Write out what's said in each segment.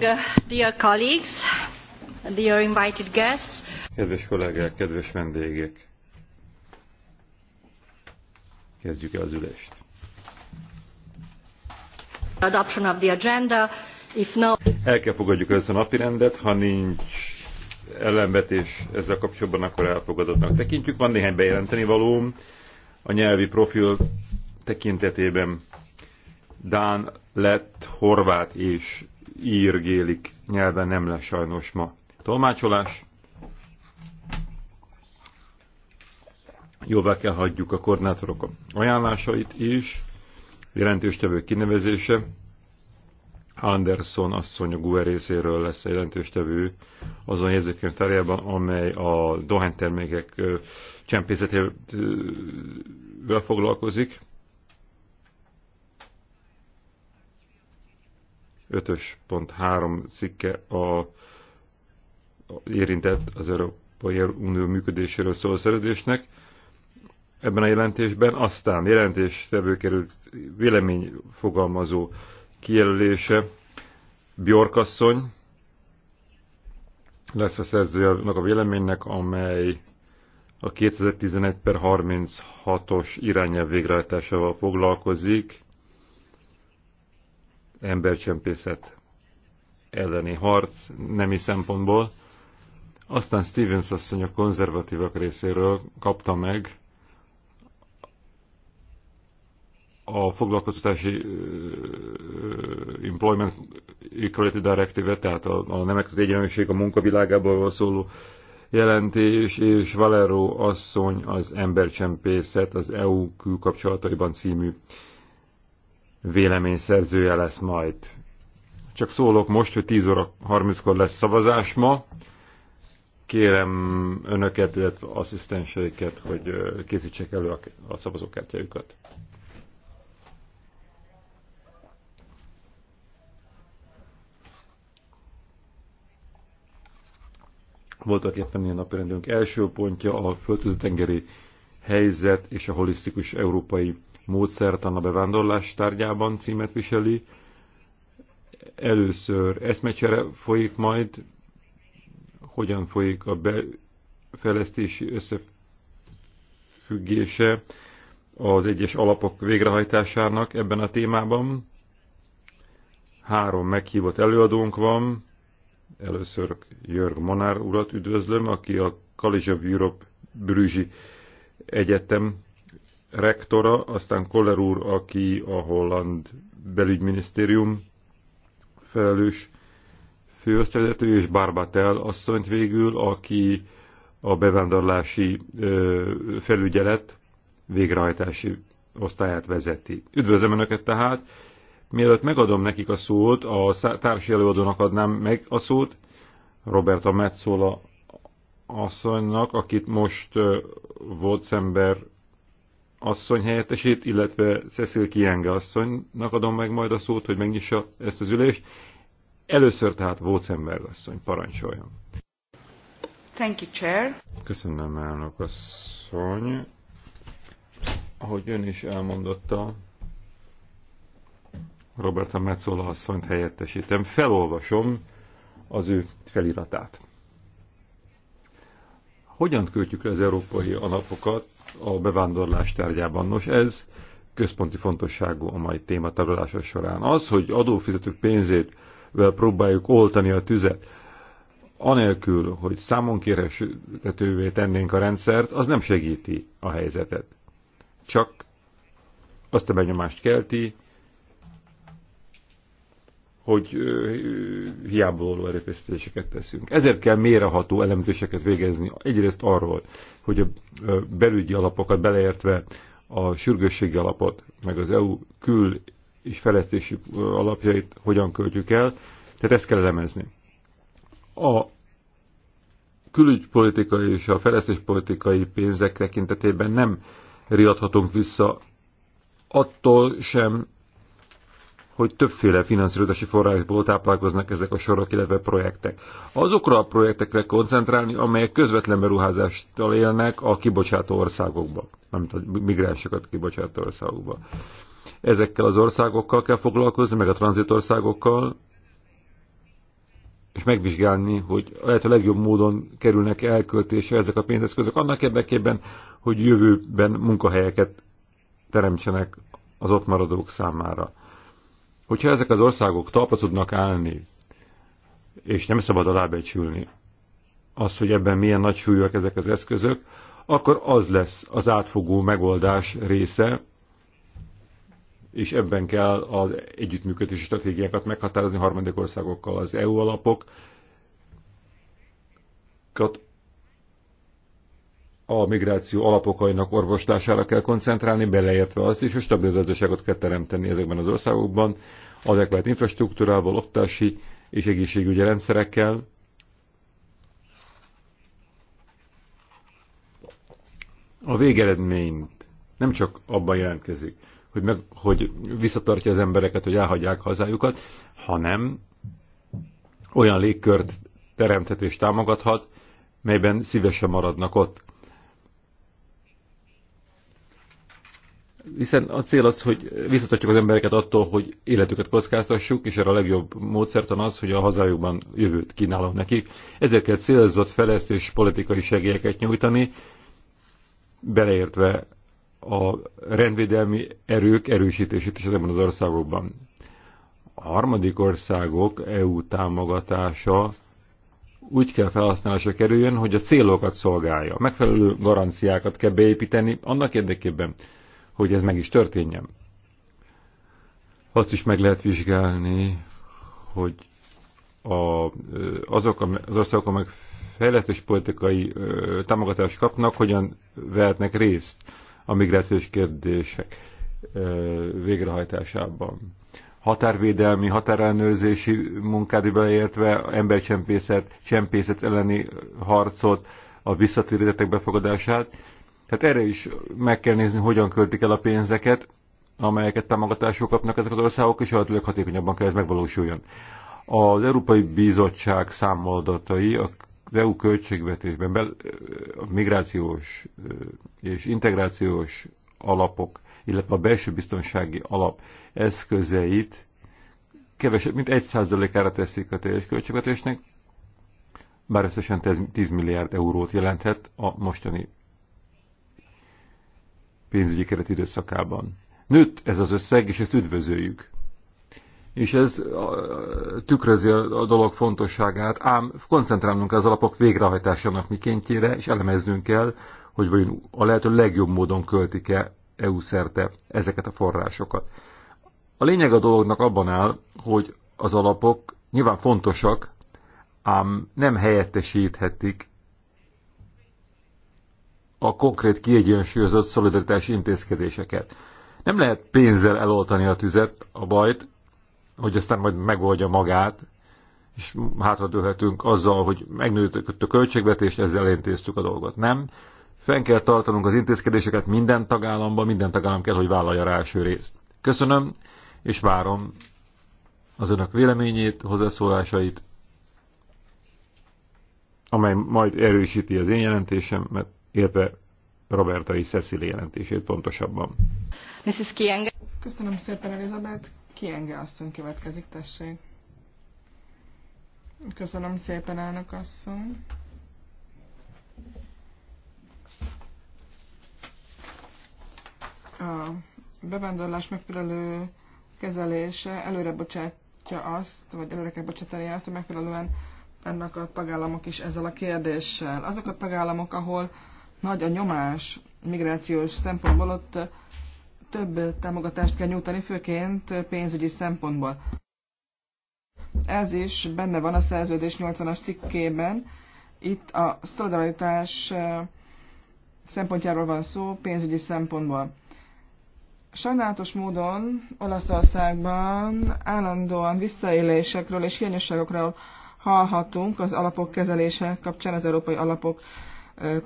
morning, uh, dear colleagues, dear invited guests. Kedves kollégák, kedves vendégek! Kezdjük el az ülést. Adoption of the agenda. If no... El kell fogadjuk ezt a napi rendet, ha nincs ellenvetés ezzel kapcsolatban, akkor elfogadottnak tekintjük. Van néhány bejelenteni valóm a nyelvi profil tekintetében Dán, lett, horvát és ír, gélik nyelven nem lesz sajnos ma. Tolmácsolás. Jóvá kell hagyjuk a koordinátorok ajánlásait is. Jelentőstevő kinevezése. Anderson asszony a GUE részéről lesz a jelentőstevő azon érzékeny terjében, amely a dohánytermékek csempészetével foglalkozik. 5.3 cikke a érintett az Európai Unió működéséről szóló szerződésnek. Ebben a jelentésben aztán jelentéstevő került fogalmazó kijelölése Bjork asszony lesz a szerzője annak a véleménynek, amely a 2011 per 36-os irányelv végrehajtásával foglalkozik, embercsempészet elleni harc nemi szempontból. Aztán Stevens asszony a konzervatívak részéről kapta meg a foglalkoztatási Employment Equality Directive, tehát a, a nemek az egyenlőség a munkavilágából szóló jelentés, és Valero asszony az embercsempészet az EU külkapcsolataiban című vélemény szerzője lesz majd. Csak szólok most, hogy 10 óra 30-kor lesz szavazás ma. Kérem önöket, illetve asszisztenseiket, hogy készítsék elő a szavazókártyájukat. voltak éppen ilyen napirendünk első pontja a földközi-tengeri helyzet és a holisztikus európai módszertan a bevándorlás tárgyában címet viseli. Először eszmecsere folyik majd, hogyan folyik a befejlesztési összefüggése az egyes alapok végrehajtásának ebben a témában. Három meghívott előadónk van. Először Jörg Monár urat üdvözlöm, aki a College of Europe Brüzsi Egyetem rektora, aztán Koller úr, aki a holland belügyminisztérium felelős főosztályvezető, és Barbatel asszonyt végül, aki a bevándorlási felügyelet végrehajtási osztályát vezeti. Üdvözlöm Önöket tehát! Mielőtt megadom nekik a szót, a társi előadónak adnám meg a szót, Roberta Metzola asszonynak, akit most volt szember asszony helyettesét, illetve Cecil Kienge asszonynak adom meg majd a szót, hogy megnyissa ezt az ülést. Először tehát Wózenberg asszony, parancsoljon. Thank you, Chair. Köszönöm, elnök asszony. Ahogy ön is elmondotta, Roberta Metzola asszonyt helyettesítem. Felolvasom az ő feliratát. Hogyan költjük le az európai alapokat a bevándorlás tárgyában. Nos, ez központi fontosságú a mai téma tárgyalása során. Az, hogy adófizetők pénzét próbáljuk oltani a tüzet, anélkül, hogy számon kérhetővé tennénk a rendszert, az nem segíti a helyzetet. Csak azt a benyomást kelti, hogy hiába való erőfeszítéseket teszünk. Ezért kell méreható elemzéseket végezni egyrészt arról, hogy a belügyi alapokat beleértve a sürgősségi alapot, meg az EU kül és fejlesztési alapjait hogyan költjük el, tehát ezt kell elemezni. A külügypolitikai és a fejlesztéspolitikai pénzek tekintetében nem riadhatunk vissza attól sem, hogy többféle finanszírozási forrásból táplálkoznak ezek a sorok, illetve projektek. Azokra a projektekre koncentrálni, amelyek közvetlen beruházástól élnek a kibocsátó országokba, amit a migránsokat kibocsátó országokba. Ezekkel az országokkal kell foglalkozni, meg a tranzitországokkal, és megvizsgálni, hogy lehet a legjobb módon kerülnek elköltésre ezek a pénzeszközök, annak érdekében, hogy jövőben munkahelyeket teremtsenek az ott maradók számára Hogyha ezek az országok talpra tudnak állni, és nem szabad alábecsülni az, hogy ebben milyen nagy súlyúak ezek az eszközök, akkor az lesz az átfogó megoldás része, és ebben kell az együttműködési stratégiákat meghatározni harmadik országokkal. Az EU alapokat a migráció alapokainak orvoslására kell koncentrálni, beleértve azt is, hogy stabil gazdaságot kell teremteni ezekben az országokban, adekvált infrastruktúrával, oktási és egészségügyi rendszerekkel, a végeredményt nem csak abban jelentkezik, hogy, meg, hogy visszatartja az embereket, hogy elhagyják hazájukat, hanem olyan légkört teremthet és támogathat, melyben szívesen maradnak ott. Hiszen a cél az, hogy visszatartjuk az embereket attól, hogy életüket kockáztassuk, és erre a legjobb módszertan az, hogy a hazájukban jövőt kínálom nekik. Ezért kell célzott fejlesztés politikai segélyeket nyújtani, beleértve a rendvédelmi erők erősítését is ezekben az országokban. A harmadik országok EU támogatása úgy kell felhasználásra kerüljön, hogy a célokat szolgálja. Megfelelő garanciákat kell beépíteni annak érdekében, hogy ez meg is történjen. Azt is meg lehet vizsgálni, hogy a, azok az országok, amelyek fejlesztés politikai támogatást kapnak, hogyan vehetnek részt a migrációs kérdések végrehajtásában. Határvédelmi, határellenőrzési munkát beleértve, embercsempészet, csempészet elleni harcot, a visszatérítettek befogadását, tehát erre is meg kell nézni, hogyan költik el a pénzeket, amelyeket támogatások kapnak ezek az országok, és a leghatékonyabban kell ez megvalósuljon. Az Európai Bizottság számoldatai az EU költségvetésben bel, a migrációs és integrációs alapok, illetve a belső biztonsági alap eszközeit kevesebb, mint 1%-ára teszik a teljes költségvetésnek, bár összesen 10 milliárd eurót jelenthet a mostani pénzügyi keret időszakában. Nőtt ez az összeg, és ezt üdvözöljük. És ez tükrözi a dolog fontosságát, ám koncentrálnunk az alapok végrehajtásának mikéntjére, és elemeznünk kell, hogy vajon a lehető legjobb módon költik-e EU szerte ezeket a forrásokat. A lényeg a dolognak abban áll, hogy az alapok nyilván fontosak, ám nem helyettesíthetik a konkrét kiegyensúlyozott szolidaritási intézkedéseket. Nem lehet pénzzel eloltani a tüzet, a bajt, hogy aztán majd megoldja magát, és hátradőlhetünk azzal, hogy megnőtt a költségvetést, ezzel intéztük a dolgot. Nem. Fenn kell tartanunk az intézkedéseket minden tagállamban, minden tagállam kell, hogy vállalja rá első részt. Köszönöm, és várom az önök véleményét, hozzászólásait, amely majd erősíti az én mert illetve Robertai Cecil jelentését pontosabban. Mrs. Kienge. Köszönöm szépen, Elizabeth. Kienge asszony következik, tessék. Köszönöm szépen, elnök asszony. A bevándorlás megfelelő kezelése előre bocsátja azt, vagy előre kell bocsátani azt, hogy megfelelően ennek a tagállamok is ezzel a kérdéssel. Azok a tagállamok, ahol nagy a nyomás migrációs szempontból, ott több támogatást kell nyújtani, főként pénzügyi szempontból. Ez is benne van a szerződés 80-as cikkében. Itt a szolidaritás eh, szempontjáról van szó, pénzügyi szempontból. Sajnálatos módon Olaszországban állandóan visszaélésekről és hiányosságokról hallhatunk az alapok kezelése kapcsán, az európai alapok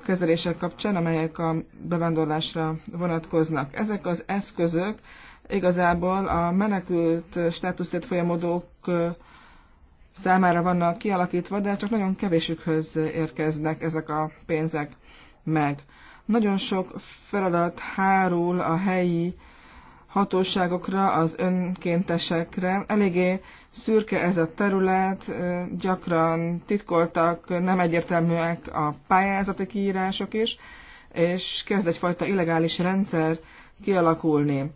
kezelések kapcsán, amelyek a bevándorlásra vonatkoznak. Ezek az eszközök igazából a menekült státusztét folyamodók számára vannak kialakítva, de csak nagyon kevésükhöz érkeznek ezek a pénzek meg. Nagyon sok feladat hárul a helyi hatóságokra, az önkéntesekre. Eléggé szürke ez a terület, gyakran titkoltak, nem egyértelműek a pályázati kiírások is, és kezd egyfajta illegális rendszer kialakulni.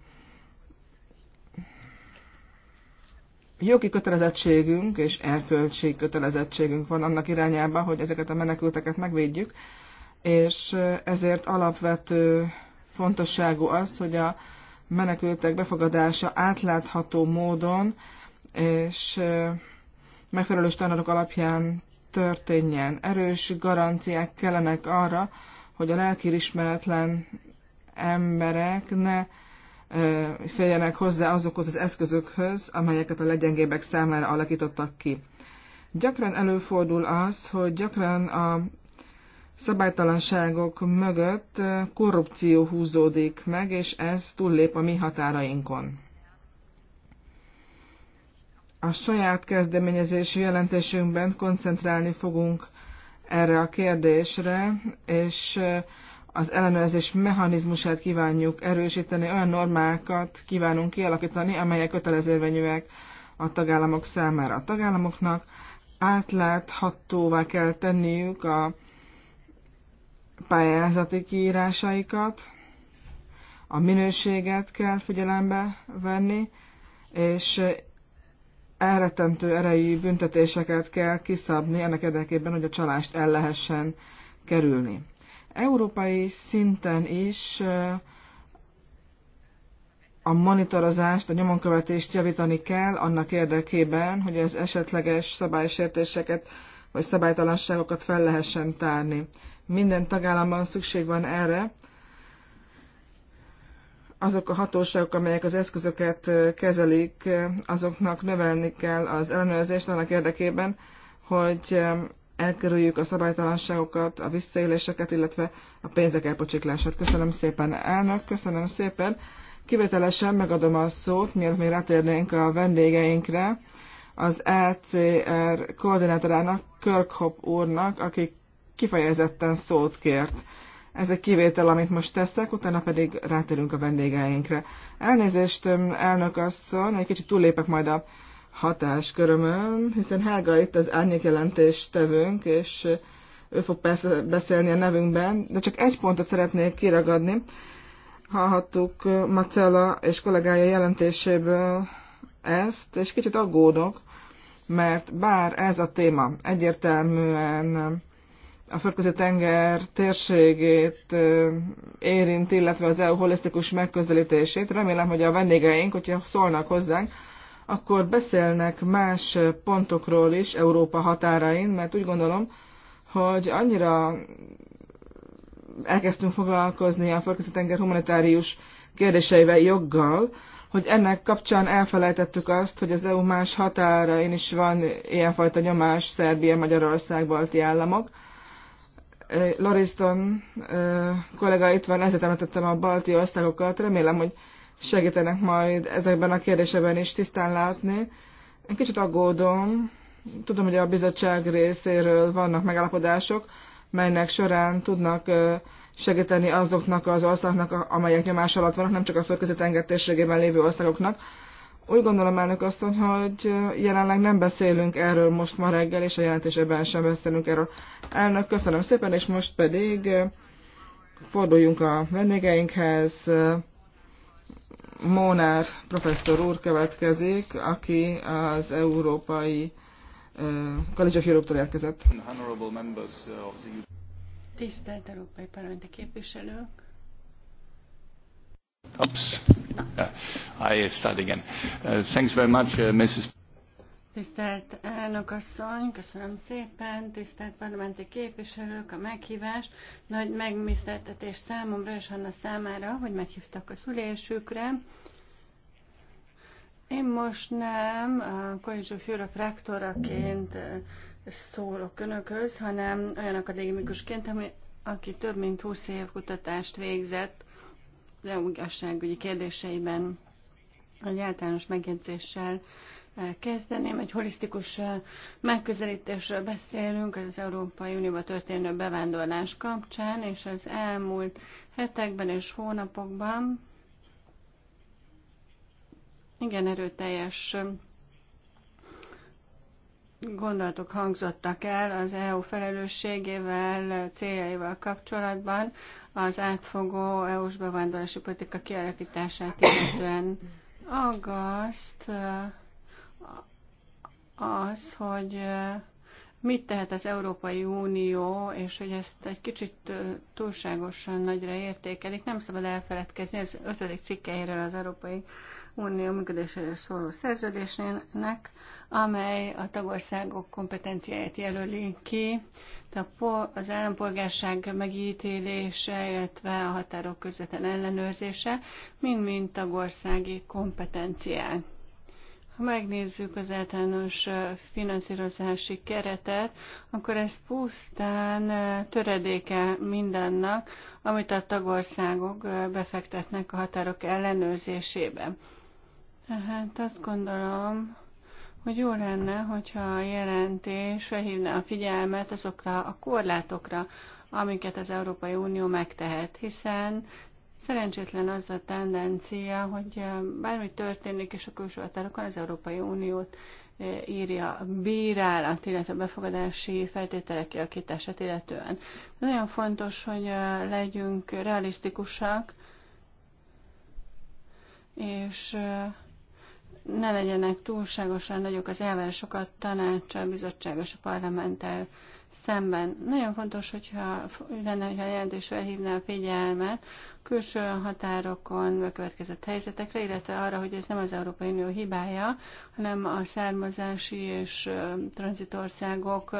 Jogi kötelezettségünk és erkölcsi kötelezettségünk van annak irányába, hogy ezeket a menekülteket megvédjük, és ezért alapvető fontosságú az, hogy a menekültek befogadása átlátható módon és megfelelő standardok alapján történjen. Erős garanciák kellenek arra, hogy a lelkirismeretlen emberek ne féljenek hozzá azokhoz az eszközökhöz, amelyeket a legyengébbek számára alakítottak ki. Gyakran előfordul az, hogy gyakran a szabálytalanságok mögött eh, korrupció húzódik meg, és ez túllép a mi határainkon. A saját kezdeményezési jelentésünkben koncentrálni fogunk erre a kérdésre, és eh, az ellenőrzés mechanizmusát kívánjuk erősíteni, olyan normákat kívánunk kialakítani, amelyek kötelezővenyűek a tagállamok számára. A tagállamoknak átláthatóvá kell tenniük a pályázati kiírásaikat, a minőséget kell figyelembe venni, és elrettentő erejű büntetéseket kell kiszabni ennek érdekében, hogy a csalást el lehessen kerülni. Európai szinten is eh, a monitorozást, a nyomonkövetést javítani kell annak érdekében, hogy az esetleges szabálysértéseket vagy szabálytalanságokat fel lehessen tárni minden tagállamban szükség van erre. Azok a hatóságok, amelyek az eszközöket kezelik, azoknak növelni kell az ellenőrzést annak érdekében, hogy elkerüljük a szabálytalanságokat, a visszaéléseket, illetve a pénzek elpocsiklását. Köszönöm szépen, elnök, köszönöm szépen. Kivételesen megadom a szót, miért még rátérnénk a vendégeinkre, az ECR koordinátorának, Körkhop úrnak, akik kifejezetten szót kért. Ez egy kivétel, amit most teszek, utána pedig rátérünk a vendégeinkre. Elnézést, elnök asszony, egy kicsit túllépek majd a hatáskörömön, hiszen Helga itt az árnyékjelentés tevünk, és ő fog persze beszélni a nevünkben, de csak egy pontot szeretnék kiragadni. Hallhattuk Macella és kollégája jelentéséből ezt, és kicsit aggódok, mert bár ez a téma egyértelműen a földközi tenger térségét érint, illetve az EU holisztikus megközelítését. Remélem, hogy a vendégeink, hogyha szólnak hozzánk, akkor beszélnek más pontokról is Európa határain, mert úgy gondolom, hogy annyira elkezdtünk foglalkozni a földközi tenger humanitárius kérdéseivel joggal, hogy ennek kapcsán elfelejtettük azt, hogy az EU más határain is van ilyenfajta nyomás Szerbia, Magyarország, balti államok, Loriston kollega itt van, ezért említettem a balti országokat. Remélem, hogy segítenek majd ezekben a kérdésekben is tisztán látni. Én kicsit aggódom. Tudom, hogy a bizottság részéről vannak megállapodások, melynek során tudnak segíteni azoknak az országoknak, amelyek nyomás alatt vannak, nem csak a földközi tengertérségében lévő országoknak, úgy gondolom, elnök asszony, hogy jelenleg nem beszélünk erről most ma reggel, és a jelentésében sem beszélünk erről. Elnök, köszönöm szépen, és most pedig forduljunk a vendégeinkhez. Mónár professzor úr következik, aki az Európai College of Europe-tól érkezett. Uh, Tisztelt Európai Parlamenti képviselők! Oops. I start again. Uh, thanks very much, uh, Mrs. Tisztelt elnök asszony, köszönöm szépen, tisztelt parlamenti képviselők, a meghívást. Nagy megmiszteltetés számomra és Anna számára, hogy meghívtak a szülésükre. Én most nem a College of Europe rektoraként uh, szólok önökhöz, hanem olyan akadémikusként, ami, aki több mint 20 év kutatást végzett EU igazságügyi kérdéseiben egy általános megjegyzéssel eh, kezdeném. Egy holisztikus eh, megközelítésről beszélünk az Európai Unióba történő bevándorlás kapcsán, és az elmúlt hetekben és hónapokban igen erőteljes gondolatok hangzottak el az EU felelősségével, céljaival kapcsolatban, az átfogó EU-s bevándorlási politika kialakítását illetően aggaszt uh, az, hogy uh, mit tehet az Európai Unió, és hogy ezt egy kicsit uh, túlságosan nagyra értékelik. Nem szabad elfeledkezni az ötödik cikkeiről az Európai Unió működéséről szóló szerződésének, amely a tagországok kompetenciáját jelöli ki, az állampolgárság megítélése, illetve a határok közvetlen ellenőrzése, mind-mind tagországi kompetenciák. Ha megnézzük az általános finanszírozási keretet, akkor ez pusztán töredéke mindannak, amit a tagországok befektetnek a határok ellenőrzésébe. Hát azt gondolom, hogy jó lenne, hogyha a jelentés felhívna a figyelmet azokra a korlátokra, amiket az Európai Unió megtehet, hiszen szerencsétlen az a tendencia, hogy eh, bármi történik, és a külső határokon az Európai Uniót eh, írja bírálat, illetve befogadási feltételek kialakítását illetően. De nagyon fontos, hogy eh, legyünk realisztikusak, és ne legyenek túlságosan nagyok az elvárásokat a tanácssal, bizottságos a parlamenttel szemben. Nagyon fontos, hogyha lenne, hogyha a jelentés felhívná a figyelmet külső határokon bekövetkezett helyzetekre, illetve arra, hogy ez nem az Európai Unió hibája, hanem a származási és tranzitországok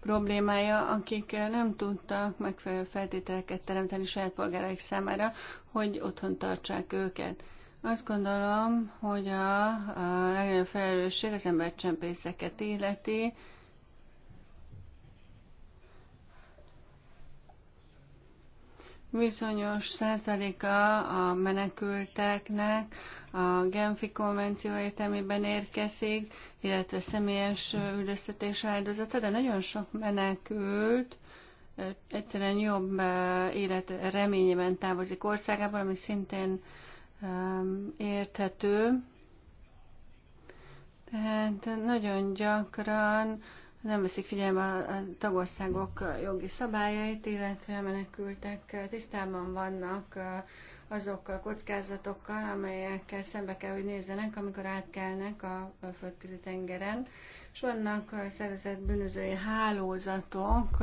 problémája, akik nem tudtak megfelelő feltételeket teremteni saját polgáraik számára, hogy otthon tartsák őket. Azt gondolom, hogy a, a legnagyobb felelősség az ember csempészeket illeti. Bizonyos százaléka a menekülteknek a Genfi konvenció értelmében érkezik, illetve személyes üldöztetés áldozata, de nagyon sok menekült eh, egyszerűen jobb eh, élet reményében távozik országából, ami szintén érthető. Tehát nagyon gyakran nem veszik figyelembe a tagországok jogi szabályait, illetve menekültek tisztában vannak azokkal a kockázatokkal, amelyekkel szembe kell, hogy nézzenek, amikor átkelnek a földközi tengeren. És vannak szervezett bűnözői hálózatok,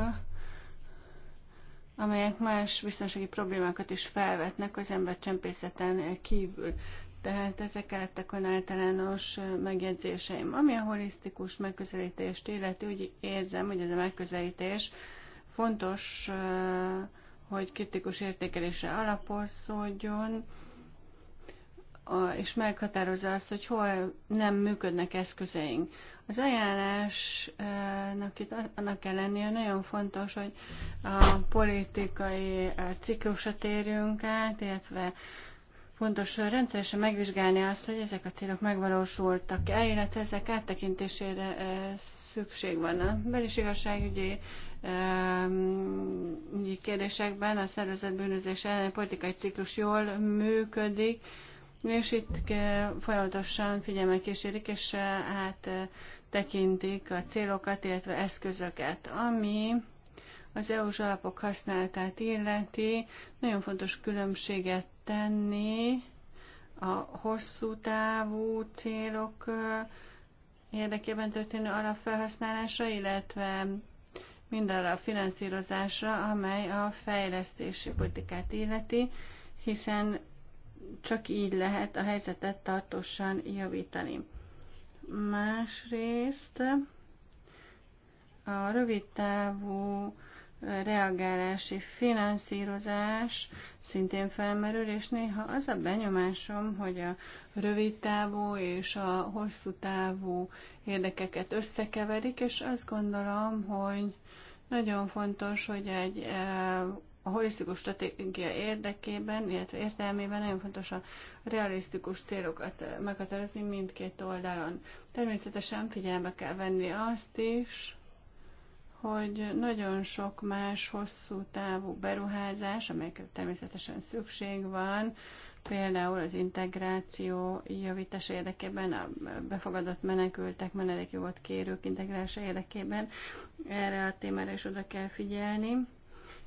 amelyek más biztonsági problémákat is felvetnek az csempészeten kívül. Tehát ezek lettek általános megjegyzéseim. Ami a holisztikus megközelítést illeti, úgy érzem, hogy ez a megközelítés fontos, hogy kritikus értékelésre alapozódjon, és meghatározza azt, hogy hol nem működnek eszközeink. Az ajánlásnak itt annak kell lennie nagyon fontos, hogy a politikai eh, ciklusra térjünk át, illetve fontos eh, rendszeresen megvizsgálni azt, hogy ezek a célok megvalósultak-e, illetve ezek áttekintésére eh, szükség van. A belis kérdésekben a szervezet bűnözés elleni politikai ciklus jól működik, és itt folyamatosan figyelmek kísérik, és eh, hát eh, tekintik a célokat, illetve eszközöket, ami az EU-s alapok használatát illeti, nagyon fontos különbséget tenni a hosszú távú célok eh, érdekében történő alapfelhasználásra, illetve mindarra a finanszírozásra, amely a fejlesztési politikát illeti, hiszen csak így lehet a helyzetet tartósan javítani. Másrészt a rövid távú reagálási finanszírozás szintén felmerül, és néha az a benyomásom, hogy a rövid távú és a hosszú távú érdekeket összekeverik, és azt gondolom, hogy nagyon fontos, hogy egy eh, a holisztikus stratégia érdekében, illetve értelmében nagyon fontos a realisztikus célokat meghatározni mindkét oldalon. Természetesen figyelembe kell venni azt is, hogy nagyon sok más hosszú távú beruházás, amelyekre természetesen szükség van, például az integráció javítása érdekében, a befogadott menekültek, menedékjogot kérők integrálása érdekében, erre a témára is oda kell figyelni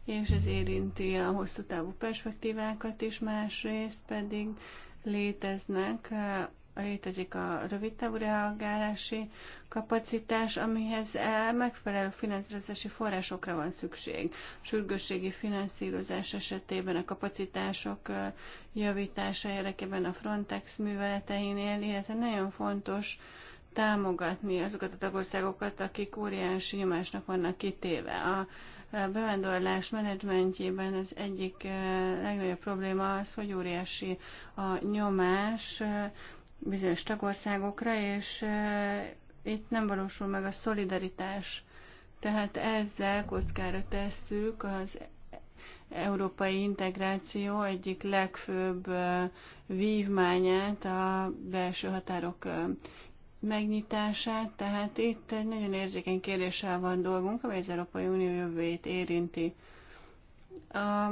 és ez érinti a hosszú távú perspektívákat is, másrészt pedig léteznek, létezik a rövid távú reagálási kapacitás, amihez e, megfelelő finanszírozási forrásokra van szükség. Sürgősségi finanszírozás esetében a kapacitások e, javítása érdekében a Frontex műveleteinél, illetve nagyon fontos támogatni azokat a tagországokat, akik óriási nyomásnak vannak kitéve. A bevándorlás menedzsmentjében az egyik eh, legnagyobb probléma az, hogy óriási a nyomás eh, bizonyos tagországokra, és eh, itt nem valósul meg a szolidaritás. Tehát ezzel kockára tesszük az európai integráció egyik legfőbb vívmányát, a belső határok megnyitását, tehát itt egy nagyon érzékeny kérdéssel van dolgunk, amely az Európai Unió jövőjét érinti. A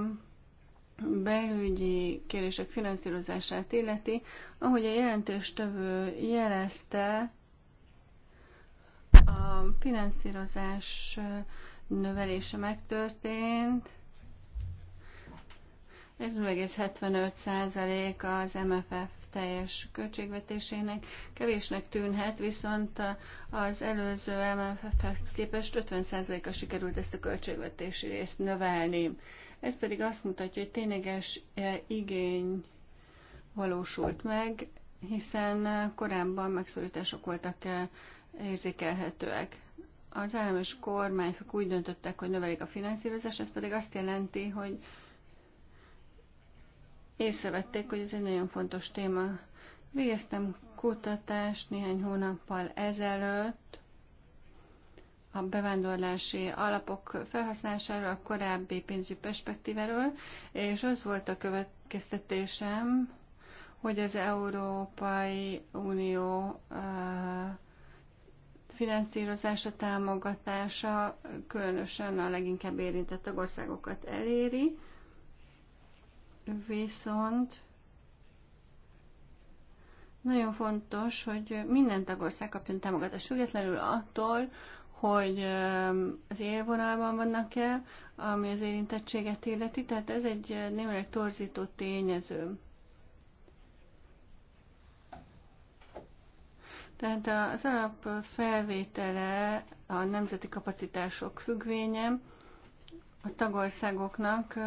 belügyi kérdések finanszírozását illeti, ahogy a tövő jelezte, a finanszírozás növelése megtörtént, ez 0,75% az MFF teljes költségvetésének kevésnek tűnhet, viszont az előző MFF-hez képest 50%-a sikerült ezt a költségvetési részt növelni. Ez pedig azt mutatja, hogy tényleges e, igény valósult meg, hiszen korábban megszorítások voltak e, érzékelhetőek. Az állam és kormányfők úgy döntöttek, hogy növelik a finanszírozást, ez pedig azt jelenti, hogy észrevették, hogy ez egy nagyon fontos téma. Végeztem kutatást néhány hónappal ezelőtt a bevándorlási alapok felhasználásáról, a korábbi pénzügyi perspektíváról, és az volt a következtetésem, hogy az Európai Unió finanszírozása, támogatása különösen a leginkább érintett tagországokat eléri, viszont nagyon fontos, hogy minden tagország kapjon támogatást, függetlenül attól, hogy az élvonalban vannak-e, ami az érintettséget illeti, tehát ez egy némileg torzító tényező. Tehát az alapfelvétele a nemzeti kapacitások függvénye, a tagországoknak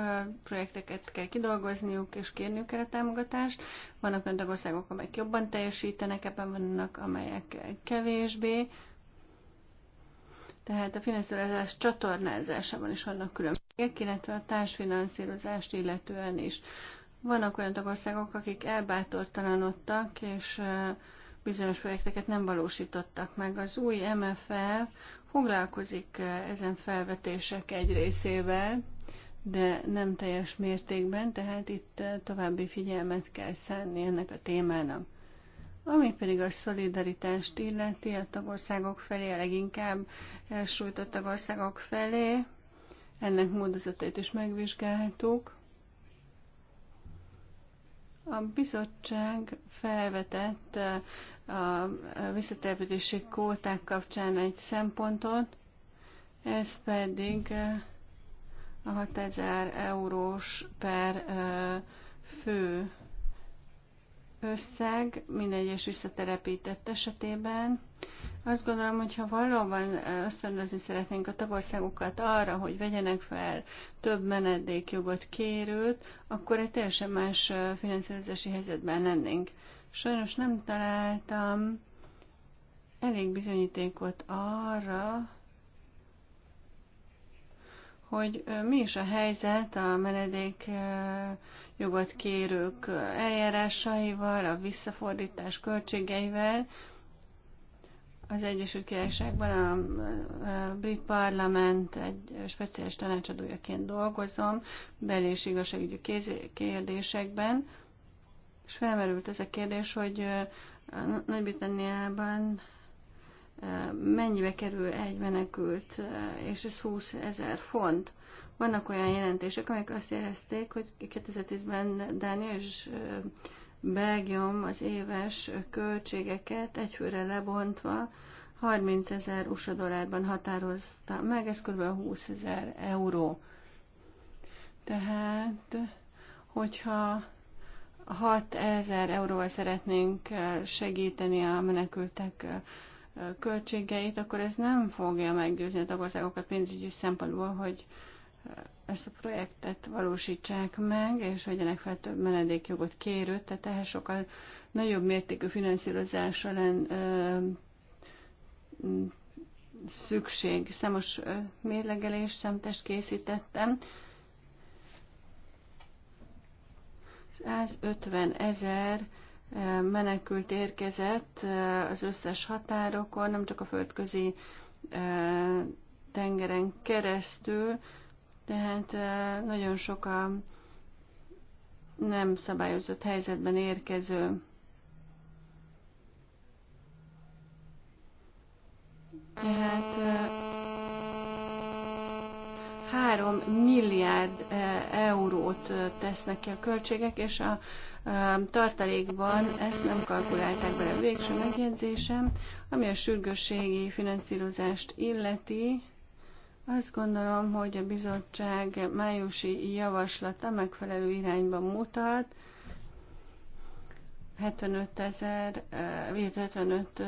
projekteket kell kidolgozniuk és kérniük erre támogatást. Vannak olyan tagországok, amelyek jobban teljesítenek, ebben vannak, amelyek kevésbé. Tehát a finanszírozás csatornázásában is vannak különbségek, illetve a társfinanszírozást illetően is. Vannak olyan tagországok, akik elbátortalanodtak, és bizonyos projekteket nem valósítottak meg. Az új MFF foglalkozik eh, ezen felvetések egy részével, de nem teljes mértékben, tehát itt eh, további figyelmet kell szánni ennek a témának. Ami pedig a szolidaritást illeti a tagországok felé, a leginkább a tagországok felé, ennek módozatait is megvizsgálhatók. A bizottság felvetett eh, a visszatelepítési kóták kapcsán egy szempontot, ez pedig a 6000 eurós per fő összeg minden egyes visszatelepített esetében. Azt gondolom, hogy ha valóban ösztönözni szeretnénk a tagországokat arra, hogy vegyenek fel több menedékjogot kérőt, akkor egy teljesen más finanszírozási helyzetben lennénk. Sajnos nem találtam elég bizonyítékot arra, hogy mi is a helyzet a menedék jogot kérők eljárásaival, a visszafordítás költségeivel. Az Egyesült Királyságban a brit parlament egy speciális tanácsadójaként dolgozom, belés igazságügyi kérdésekben. És felmerült ez a kérdés, hogy Nagy-Britanniában mennyibe kerül egy menekült, és ez 20 ezer font. Vannak olyan jelentések, amelyek azt jelezték, hogy 2010-ben Dánia és Belgium az éves költségeket egyfőre lebontva 30 ezer USA dollárban határozta meg, ez kb. 20 ezer euró. Tehát, hogyha ezer euróval szeretnénk segíteni a menekültek költségeit, akkor ez nem fogja meggyőzni a tagországokat pénzügyi szempontból, hogy ezt a projektet valósítsák meg, és vegyenek fel több menedékjogot kérőt, tehát ehhez sokkal nagyobb mértékű finanszírozásra len, szükség. Számos mérlegelés, szemtest készítettem, 150 ezer eh, menekült érkezett eh, az összes határokon, nem csak a földközi eh, tengeren keresztül, tehát nagyon sok a nem szabályozott helyzetben érkező. Tehát 3 milliárd eh, eurót eh, tesznek ki a költségek, és a eh, tartalékban ezt nem kalkulálták bele. A végső megjegyzésem, ami a sürgősségi finanszírozást illeti, azt gondolom, hogy a bizottság májusi javaslata megfelelő irányba mutat. 75 ezer, 75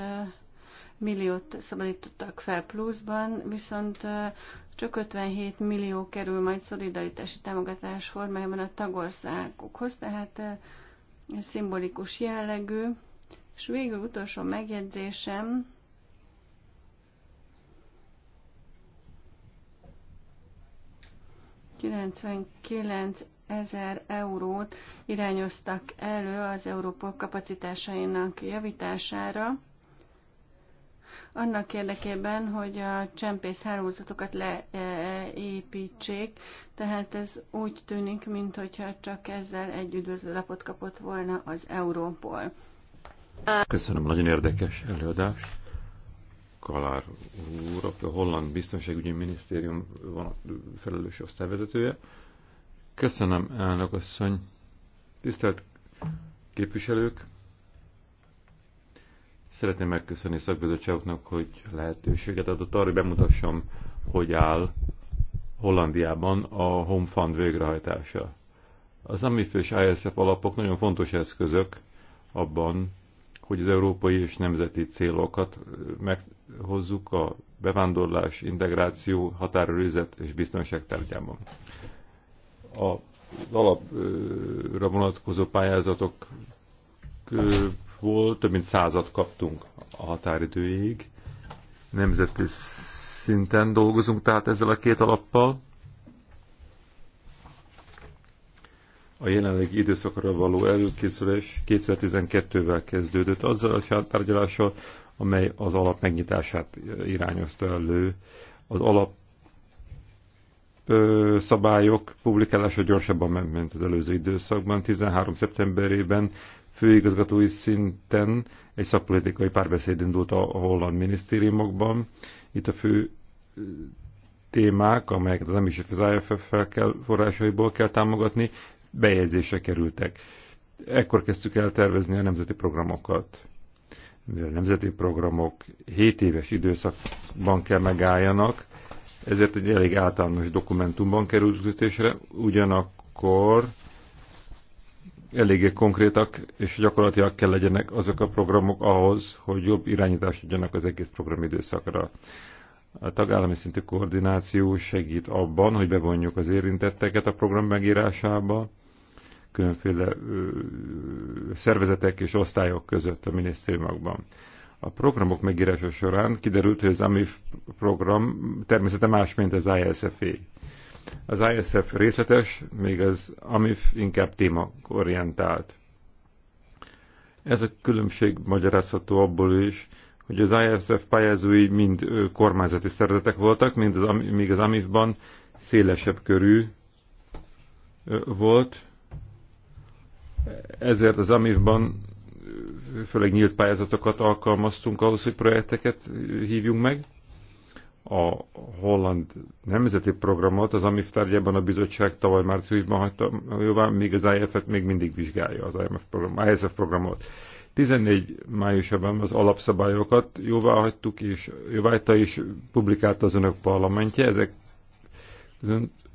milliót szabadítottak fel pluszban, viszont csak 57 millió kerül majd szolidaritási támogatás formájában a tagországokhoz, tehát ez szimbolikus jellegű. És végül utolsó megjegyzésem, ...99 ezer eurót irányoztak elő az Európa kapacitásainak javítására annak érdekében, hogy a csempész hálózatokat leépítsék, tehát ez úgy tűnik, mintha csak ezzel egy üdvözlőlapot kapott volna az Európol. Köszönöm, nagyon érdekes előadás. Kalár úr, a Holland Biztonságügyi Minisztérium van a felelős osztályvezetője. Köszönöm, elnök asszony. Tisztelt képviselők, Szeretném megköszönni szakbizottságoknak, hogy lehetőséget adott arra, hogy bemutassam, hogy áll Hollandiában a Home Fund végrehajtása. Az AMIF és ISF alapok nagyon fontos eszközök abban, hogy az európai és nemzeti célokat meghozzuk a bevándorlás, integráció, határőrizet és biztonság tárgyában. Az alapra vonatkozó pályázatok volt, több mint százat kaptunk a határidőig. Nemzeti szinten dolgozunk tehát ezzel a két alappal. A jelenlegi időszakra való előkészülés 2012-vel kezdődött azzal a tárgyalással, amely az alap megnyitását irányozta elő. Az alap szabályok publikálása gyorsabban ment, mint az előző időszakban. 13. szeptemberében főigazgatói szinten egy szakpolitikai párbeszéd indult a holland minisztériumokban. Itt a fő témák, amelyeket az MSF az IFF-fel kell, forrásaiból kell támogatni, bejegyzése kerültek. Ekkor kezdtük el tervezni a nemzeti programokat. Mivel a nemzeti programok 7 éves időszakban kell megálljanak, ezért egy elég általános dokumentumban került közöttésre, ugyanakkor eléggé konkrétak és gyakorlatilag kell legyenek azok a programok ahhoz, hogy jobb irányítást adjanak az egész programidőszakra. A tagállami szintű koordináció segít abban, hogy bevonjuk az érintetteket a program megírásába, különféle ö, szervezetek és osztályok között a minisztériumokban. A programok megírása során kiderült, hogy az AMIF program természete más, mint az ISFA. Az ISF részletes, még az AMIF inkább témaorientált. Ez a különbség magyarázható abból is, hogy az ISF pályázói mind kormányzati szervezetek voltak, mind az, míg az AMIF-ban szélesebb körű volt, ezért az AMIF-ban főleg nyílt pályázatokat alkalmaztunk ahhoz, hogy projekteket hívjunk meg a holland nemzeti programot az AMIF tárgyában a bizottság tavaly márciusban hagyta jóvá, még az IMF-et még mindig vizsgálja az IMF program, ISF programot. 14 májusában az alapszabályokat jóvá hagytuk, és jóváhagyta is publikálta az önök parlamentje. Ezek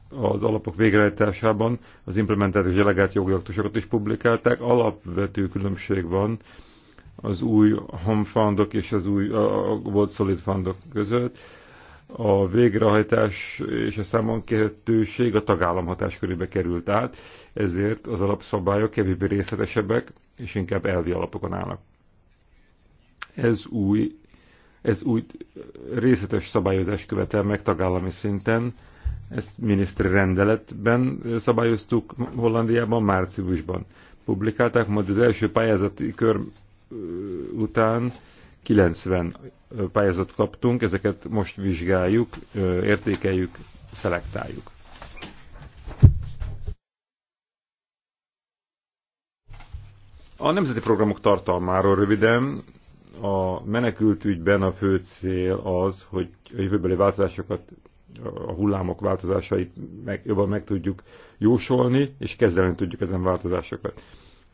az alapok végrehajtásában az implementált és delegált jogi aktusokat is publikálták. Alapvető különbség van az új home fundok és az új a, a volt solid fundok között a végrehajtás és a számon kérhetőség a tagállam hatáskörébe került át, ezért az alapszabályok kevésbé részletesebbek és inkább elvi alapokon állnak. Ez új, ez új részletes szabályozás követel meg tagállami szinten, ezt miniszteri rendeletben szabályoztuk Hollandiában márciusban. Publikálták, majd az első pályázati kör után 90 pályázat kaptunk, ezeket most vizsgáljuk, értékeljük, szelektáljuk. A nemzeti programok tartalmáról röviden. A menekült ügyben a fő cél az, hogy a jövőbeli változásokat, a hullámok változásait meg, jobban meg tudjuk jósolni, és kezelni tudjuk ezen változásokat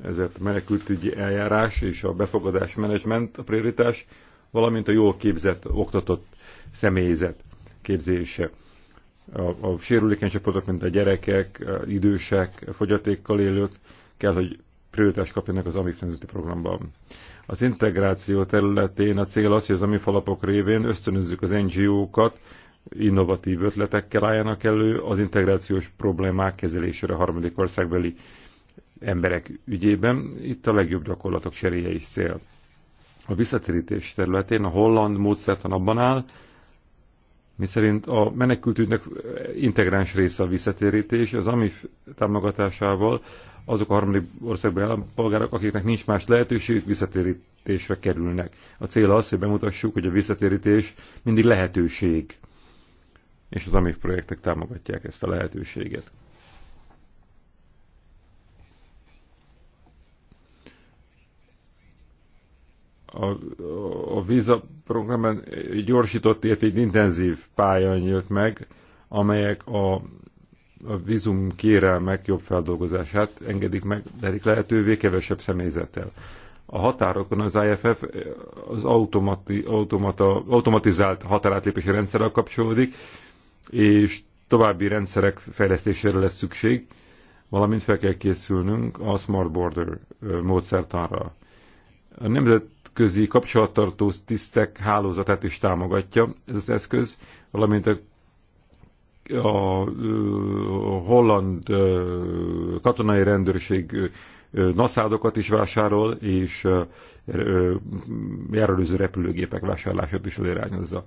ezért a menekültügyi eljárás és a befogadás menedzsment a prioritás, valamint a jól képzett, oktatott személyzet képzése. A, a sérülékeny csoportok, mint a gyerekek, a idősek, a fogyatékkal élők kell, hogy prioritást kapjanak az AMIF nemzeti programban. Az integráció területén a cél az, hogy az AMIF alapok révén ösztönözzük az NGO-kat, innovatív ötletekkel álljanak elő az integrációs problémák kezelésére harmadik országbeli emberek ügyében, itt a legjobb gyakorlatok cseréje is cél. A visszatérítés területén a holland módszertan abban áll, miszerint a menekültügynek integráns része a visszatérítés, az AMIF támogatásával azok a harmadik országban állampolgárok, akiknek nincs más lehetőségük, visszatérítésre kerülnek. A cél az, hogy bemutassuk, hogy a visszatérítés mindig lehetőség, és az AMIF projektek támogatják ezt a lehetőséget. a, a víza programban gyorsított, ért egy intenzív pályán jött meg, amelyek a, a vízum kérelmek jobb feldolgozását engedik meg, de lehetővé kevesebb személyzettel. A határokon az IFF az automati, automata, automatizált határátlépési rendszerrel kapcsolódik, és további rendszerek fejlesztésére lesz szükség, valamint fel kell készülnünk a Smart Border módszertanra. A nemzet nemzetközi kapcsolattartó tisztek hálózatát is támogatja ez az eszköz, valamint a, a, a holland a, katonai rendőrség naszádokat is vásárol, és járőröző repülőgépek vásárlását is elirányozza.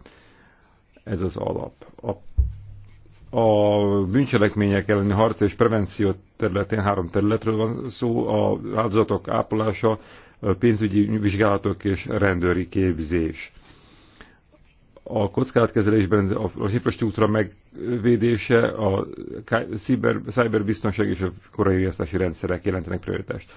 Ez az alap. A, a bűncselekmények elleni harc és prevenció területén három területről van szó, a áldozatok ápolása, pénzügyi vizsgálatok és rendőri képzés. A kockázatkezelésben az infrastruktúra megvédése, a cyberbiztonság és a korai rendszerek jelentenek prioritást.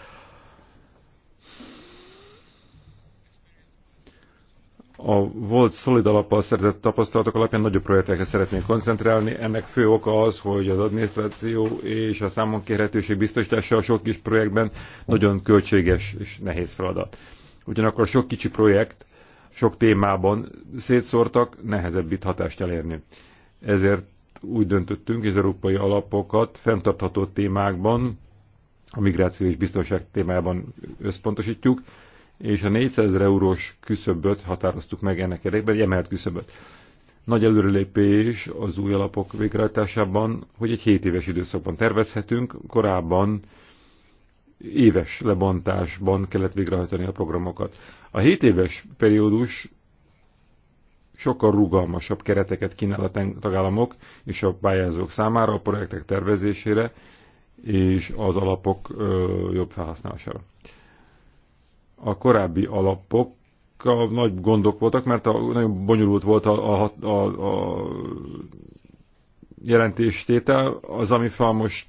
a volt szolid alappal szerzett tapasztalatok alapján nagyobb projektekre szeretnénk koncentrálni. Ennek fő oka az, hogy az adminisztráció és a számon kérhetőség biztosítása a sok kis projektben nagyon költséges és nehéz feladat. Ugyanakkor a sok kicsi projekt sok témában szétszórtak, nehezebb itt hatást elérni. Ezért úgy döntöttünk, hogy az európai alapokat fenntartható témákban, a migráció és biztonság témában összpontosítjuk, és a 400 eurós küszöböt határoztuk meg ennek érdekében, egy emelt küszöböt. Nagy előrelépés az új alapok végrehajtásában, hogy egy 7 éves időszakban tervezhetünk, korábban éves lebontásban kellett végrehajtani a programokat. A 7 éves periódus sokkal rugalmasabb kereteket kínál a tagállamok és a pályázók számára a projektek tervezésére és az alapok jobb felhasználására a korábbi alapok nagy gondok voltak, mert a, nagyon bonyolult volt a, a, a, a jelentéstétel, az ami fel most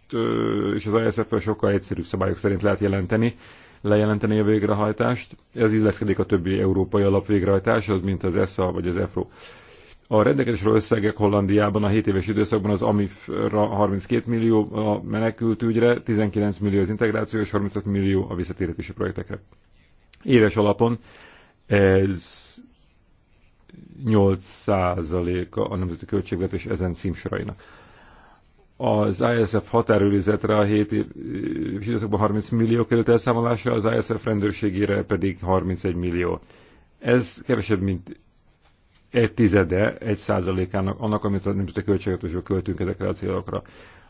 és az isf e sokkal egyszerűbb szabályok szerint lehet jelenteni, lejelenteni a végrehajtást. Ez illeszkedik a többi európai alap végrehajtáshoz, mint az ESA vagy az EFRO. A rendelkezésre összegek Hollandiában a 7 éves időszakban az amif 32 millió a menekültügyre, 19 millió az integrációs 35 millió a visszatérítési projektekre Éves alapon ez 8%-a a nemzeti költségvetés ezen címsorainak. Az ISF határőrizetre a 7 év, 30 millió került elszámolásra, az ISF rendőrségére pedig 31 millió. Ez kevesebb, mint egy tizede, egy százalékának annak, amit a nemzeti költségvetésből költünk ezekre a célokra.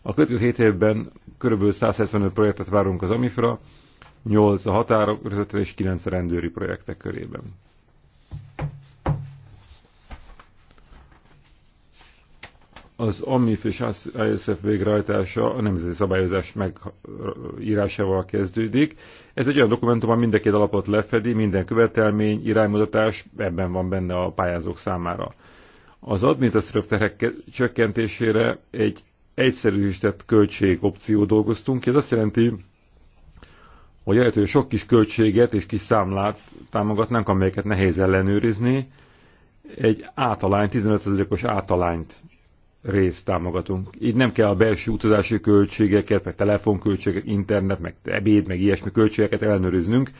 A következő 7 évben kb. 175 projektet várunk az Amifra, 8 a határokra és 9 a rendőri projektek körében. Az AMIF és ISF végrehajtása a nemzeti szabályozás megírásával kezdődik. Ez egy olyan dokumentum, ami mindenki alapot lefedi, minden követelmény, iránymutatás ebben van benne a pályázók számára. Az adminisztratív terhek csökkentésére egy egyszerűsített költségopció dolgoztunk. Ez azt jelenti, hogy hogy sok kis költséget és kis számlát támogatnánk, amelyeket nehéz ellenőrizni, egy átalány, 15%-os átalányt részt támogatunk. Így nem kell a belső utazási költségeket, meg telefonköltségek, internet, meg ebéd, meg ilyesmi költségeket ellenőriznünk.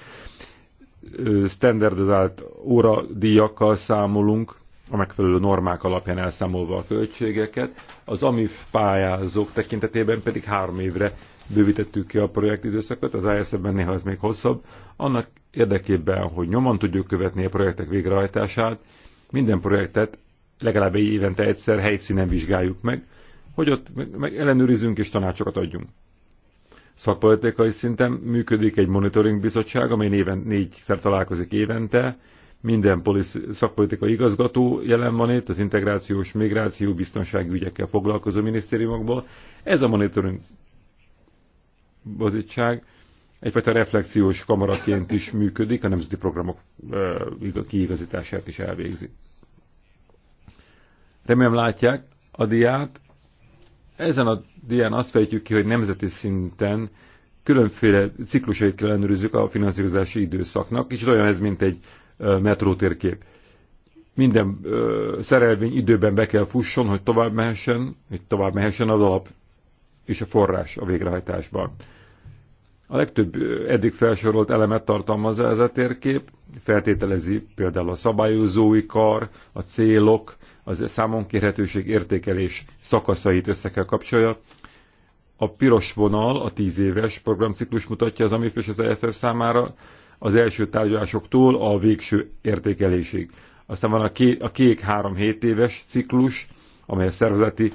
Standardizált óradíjakkal számolunk, a megfelelő normák alapján elszámolva a költségeket. Az AMIF pályázók tekintetében pedig három évre bővítettük ki a időszakot, az ISF-ben néha ez még hosszabb, annak érdekében, hogy nyomon tudjuk követni a projektek végrehajtását, minden projektet legalább egy évente egyszer helyszínen vizsgáljuk meg, hogy ott meg ellenőrizzünk és tanácsokat adjunk. Szakpolitikai szinten működik egy monitoring bizottság, amely néven, négyszer találkozik évente, minden polisz szakpolitikai igazgató jelen van itt, az integrációs, migráció, biztonsági ügyekkel foglalkozó minisztériumokból. Ez a monitoring bozítság egyfajta reflexiós kamaraként is működik, a nemzeti programok kiigazítását is elvégzi. Remélem látják a diát. Ezen a dián azt fejtjük ki, hogy nemzeti szinten különféle ciklusait kell ellenőrizzük a finanszírozási időszaknak, és olyan ez, mint egy metrótérkép. Minden szerelvény időben be kell fusson, hogy tovább mehessen, hogy tovább mehessen az alap és a forrás a végrehajtásban. A legtöbb eddig felsorolt elemet tartalmazza ez a térkép, feltételezi például a szabályozói kar, a célok, az számonkérhetőség értékelés szakaszait össze kell kapcsolja. A piros vonal, a tíz éves programciklus mutatja az AMIF és az EFF számára az első tárgyalásoktól a végső értékelésig. Aztán van a kék, a kék három 7 éves ciklus, amely a szervezeti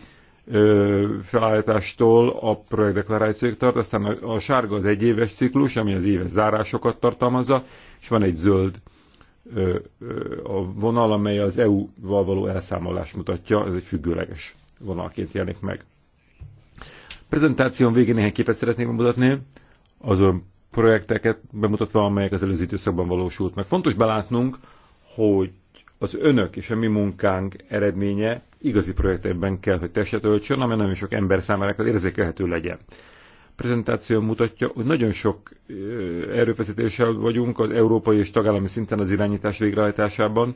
felállítástól a projektdeklarációk tart, aztán a sárga az egyéves ciklus, ami az éves zárásokat tartalmazza, és van egy zöld a vonal, amely az EU-val való elszámolást mutatja, ez egy függőleges vonalként jelenik meg. A prezentáción végén néhány képet szeretnék bemutatni, azon projekteket bemutatva, amelyek az előző időszakban valósult meg. Fontos belátnunk, hogy az önök és a mi munkánk eredménye igazi projektekben kell, hogy testet öltsön, amely nagyon sok ember számára érzékelhető legyen. A prezentáció mutatja, hogy nagyon sok erőfeszítéssel vagyunk az európai és tagállami szinten az irányítás végrehajtásában,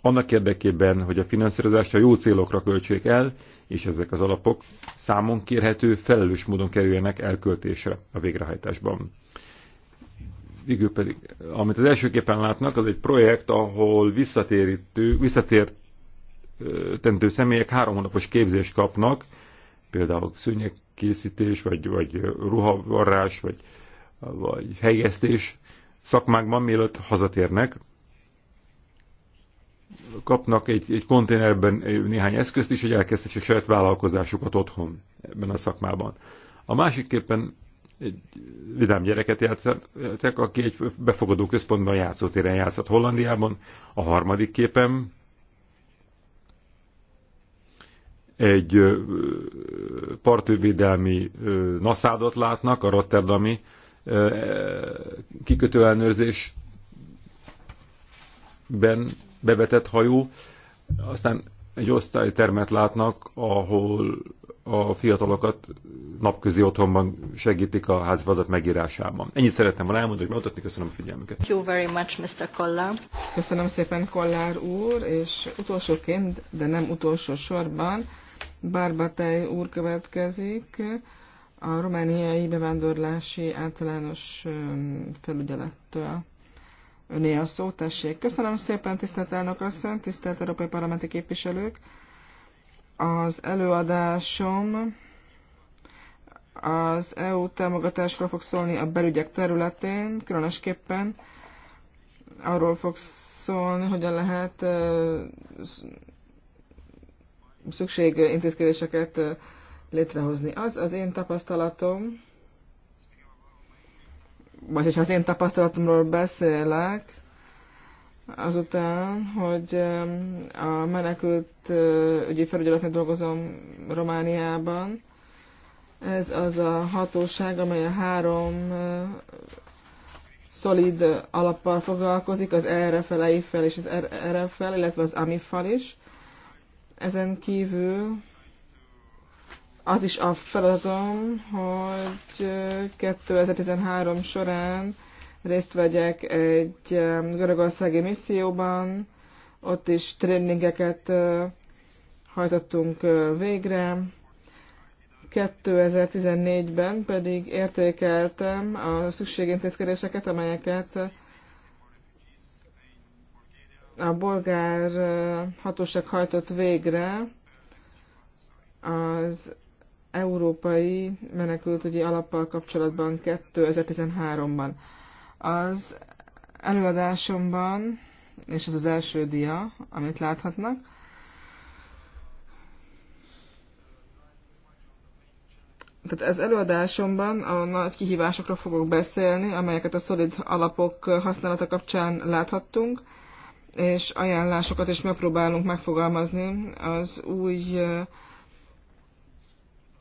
annak érdekében, hogy a finanszírozást a jó célokra költsék el, és ezek az alapok számon kérhető, felelős módon kerüljenek elköltésre a végrehajtásban. Végül pedig, amit az elsőképpen látnak, az egy projekt, ahol visszatérítő, visszatért tentő személyek három hónapos képzést kapnak, például szőnyegkészítés, vagy, vagy ruhavarrás, vagy, vagy helyeztés szakmákban, mielőtt hazatérnek, kapnak egy, egy konténerben néhány eszközt is, hogy elkezdhessék saját vállalkozásukat otthon ebben a szakmában. A másikképpen egy vidám gyereket játszottak, aki egy befogadó központban játszótéren játszott Hollandiában. A harmadik képen egy partővédelmi naszádot látnak, a Rotterdami kikötő bevetett hajó, aztán egy osztálytermet látnak, ahol a fiatalokat napközi otthonban segítik a házvadat megírásában. Ennyit szerettem volna elmondani, hogy bemutatni. Köszönöm a figyelmüket. Thank you very much, Mr. Kollár. Köszönöm szépen, Kollár úr, és utolsóként, de nem utolsó sorban, Barbatei úr következik, a romániai bevándorlási általános felügyelettől. Öné a szó, tessék. Köszönöm szépen, tisztelt elnök asszony, tisztelt európai parlamenti képviselők. Az előadásom az EU támogatásról fog szólni a belügyek területén, különösképpen arról fog szólni, hogyan lehet szükség intézkedéseket létrehozni. Az az én tapasztalatom, vagy hogyha az én tapasztalatomról beszélek, azután, hogy a menekült ügyi felügyeletnél dolgozom Romániában, ez az a hatóság, amely a három szolid alappal foglalkozik, az e fel, fel és az fel, illetve az AMIFal is. Ezen kívül az is a feladatom, hogy 2013 során részt vegyek egy görögországi misszióban, ott is tréningeket hajtottunk végre. 2014-ben pedig értékeltem a szükségintézkedéseket, amelyeket a bolgár hatóság hajtott végre az európai menekültügyi alappal kapcsolatban 2013-ban. Az előadásomban, és ez az első dia, amit láthatnak, tehát ez előadásomban a nagy kihívásokról fogok beszélni, amelyeket a szolid alapok használata kapcsán láthattunk, és ajánlásokat is megpróbálunk megfogalmazni az új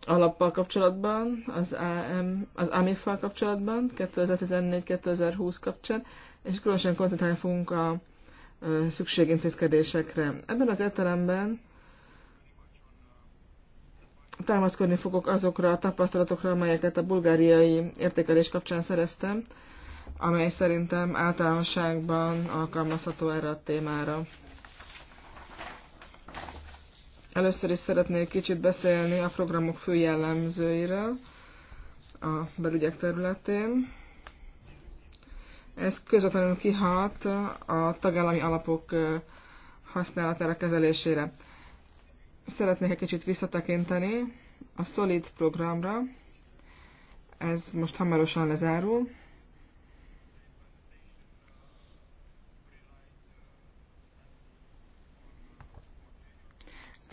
alappal kapcsolatban, az, AM, az AMIF-val kapcsolatban, 2014-2020 kapcsán, és különösen koncentrálni fogunk a szükségintézkedésekre. Ebben az értelemben támaszkodni fogok azokra a tapasztalatokra, amelyeket a bulgáriai értékelés kapcsán szereztem, amely szerintem általánosságban alkalmazható erre a témára. Először is szeretnék kicsit beszélni a programok fő jellemzőiről a belügyek területén. Ez közvetlenül kihat a tagállami alapok használatára, kezelésére. Szeretnék egy kicsit visszatekinteni a Solid programra. Ez most hamarosan lezárul.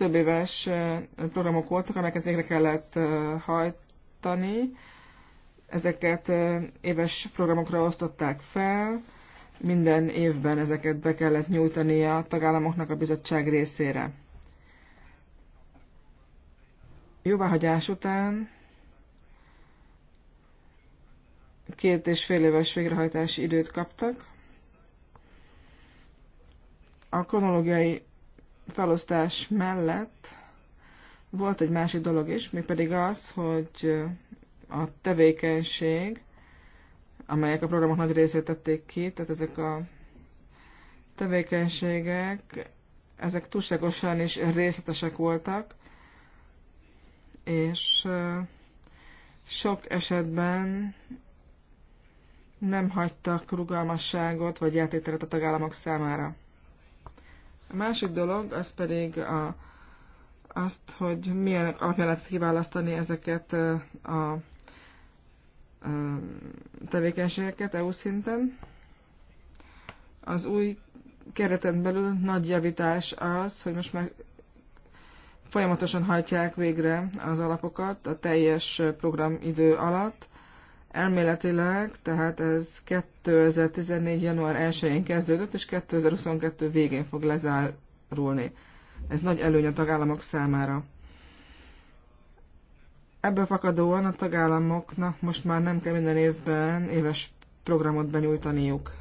több éves programok voltak, amelyeket végre kellett hajtani. Ezeket éves programokra osztották fel, minden évben ezeket be kellett nyújtani a tagállamoknak a bizottság részére. Jóváhagyás után két és fél éves végrehajtási időt kaptak. A kronológiai felosztás mellett volt egy másik dolog is, pedig az, hogy a tevékenység, amelyek a programok nagy részét tették ki, tehát ezek a tevékenységek, ezek túlságosan is részletesek voltak, és sok esetben nem hagytak rugalmasságot vagy játéteret a tagállamok számára. A másik dolog az pedig a, azt, hogy milyen alapján lehet kiválasztani ezeket a, a tevékenységeket EU szinten. Az új kereten belül nagy javítás az, hogy most már folyamatosan hajtják végre az alapokat a teljes programidő alatt, Elméletileg, tehát ez 2014. január 1-én kezdődött, és 2022 végén fog lezárulni. Ez nagy előny a tagállamok számára. Ebből fakadóan a tagállamoknak most már nem kell minden évben éves programot benyújtaniuk.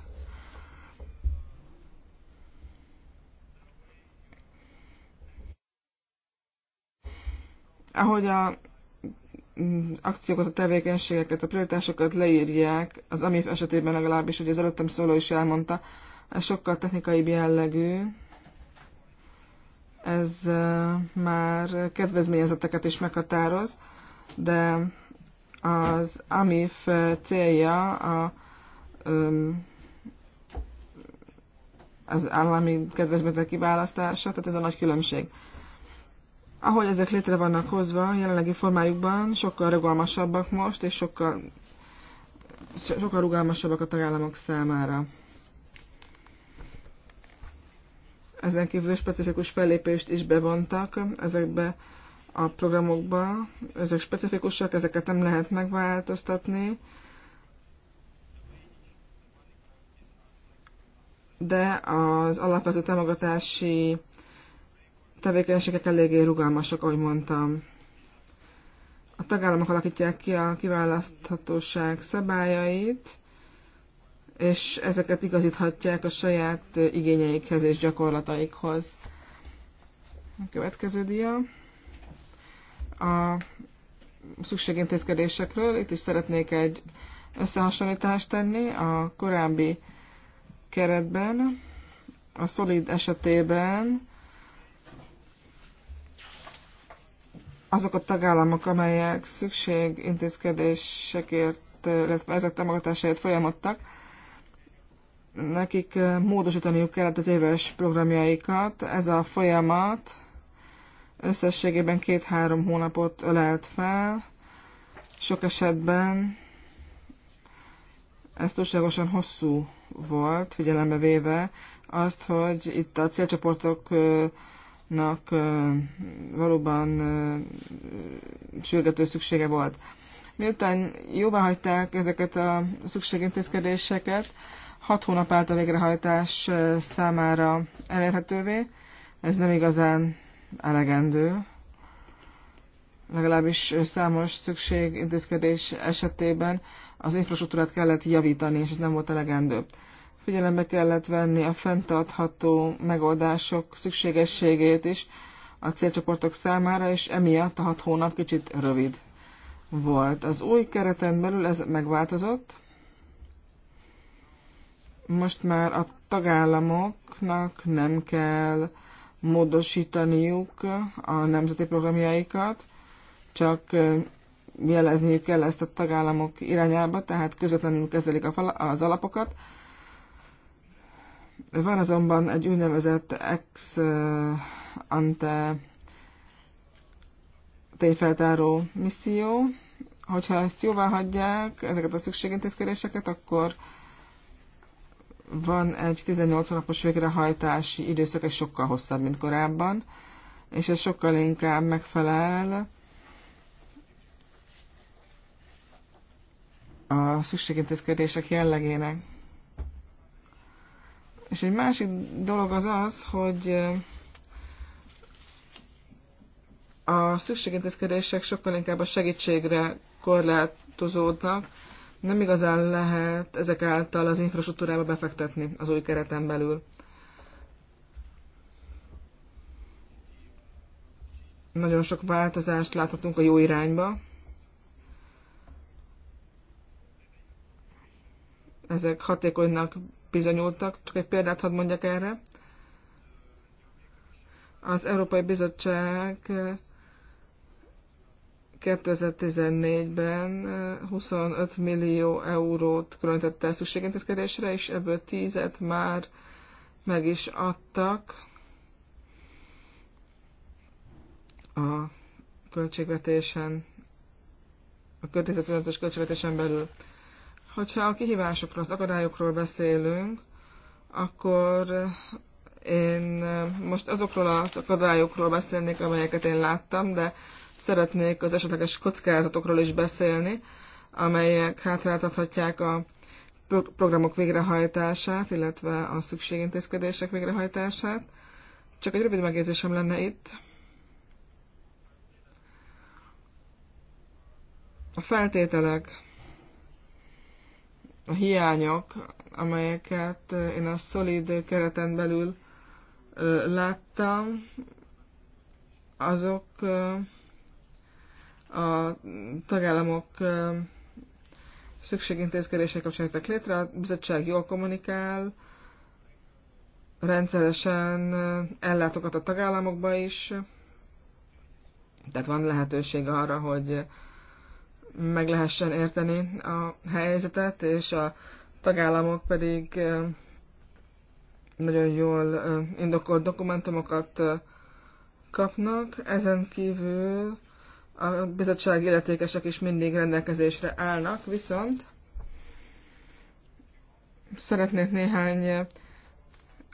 Ahogy a akciókat, a tevékenységeket, a prioritásokat leírják, az AMIF esetében legalábbis, hogy az előttem szóló is elmondta, ez sokkal technikai jellegű, ez már kedvezményezeteket is meghatároz, de az AMIF célja a, az állami kedvezményezetek kiválasztása, tehát ez a nagy különbség ahogy ezek létre vannak hozva, jelenlegi formájukban sokkal rugalmasabbak most, és sokkal, sokkal rugalmasabbak a tagállamok számára. Ezen kívül specifikus fellépést is bevontak ezekbe a programokba. Ezek specifikusak, ezeket nem lehet megváltoztatni. De az alapvető támogatási tevékenységek eléggé rugalmasak, ahogy mondtam. A tagállamok alakítják ki a kiválaszthatóság szabályait, és ezeket igazíthatják a saját igényeikhez és gyakorlataikhoz. A következő dia. A szükségintézkedésekről itt is szeretnék egy összehasonlítást tenni a korábbi keretben. A Solid esetében azok a tagállamok, amelyek szükség intézkedésekért, illetve ezek támogatásáért folyamodtak, nekik eh, módosítaniuk kellett az éves programjaikat. Ez a folyamat összességében két-három hónapot ölelt fel. Sok esetben ez túlságosan hosszú volt, figyelembe véve azt, hogy itt a célcsoportok eh, nak valóban sürgető szüksége volt. Miután jóvá hagyták ezeket a szükségintézkedéseket, hat hónap állt a végrehajtás számára elérhetővé. Ez nem igazán elegendő. Legalábbis számos szükségintézkedés esetében az infrastruktúrát kellett javítani, és ez nem volt elegendő figyelembe kellett venni a fenntartható megoldások szükségességét is a célcsoportok számára, és emiatt a hat hónap kicsit rövid volt. Az új kereten belül ez megváltozott. Most már a tagállamoknak nem kell módosítaniuk a nemzeti programjaikat, csak jelezniük kell ezt a tagállamok irányába, tehát közvetlenül kezelik az alapokat, van azonban egy úgynevezett ex ante tényfeltáró misszió. Hogyha ezt jóvá hagyják, ezeket a szükségintézkedéseket, akkor van egy 18 napos végrehajtási időszak, és sokkal hosszabb, mint korábban, és ez sokkal inkább megfelel a szükségintézkedések jellegének. És egy másik dolog az az, hogy a szükségintézkedések sokkal inkább a segítségre korlátozódnak, nem igazán lehet ezek által az infrastruktúrába befektetni az új kereten belül. Nagyon sok változást láthatunk a jó irányba. Ezek hatékonynak bizonyultak. Csak egy példát hadd mondjak erre. Az Európai Bizottság 2014-ben eh, 25 eh, millió eurót különítette el szükségintézkedésre, és ebből 10-et már meg is adtak a költségvetésen, a 2015-ös költségvetésen belül. Hogyha a kihívásokról, az akadályokról beszélünk, akkor én most azokról az akadályokról beszélnék, amelyeket én láttam, de szeretnék az esetleges kockázatokról is beszélni, amelyek hátráltathatják a programok végrehajtását, illetve a szükségintézkedések végrehajtását. Csak egy rövid megjegyzésem lenne itt. A feltételek a hiányok, amelyeket én a szolid kereten belül láttam, azok a tagállamok szükségintézkedések kapcsán jöttek létre, a bizottság jól kommunikál, rendszeresen ellátogat a tagállamokba is, tehát van lehetőség arra, hogy meg lehessen érteni a helyzetet, és a tagállamok pedig nagyon jól indokolt dokumentumokat kapnak. Ezen kívül a bizottság illetékesek is mindig rendelkezésre állnak, viszont szeretnék néhány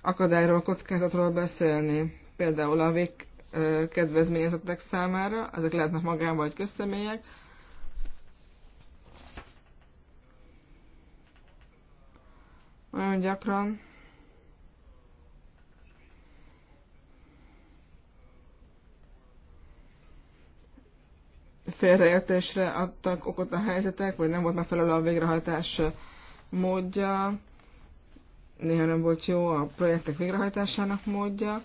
akadályról, kockázatról beszélni. Például a végkedvezményezettek számára, ezek lehetnek magán vagy közszemélyek, nagyon gyakran félreértésre adtak okot a helyzetek, vagy nem volt megfelelő a végrehajtás módja, néha nem volt jó a projektek végrehajtásának módja.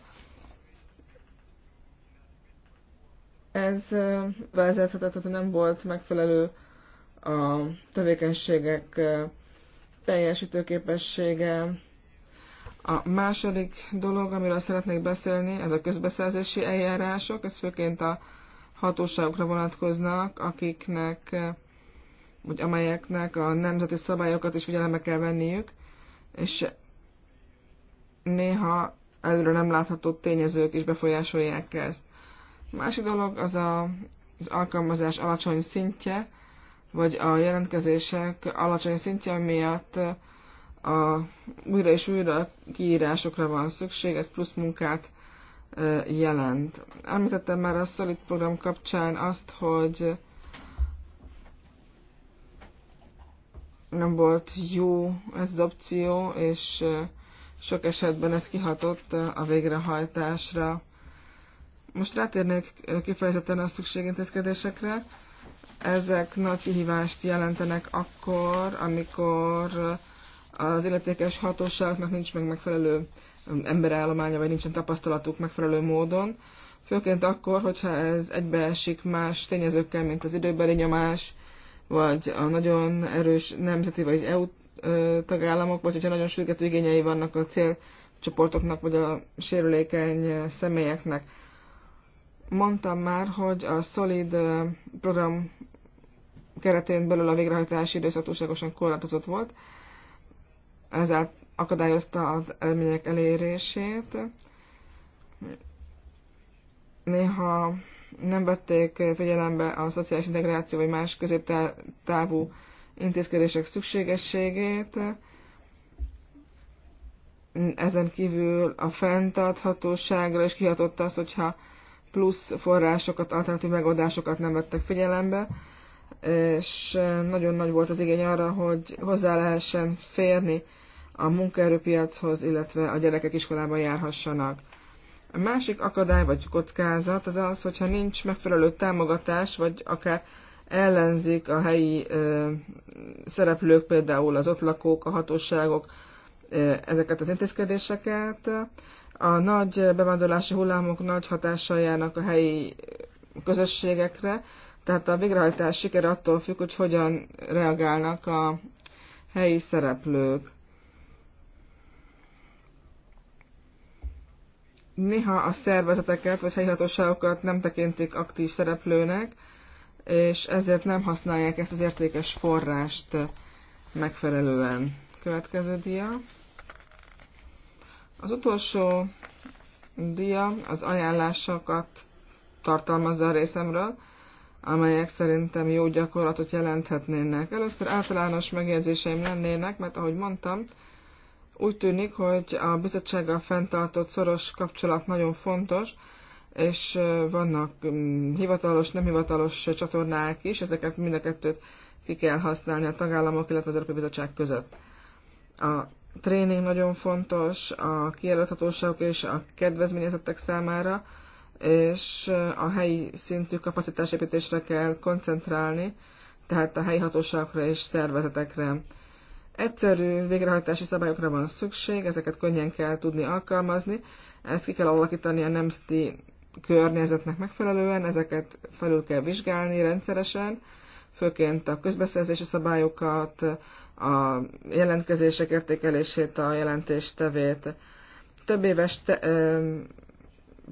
Ez vezethetett, hogy nem volt megfelelő a tevékenységek teljesítőképessége. A második dolog, amiről szeretnék beszélni, ez a közbeszerzési eljárások, ez főként a hatóságokra vonatkoznak, akiknek vagy amelyeknek a nemzeti szabályokat is figyelembe kell venniük, és néha előre nem látható tényezők is befolyásolják ezt. Másik dolog az a, az alkalmazás alacsony szintje, vagy a jelentkezések alacsony szintje miatt eh, a újra és újra kiírásokra van szükség, ez plusz munkát eh, jelent. Említettem már a Solid program kapcsán azt, hogy nem volt jó ez az opció, és eh, sok esetben ez kihatott a végrehajtásra. Most rátérnék kifejezetten a szükségintézkedésekre. Ezek nagy kihívást jelentenek akkor, amikor az illetékes hatóságnak nincs meg megfelelő um, emberállománya, vagy nincsen tapasztalatuk megfelelő módon. Főként akkor, hogyha ez egybeesik más tényezőkkel, mint az időbeli nyomás, vagy a nagyon erős nemzeti vagy EU tagállamok, vagy hogyha nagyon sürgető igényei vannak a célcsoportoknak, vagy a sérülékeny személyeknek. Mondtam már, hogy a Solid program keretén belül a végrehajtási időszak túlságosan korlátozott volt, ezzel akadályozta az eredmények elérését. Néha nem vették figyelembe a szociális integráció vagy más középtávú intézkedések szükségességét. Ezen kívül a fenntarthatóságra is kihatott az, hogyha plusz forrásokat, alternatív megoldásokat nem vettek figyelembe és nagyon nagy volt az igény arra, hogy hozzá lehessen férni a munkaerőpiachoz, illetve a gyerekek iskolába járhassanak. A másik akadály vagy kockázat az az, hogyha nincs megfelelő támogatás, vagy akár ellenzik a helyi ö, szereplők, például az ott lakók, a hatóságok ö, ezeket az intézkedéseket. A nagy bevándorlási hullámok nagy hatással járnak a helyi közösségekre, tehát a végrehajtás sikere attól függ, hogy hogyan reagálnak a helyi szereplők. Néha a szervezeteket vagy helyi hatóságokat nem tekintik aktív szereplőnek, és ezért nem használják ezt az értékes forrást megfelelően. Következő dia. Az utolsó dia az ajánlásokat tartalmazza a részemről amelyek szerintem jó gyakorlatot jelenthetnének. Először általános megjegyzéseim lennének, mert ahogy mondtam, úgy tűnik, hogy a bizottsággal fenntartott szoros kapcsolat nagyon fontos, és vannak hivatalos, nem hivatalos csatornák is, ezeket mind a kettőt ki kell használni a tagállamok, illetve az Európai Bizottság között. A tréning nagyon fontos a kijelölthatóságok és a kedvezményezettek számára, és a helyi szintű kapacitásépítésre kell koncentrálni, tehát a helyi hatóságokra és szervezetekre. Egyszerű végrehajtási szabályokra van szükség, ezeket könnyen kell tudni alkalmazni, ezt ki kell alakítani a nemzeti környezetnek megfelelően, ezeket felül kell vizsgálni rendszeresen, főként a közbeszerzési szabályokat, a jelentkezések értékelését, a jelentéstevét. Több éves te, ö,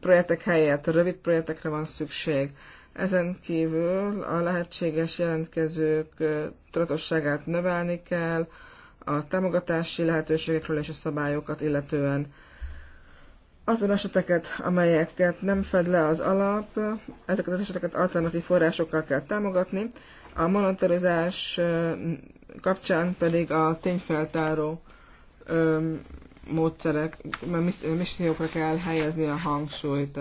projektek helyett rövid projektekre van szükség. Ezen kívül a lehetséges jelentkezők tudatosságát növelni kell, a támogatási lehetőségekről és a szabályokat illetően. Azon eseteket, amelyeket nem fed le az alap, ezeket az eseteket alternatív forrásokkal kell támogatni, a monitorizás kapcsán pedig a tényfeltáró módszerek, missziókra kell helyezni a hangsúlyt.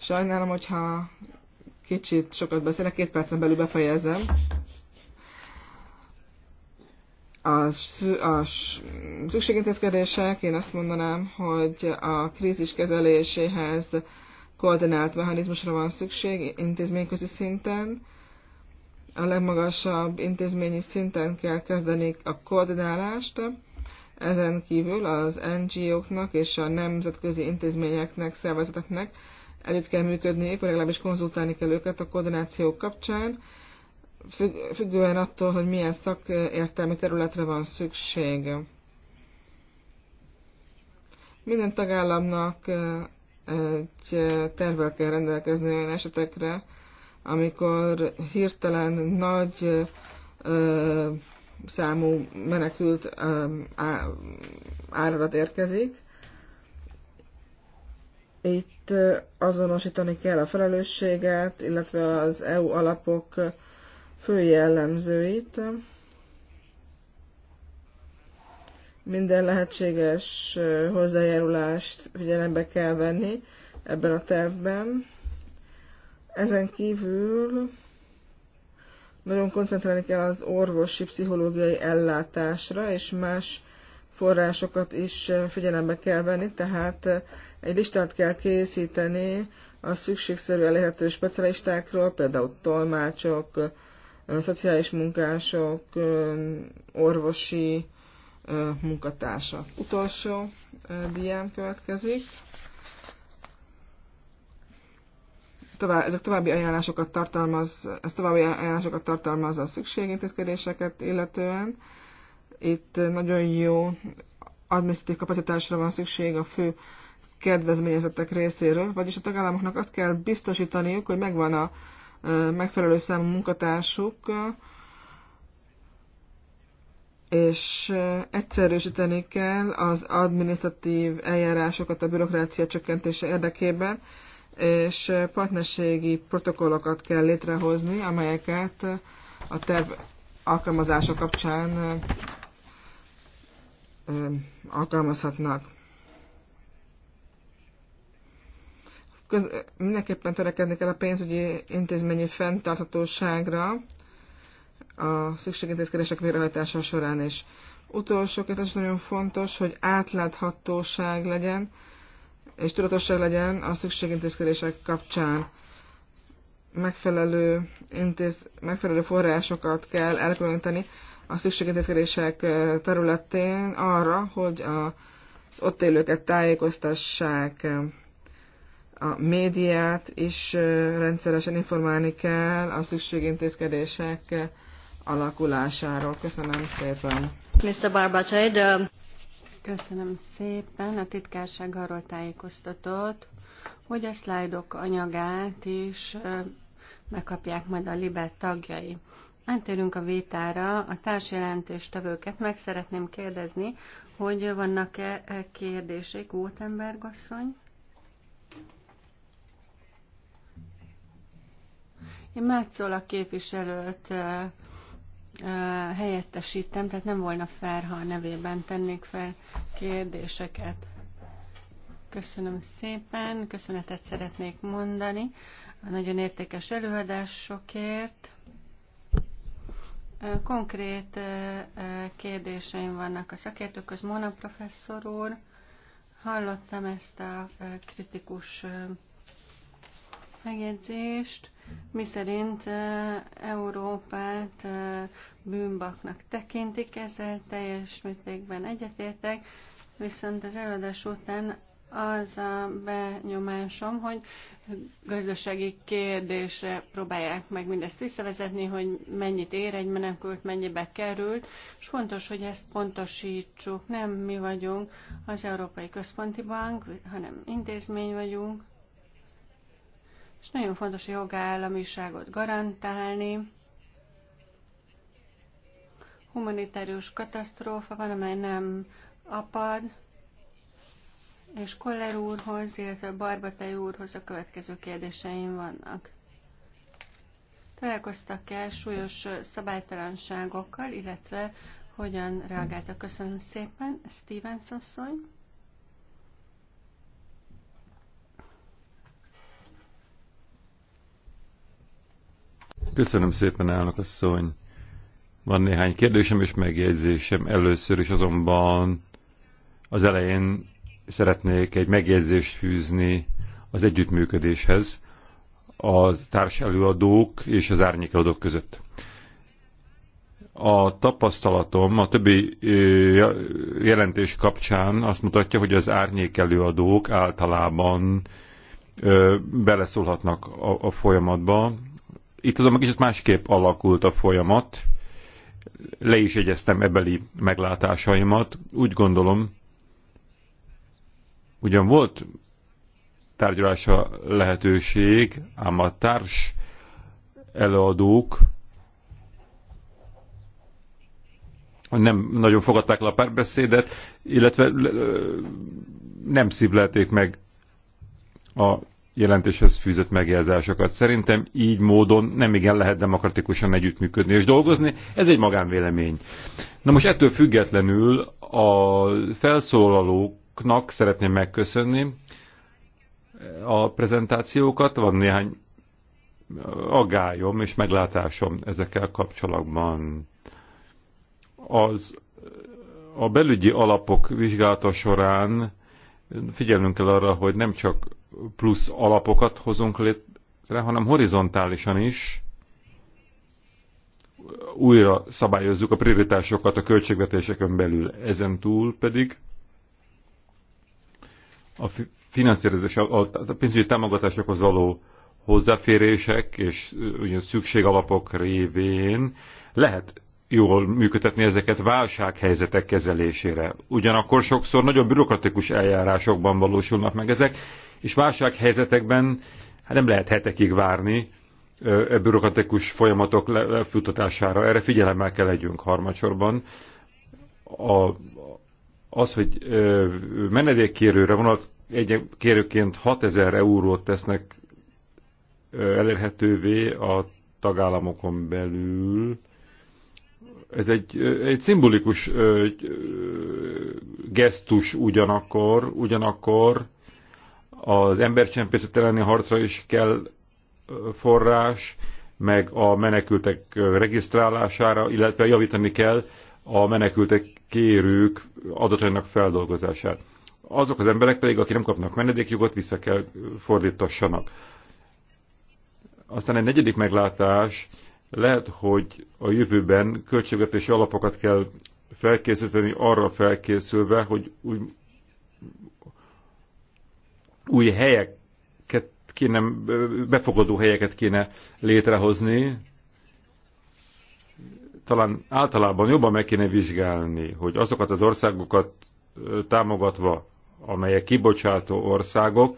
Sajnálom, hogyha kicsit sokat beszélek, két percen belül befejezem. Az, a szükségintézkedések, én azt mondanám, hogy a krízis kezeléséhez koordinált mechanizmusra van szükség intézményközi szinten. A legmagasabb intézményi szinten kell kezdeni a koordinálást, ezen kívül az NGO-knak és a nemzetközi intézményeknek, szervezeteknek együtt kell működniük, vagy legalábbis konzultálni kell őket a koordináció kapcsán, függ, függően attól, hogy milyen szakértelmi területre van szükség. Minden tagállamnak egy tervvel kell rendelkezni olyan esetekre, amikor hirtelen nagy számú menekült um, áradat érkezik. Itt azonosítani kell a felelősséget, illetve az EU alapok fő jellemzőit. Minden lehetséges hozzájárulást figyelembe kell venni ebben a tervben. Ezen kívül nagyon koncentrálni kell az orvosi, pszichológiai ellátásra, és más forrásokat is figyelembe kell venni, tehát egy listát kell készíteni a szükségszerű elérhető specialistákról, például tolmácsok, szociális munkások, orvosi munkatársak. Utolsó diám következik. tovább, ezek további ajánlásokat tartalmaz, ez további ajánlásokat tartalmaz a szükségintézkedéseket illetően. Itt nagyon jó administratív kapacitásra van szükség a fő kedvezményezettek részéről, vagyis a tagállamoknak azt kell biztosítaniuk, hogy megvan a megfelelő számú munkatársuk, és egyszerűsíteni kell az adminisztratív eljárásokat a bürokrácia csökkentése érdekében, és partnerségi protokollokat kell létrehozni, amelyeket a terv alkalmazása kapcsán alkalmazhatnak. mindenképpen törekedni kell a pénzügyi intézményi fenntarthatóságra a szükségintézkedések végrehajtása során is. Utolsóként is nagyon fontos, hogy átláthatóság legyen és tudatosság legyen a szükségintézkedések kapcsán. Megfelelő, intéz, megfelelő forrásokat kell elkülöníteni a szükségintézkedések területén arra, hogy az ott élőket tájékoztassák. A médiát is rendszeresen informálni kell a szükségintézkedések alakulásáról. Köszönöm szépen. Mr. Barbacsai, de... Köszönöm szépen. A titkárság arról tájékoztatott, hogy a szlájdok anyagát is megkapják majd a libet tagjai. Átérünk a vétára. A tevőket meg szeretném kérdezni, hogy vannak-e kérdések, Gótenberg asszony? Én Mátszol a képviselőt helyettesítem, tehát nem volna fel, ha a nevében tennék fel kérdéseket. Köszönöm szépen, köszönetet szeretnék mondani a nagyon értékes előadásokért. Konkrét kérdéseim vannak a szakértőköz, Mona professzor úr. Hallottam ezt a kritikus megjegyzést miszerint Európát bűnbaknak tekintik, ezzel teljes mértékben egyetértek, viszont az előadás után az a benyomásom, hogy gazdasági kérdésre próbálják meg mindezt visszavezetni, hogy mennyit ér egy menekült, mennyibe került, és fontos, hogy ezt pontosítsuk. Nem mi vagyunk az Európai Központi Bank, hanem intézmény vagyunk, és nagyon fontos a jogállamiságot garantálni. Humanitárius katasztrófa van, amely nem apad, és Koller úrhoz, illetve barbatai úrhoz a következő kérdéseim vannak. Találkoztak-e súlyos szabálytalanságokkal, illetve hogyan reagáltak? Köszönöm szépen, Stevens asszony. Köszönöm szépen, elnök asszony. Van néhány kérdésem és megjegyzésem. Először is azonban az elején szeretnék egy megjegyzést fűzni az együttműködéshez a előadók és az árnyékeladók között. A tapasztalatom a többi jelentés kapcsán azt mutatja, hogy az előadók általában beleszólhatnak a folyamatba, itt azonban kicsit másképp alakult a folyamat. Le is jegyeztem ebeli meglátásaimat. Úgy gondolom, ugyan volt tárgyalása lehetőség, ám a társ előadók nem nagyon fogadták le a párbeszédet, illetve nem szívlelték meg a jelentéshez fűzött megjelzásokat. Szerintem így módon nem igen lehet demokratikusan együttműködni és dolgozni, ez egy magánvélemény. Na most ettől függetlenül a felszólalóknak szeretném megköszönni a prezentációkat, van néhány agályom és meglátásom ezekkel kapcsolatban. Az a belügyi alapok vizsgálata során figyelnünk kell arra, hogy nem csak plusz alapokat hozunk létre, hanem horizontálisan is újra szabályozzuk a prioritásokat a költségvetéseken belül. Ezen túl pedig a finanszírozás, a pénzügyi támogatásokhoz való hozzáférések és szükség szükségalapok révén lehet jól működtetni ezeket válsághelyzetek kezelésére. Ugyanakkor sokszor nagyon bürokratikus eljárásokban valósulnak meg ezek, és válsághelyzetekben hát nem lehet hetekig várni e bürokratikus folyamatok lefutatására. Erre figyelemmel kell legyünk harmadsorban. A, az, hogy menedékkérőre vonat egy kérőként 6000 eurót tesznek elérhetővé a tagállamokon belül, ez egy, egy szimbolikus gesztus ugyanakkor, ugyanakkor az embercsempészet elleni harcra is kell forrás, meg a menekültek regisztrálására, illetve javítani kell a menekültek kérők adatainak feldolgozását. Azok az emberek pedig, akik nem kapnak menedékjogot, vissza kell fordítassanak. Aztán egy negyedik meglátás, lehet, hogy a jövőben költségvetési alapokat kell felkészíteni arra felkészülve, hogy úgy új helyeket kéne, befogadó helyeket kéne létrehozni, talán általában jobban meg kéne vizsgálni, hogy azokat az országokat támogatva, amelyek kibocsátó országok,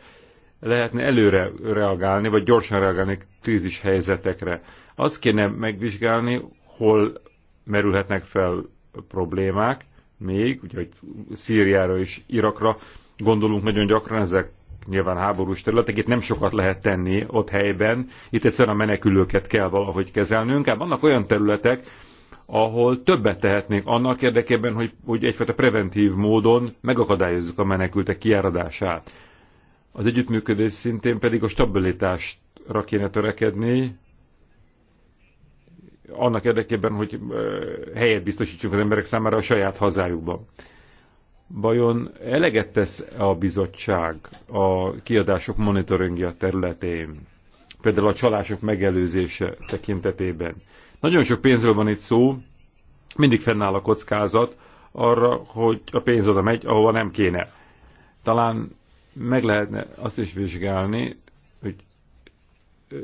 lehetne előre reagálni, vagy gyorsan reagálni krízis helyzetekre. Azt kéne megvizsgálni, hol merülhetnek fel problémák, még, ugye hogy Szíriára és Irakra gondolunk nagyon gyakran, ezek nyilván háborús területek, itt nem sokat lehet tenni ott helyben, itt egyszerűen a menekülőket kell valahogy kezelnünk, hát vannak olyan területek, ahol többet tehetnénk annak érdekében, hogy, hogy egyfajta preventív módon megakadályozzuk a menekültek kiáradását. Az együttműködés szintén pedig a stabilitásra kéne törekedni, annak érdekében, hogy helyet biztosítsunk az emberek számára a saját hazájukban. Vajon eleget tesz a bizottság a kiadások monitoringja területén, például a csalások megelőzése tekintetében? Nagyon sok pénzről van itt szó, mindig fennáll a kockázat arra, hogy a pénz oda megy, ahova nem kéne. Talán meg lehetne azt is vizsgálni, hogy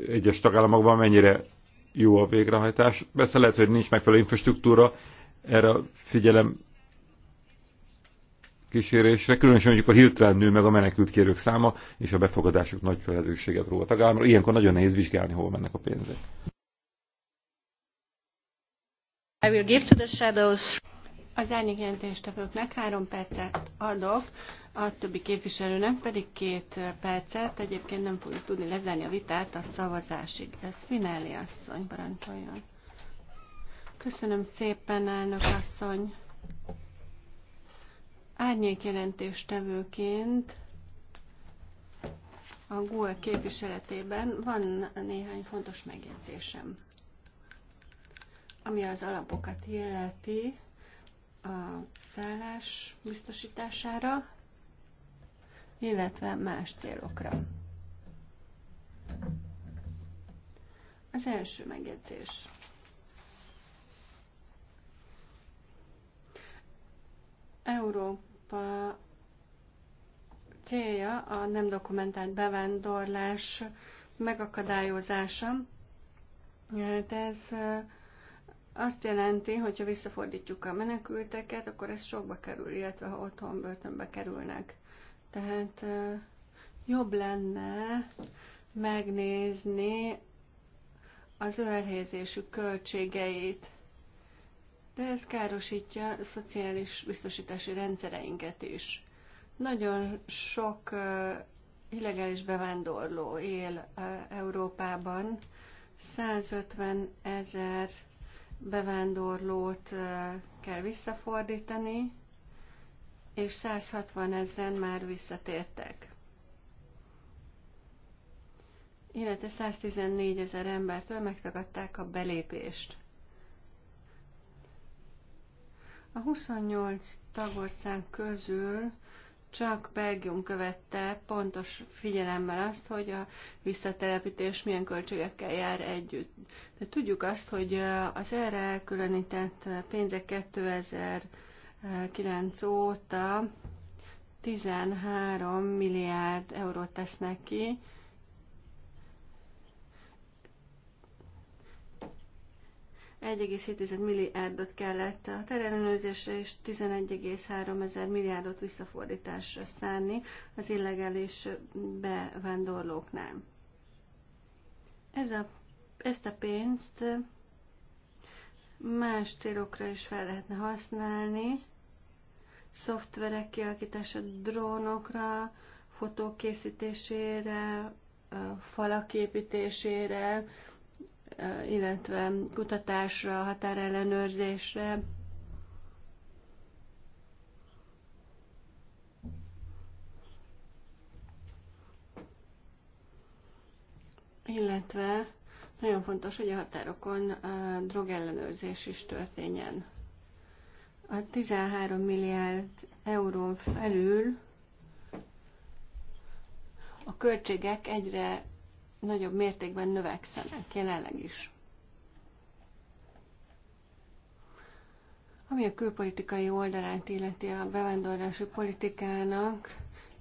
egyes tagállamokban mennyire jó a végrehajtás. Persze lehet, hogy nincs megfelelő infrastruktúra erre a figyelem kísérésre, különösen, amikor hirtelen nő meg a menekült kérők száma, és a befogadásuk nagy felelősséget ró a tagállamra. Ilyenkor nagyon nehéz vizsgálni, hol mennek a pénzek. I will give to the shadows. Az árnyékjelentéstevőknek három percet adok, a többi képviselőnek pedig két percet. Egyébként nem fogjuk tudni lezárni a vitát a szavazásig. Ez Finelli asszony, parancsoljon. Köszönöm szépen, elnök asszony. Árnyék jelentéstevőként a GUE képviseletében van néhány fontos megjegyzésem. Ami az alapokat illeti a szállás biztosítására, illetve más célokra. Az első megjegyzés. Euró a célja a nem dokumentált bevándorlás megakadályozása. Hát ez azt jelenti, hogy ha visszafordítjuk a menekülteket, akkor ez sokba kerül, illetve ha otthon börtönbe kerülnek. Tehát jobb lenne megnézni az ő elhelyezésük költségeit de ez károsítja a szociális biztosítási rendszereinket is. Nagyon sok illegális bevándorló él Európában, 150 ezer bevándorlót kell visszafordítani, és 160 ezeren már visszatértek. Illetve 114 ezer embertől megtagadták a belépést. A 28 tagország közül csak Belgium követte pontos figyelemmel azt, hogy a visszatelepítés milyen költségekkel jár együtt. De tudjuk azt, hogy az erre elkülönített pénzek 2009 óta 13 milliárd eurót tesznek ki, 1,7 milliárdot kellett a terellenőrzésre és 11,3 ezer milliárdot visszafordításra szánni az illegális bevándorlóknál. Ez a, ezt a pénzt más célokra is fel lehetne használni, szoftverek kialakítása, drónokra, fotók készítésére, falak építésére, illetve kutatásra, határellenőrzésre. Illetve nagyon fontos, hogy a határokon a drogellenőrzés is történjen. A 13 milliárd eurón felül a költségek egyre nagyobb mértékben növekszenek jelenleg is. Ami a külpolitikai oldalát illeti a bevándorlási politikának,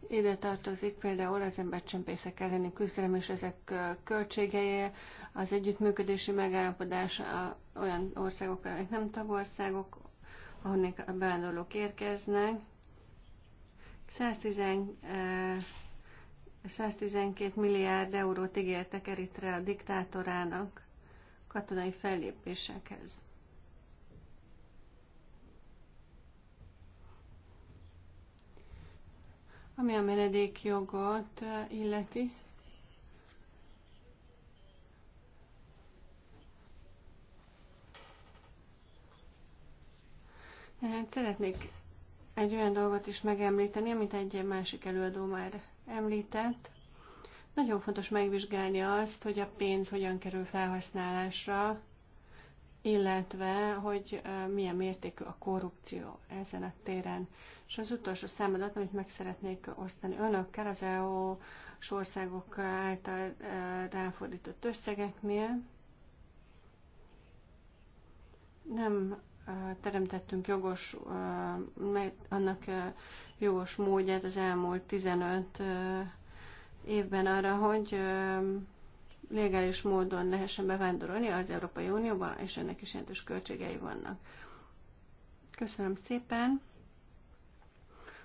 ide tartozik például az embercsempészek elleni küzdelem és ezek költségei, az együttműködési megállapodás olyan országok, amelyek nem tagországok, ahonnan a bevándorlók érkeznek. 112 112 milliárd eurót ígértek Eritre a diktátorának katonai fellépésekhez. Ami a menedékjogot illeti, hát szeretnék egy olyan dolgot is megemlíteni, amit egy másik előadó már említett. Nagyon fontos megvizsgálni azt, hogy a pénz hogyan kerül felhasználásra, illetve hogy milyen mértékű a korrupció ezen a téren. És az utolsó számadat, amit meg szeretnék osztani önökkel, az EU országok által ráfordított összegeknél. Nem teremtettünk jogos, mert annak jogos módját az elmúlt 15 évben arra, hogy legális módon lehessen bevándorolni az Európai Unióba, és ennek is jelentős költségei vannak. Köszönöm szépen!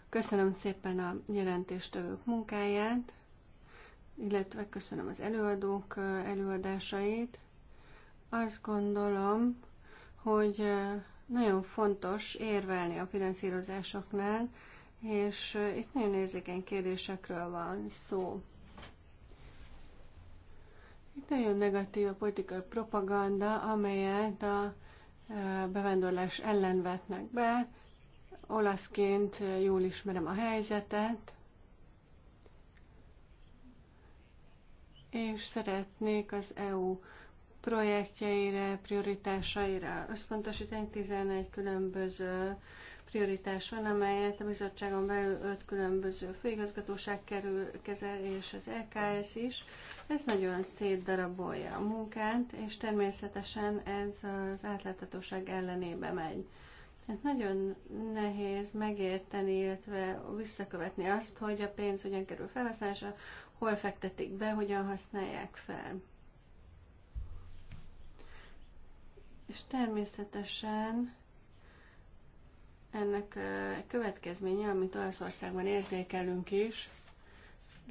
Köszönöm szépen a jelentéstevők munkáját, illetve köszönöm az előadók előadásait. Azt gondolom, hogy nagyon fontos érvelni a finanszírozásoknál, és itt nagyon érzékeny kérdésekről van szó. Itt nagyon negatív a politikai propaganda, amelyet a bevándorlás ellen vetnek be. Olaszként jól ismerem a helyzetet, és szeretnék az EU projektjeire, prioritásaira összpontosítani 11 különböző prioritás van, amelyet a bizottságon belül öt különböző főigazgatóság kerül, kezel, és az LKS is. Ez nagyon szétdarabolja a munkát, és természetesen ez az átláthatóság ellenébe megy. Hát nagyon nehéz megérteni, illetve visszakövetni azt, hogy a pénz hogyan kerül felhasználásra, hol fektetik be, hogyan használják fel. És természetesen ennek következménye, amit Olaszországban érzékelünk is,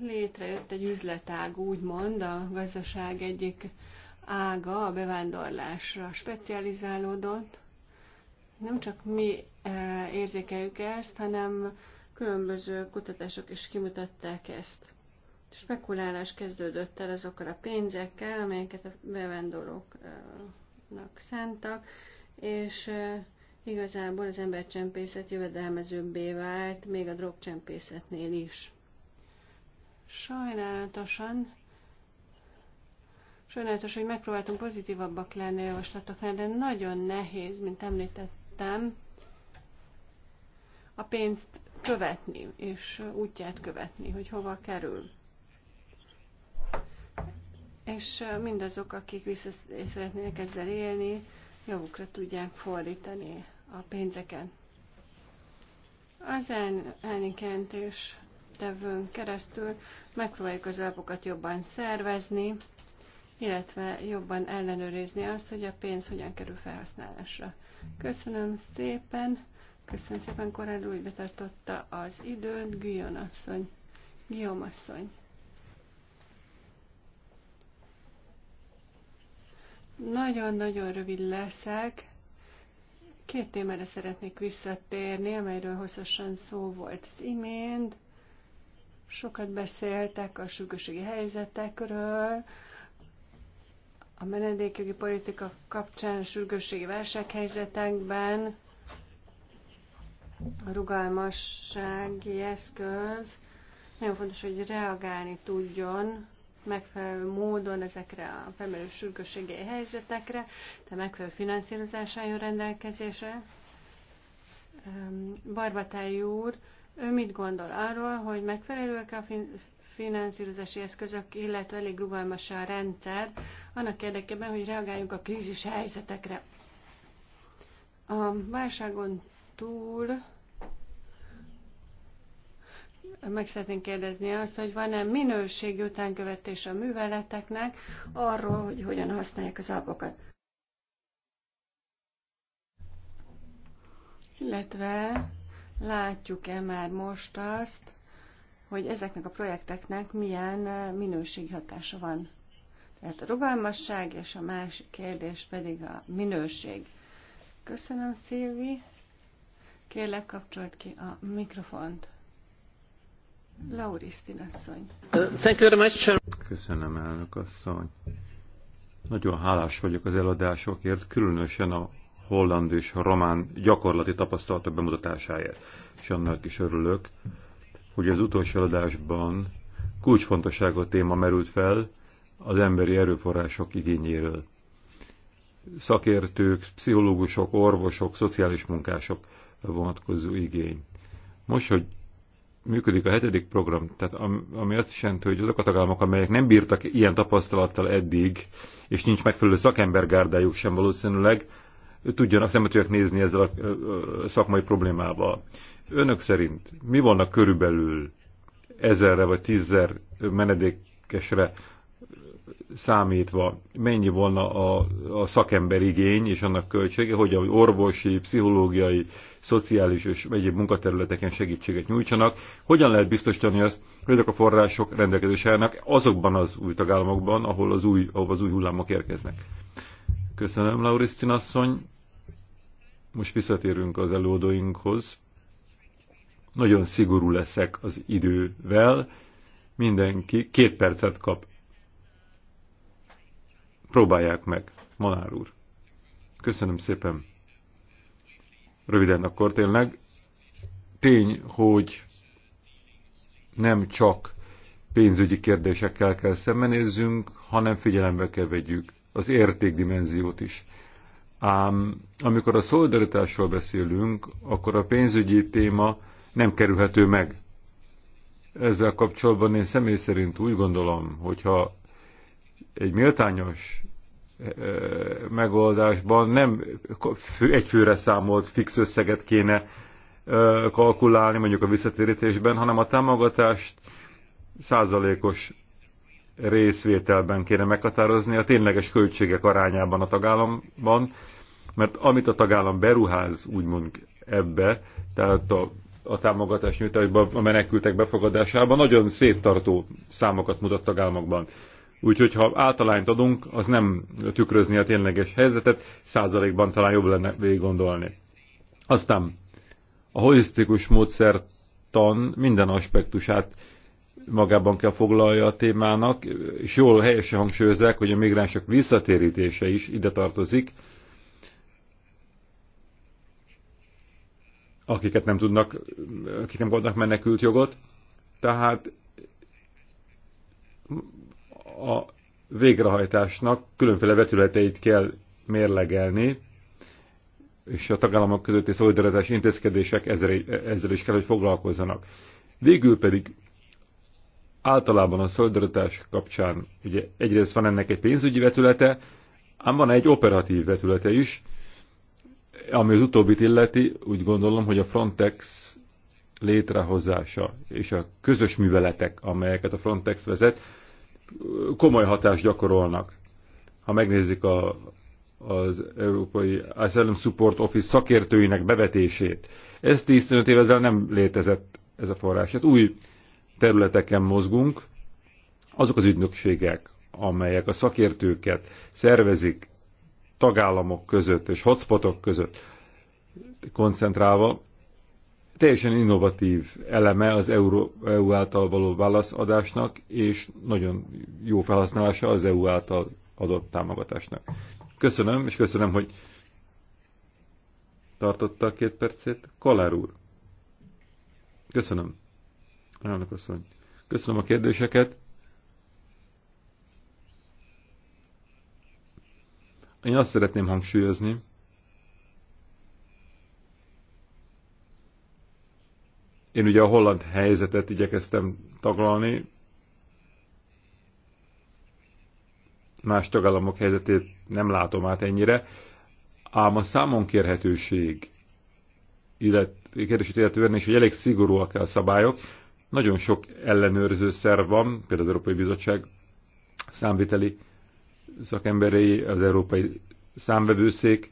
létrejött egy üzletág, úgymond a gazdaság egyik ága a bevándorlásra specializálódott. Nem csak mi érzékeljük ezt, hanem különböző kutatások is kimutatták ezt. Spekulálás kezdődött el azokkal a pénzekkel, amelyeket a bevándorlóknak szántak, és Igazából az embercsempészet jövedelmezőbbé vált, még a drogcsempészetnél is. Sajnálatosan, sajnálatos, hogy megpróbáltunk pozitívabbak lenni a javaslatoknál, de nagyon nehéz, mint említettem, a pénzt követni, és útját követni, hogy hova kerül. És mindazok, akik vissza szeretnének ezzel élni, javukra tudják fordítani a pénzeken. Az elnikentés tevőn keresztül megpróbáljuk az alapokat jobban szervezni, illetve jobban ellenőrizni azt, hogy a pénz hogyan kerül felhasználásra. Köszönöm szépen, köszönöm szépen Korrel úgy betartotta az időt, Guillaume asszony. Guillaume asszony. Nagyon-nagyon rövid leszek. Két témára szeretnék visszatérni, amelyről hosszasan szó volt az imént. Sokat beszéltek a sürgőségi helyzetekről, a menedékjogi politika kapcsán, a sürgősségi válsághelyzetekben, a rugalmassági eszköz, nagyon fontos, hogy reagálni tudjon megfelelő módon ezekre a felmerülő sürgősségi helyzetekre, tehát megfelelő finanszírozás álljon rendelkezésre. Barbatály úr, ő mit gondol arról, hogy megfelelőek a finanszírozási eszközök, illetve elég rugalmas a rendszer, annak érdekében, hogy reagáljunk a krízis helyzetekre. A válságon túl meg szeretnénk kérdezni azt, hogy van-e minőségi utánkövetés a műveleteknek arról, hogy hogyan használják az alapokat. Illetve látjuk-e már most azt, hogy ezeknek a projekteknek milyen eh, minőségi hatása van. Tehát a rugalmasság és a másik kérdés pedig a minőség. Köszönöm, Szilvi. Kérlek, kapcsolt ki a mikrofont. Laurisztin asszony. Thank you very much. Köszönöm, elnök asszony. Nagyon hálás vagyok az eladásokért, különösen a holland és a román gyakorlati tapasztalatok bemutatásáért. És annak is örülök, hogy az utolsó eladásban kulcsfontosságú téma merült fel az emberi erőforrások igényéről. Szakértők, pszichológusok, orvosok, szociális munkások vonatkozó igény. Most, hogy működik a hetedik program, tehát ami azt is jelenti, hogy azok a tagállamok, amelyek nem bírtak ilyen tapasztalattal eddig, és nincs megfelelő szakembergárdájuk sem valószínűleg, tudjanak szemetőek nézni ezzel a szakmai problémával. Önök szerint mi vannak körülbelül ezerre vagy tízzer menedékesre számítva mennyi volna a, a igény és annak költsége, hogy a orvosi, pszichológiai, szociális és egyéb munkaterületeken segítséget nyújtsanak, hogyan lehet biztosítani azt, hogy ezek a források rendelkezésre állnak azokban az új tagállamokban, ahol az új, ahol az új hullámok érkeznek. Köszönöm, Laurisztin asszony. Most visszatérünk az előadóinkhoz. Nagyon szigorú leszek az idővel. Mindenki két percet kap Próbálják meg, Molnár úr. Köszönöm szépen. Röviden akkor tényleg. Tény, hogy nem csak pénzügyi kérdésekkel kell szembenézzünk, hanem figyelembe kell vegyük az értékdimenziót is. Ám amikor a szolidaritásról beszélünk, akkor a pénzügyi téma nem kerülhető meg. Ezzel kapcsolatban én személy szerint úgy gondolom, hogyha egy méltányos megoldásban nem egy főre számolt fix összeget kéne kalkulálni mondjuk a visszatérítésben, hanem a támogatást százalékos részvételben kéne meghatározni a tényleges költségek arányában a tagállamban, mert amit a tagállam beruház úgymond ebbe, tehát a, a támogatás nyújtásban, a menekültek befogadásában nagyon széttartó számokat mutat tagállamokban. Úgyhogy ha általányt adunk, az nem tükrözni a tényleges helyzetet, százalékban talán jobb lenne végig gondolni. Aztán a holisztikus módszertan minden aspektusát magában kell foglalja a témának, és jól helyesen hangsúlyozzák, hogy a migránsok visszatérítése is ide tartozik, akiket nem tudnak, akik nem kapnak menekült jogot. Tehát a végrehajtásnak különféle vetületeit kell mérlegelni, és a tagállamok közötti szolidaritás intézkedések ezzel, ezzel is kell, hogy foglalkozzanak. Végül pedig általában a szolidaritás kapcsán ugye egyrészt van ennek egy pénzügyi vetülete, ám van egy operatív vetülete is, ami az utóbbit illeti, úgy gondolom, hogy a Frontex létrehozása és a közös műveletek, amelyeket a Frontex vezet, komoly hatást gyakorolnak. Ha megnézzük a, az Európai Asylum Support Office szakértőinek bevetését, ez 15 év ezzel nem létezett ez a forrás. Hát új területeken mozgunk, azok az ügynökségek, amelyek a szakértőket szervezik tagállamok között és hotspotok között koncentrálva, teljesen innovatív eleme az EU e által való válaszadásnak, és nagyon jó felhasználása az EU által adott támogatásnak. Köszönöm, és köszönöm, hogy tartotta a két percét. Kollár úr. Köszönöm. Elnök asszony. Köszönöm a kérdéseket. Én azt szeretném hangsúlyozni, Én ugye a holland helyzetet igyekeztem taglalni, más tagállamok helyzetét nem látom át ennyire, ám a számon kérhetőség kérdését illetően is, hogy elég szigorúak a szabályok. Nagyon sok ellenőrző szerv van, például az Európai Bizottság számviteli szakemberei, az Európai Számvevőszék.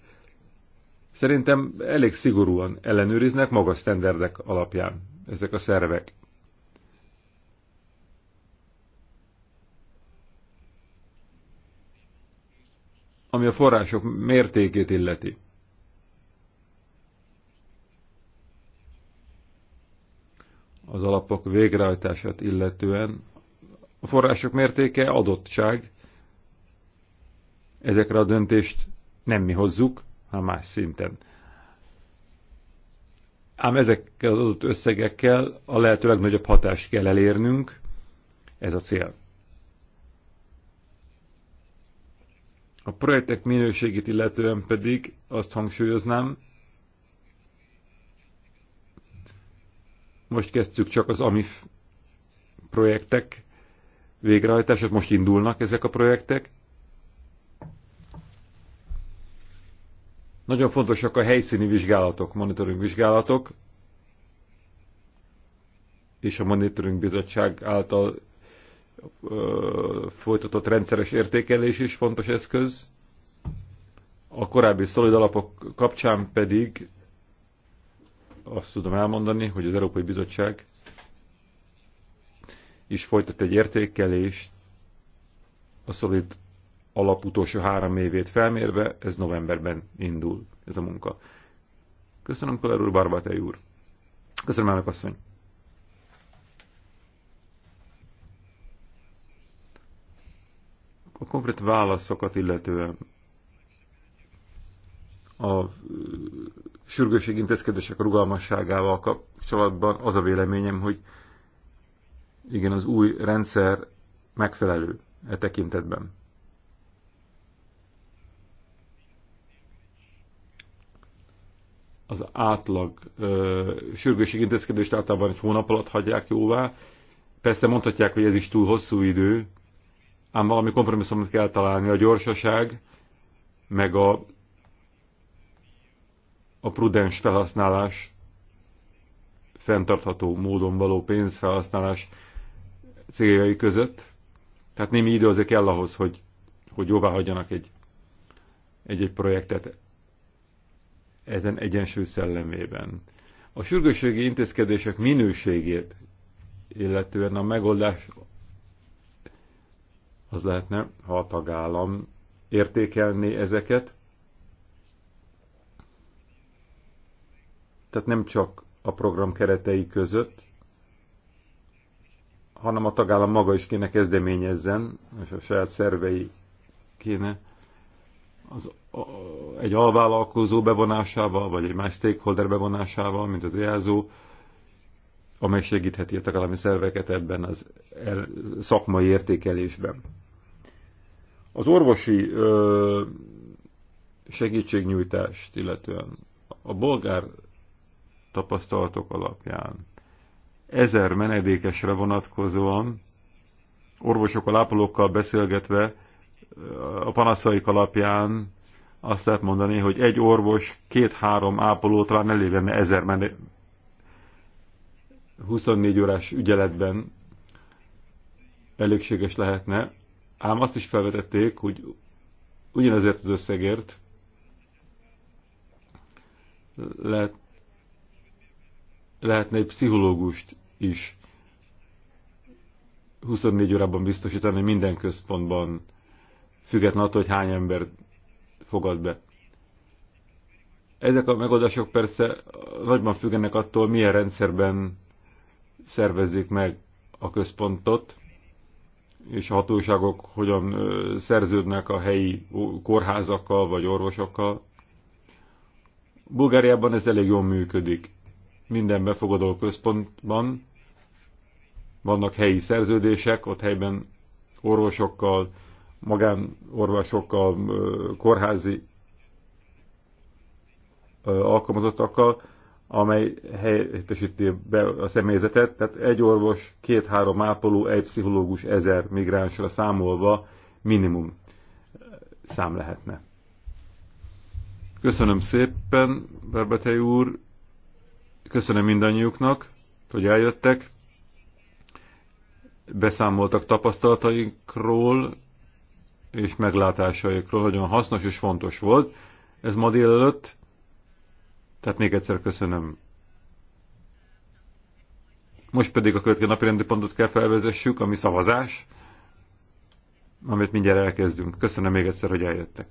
Szerintem elég szigorúan ellenőriznek magas sztenderdek alapján ezek a szervek. Ami a források mértékét illeti. Az alapok végrehajtását illetően a források mértéke adottság. Ezekre a döntést nem mi hozzuk, hanem más szinten ám ezekkel az adott összegekkel a lehető legnagyobb hatást kell elérnünk, ez a cél. A projektek minőségét illetően pedig azt hangsúlyoznám, most kezdtük csak az AMIF projektek végrehajtását, most indulnak ezek a projektek, Nagyon fontosak a helyszíni vizsgálatok, monitoring vizsgálatok, és a Monitoring Bizottság által ö, folytatott rendszeres értékelés is fontos eszköz. A korábbi szolid alapok kapcsán pedig azt tudom elmondani, hogy az Európai Bizottság is folytat egy értékelést a szolid alaputolsó három évét felmérve, ez novemberben indul ez a munka. Köszönöm, Koller úr, Barbatei úr. Köszönöm, elnök asszony. A konkrét válaszokat illetően a sürgőség intézkedések rugalmasságával kapcsolatban az a véleményem, hogy igen, az új rendszer megfelelő e tekintetben. az átlag intézkedést általában egy hónap alatt hagyják jóvá. Persze mondhatják, hogy ez is túl hosszú idő, ám valami kompromisszumot kell találni a gyorsaság, meg a, a prudens felhasználás, fenntartható módon való pénzfelhasználás céljai között. Tehát némi idő azért kell ahhoz, hogy, hogy jóvá hagyjanak egy, egy-egy projektet ezen egyenső szellemében. A sürgősségi intézkedések minőségét, illetően a megoldás az lehetne, ha a tagállam értékelné ezeket. Tehát nem csak a program keretei között, hanem a tagállam maga is kéne kezdeményezzen, és a saját szervei kéne az, a, egy alvállalkozó bevonásával, vagy egy más stakeholder bevonásával, mint az jelző, amely segítheti a tagállami szerveket ebben az el, er, szakmai értékelésben. Az orvosi ö, segítségnyújtást, illetően a bolgár tapasztalatok alapján ezer menedékesre vonatkozóan orvosokkal, ápolókkal beszélgetve a panaszaik alapján azt lehet mondani, hogy egy orvos, két-három ápoló talán elég lenne ezer, mert 24 órás ügyeletben elégséges lehetne. Ám azt is felvetették, hogy ugyanezért az összegért lehet, lehetne egy pszichológust is 24 órában biztosítani minden központban független attól, hogy hány ember fogad be. Ezek a megoldások persze nagyban függenek attól, milyen rendszerben szervezzék meg a központot, és a hatóságok hogyan szerződnek a helyi kórházakkal vagy orvosokkal. Bulgáriában ez elég jól működik. Minden befogadó központban vannak helyi szerződések, ott helyben orvosokkal, magánorvosokkal, kórházi alkalmazottakkal, amely helyettesíti be a személyzetet, tehát egy orvos, két-három ápoló, egy pszichológus, ezer migránsra számolva minimum szám lehetne. Köszönöm szépen, Berbetei úr, köszönöm mindannyiuknak, hogy eljöttek, beszámoltak tapasztalatainkról, és meglátásaikról nagyon hasznos és fontos volt. Ez ma délelőtt, tehát még egyszer köszönöm. Most pedig a következő napi rendi pontot kell felvezessük, ami szavazás, amit mindjárt elkezdünk. Köszönöm még egyszer, hogy eljöttek.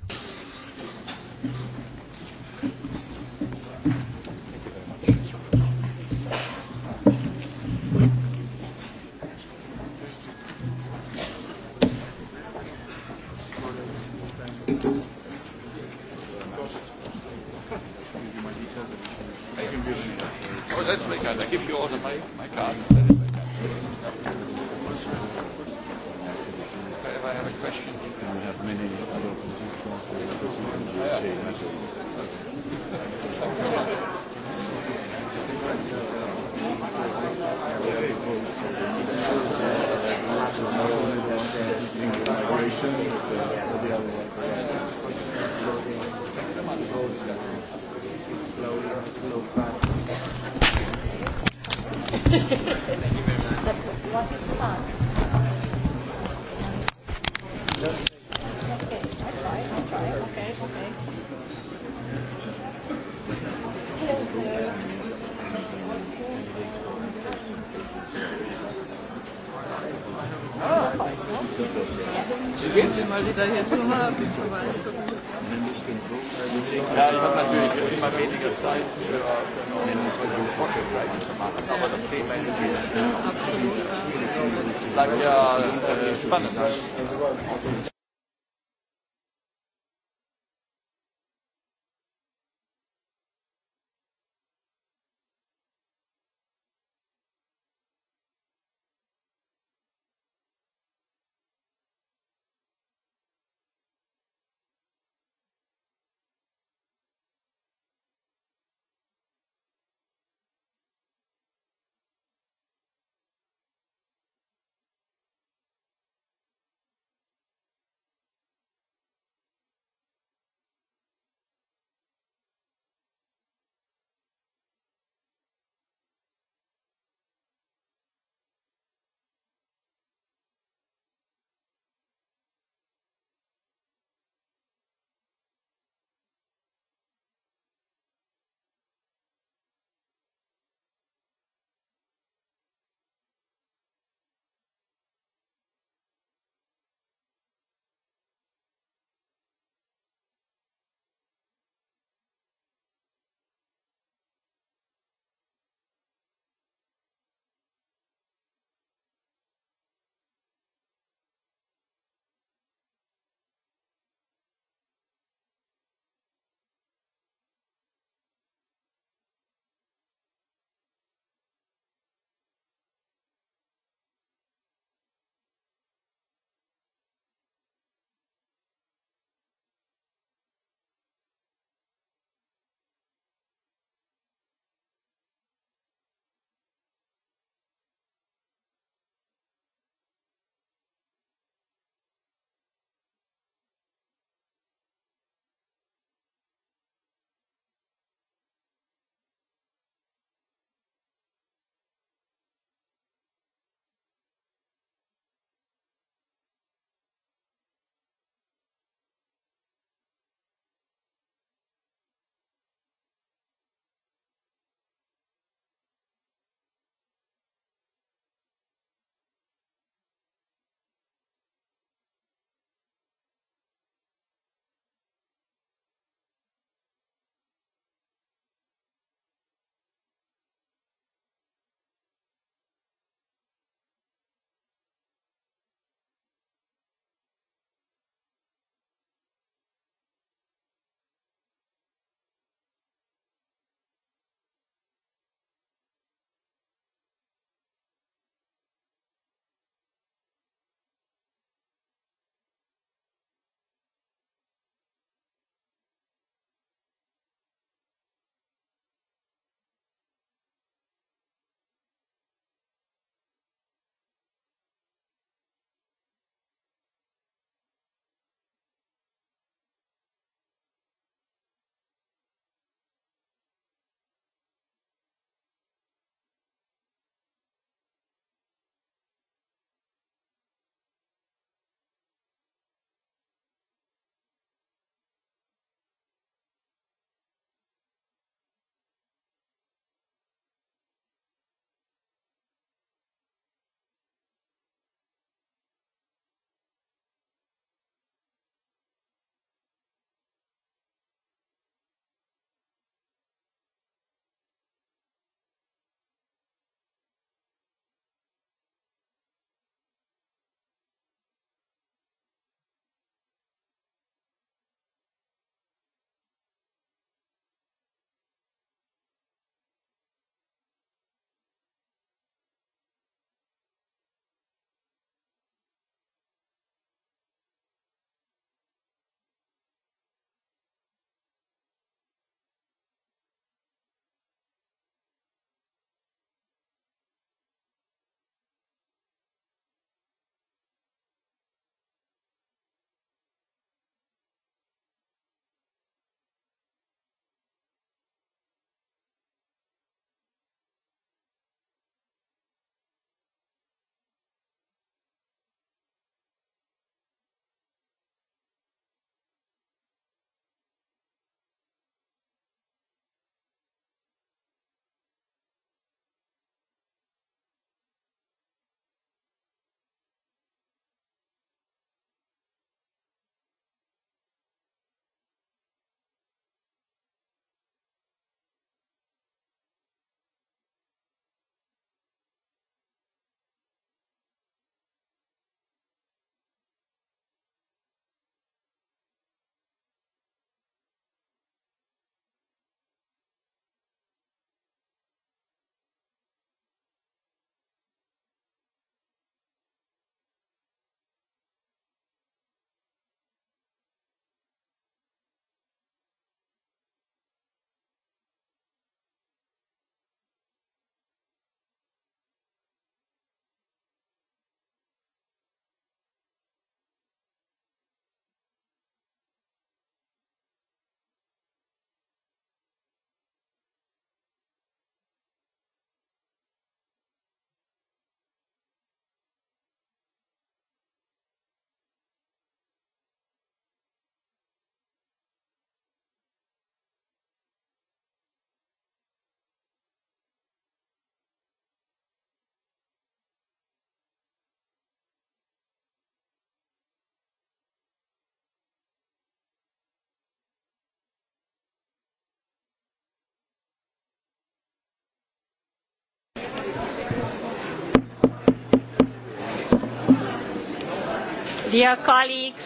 Dear colleagues,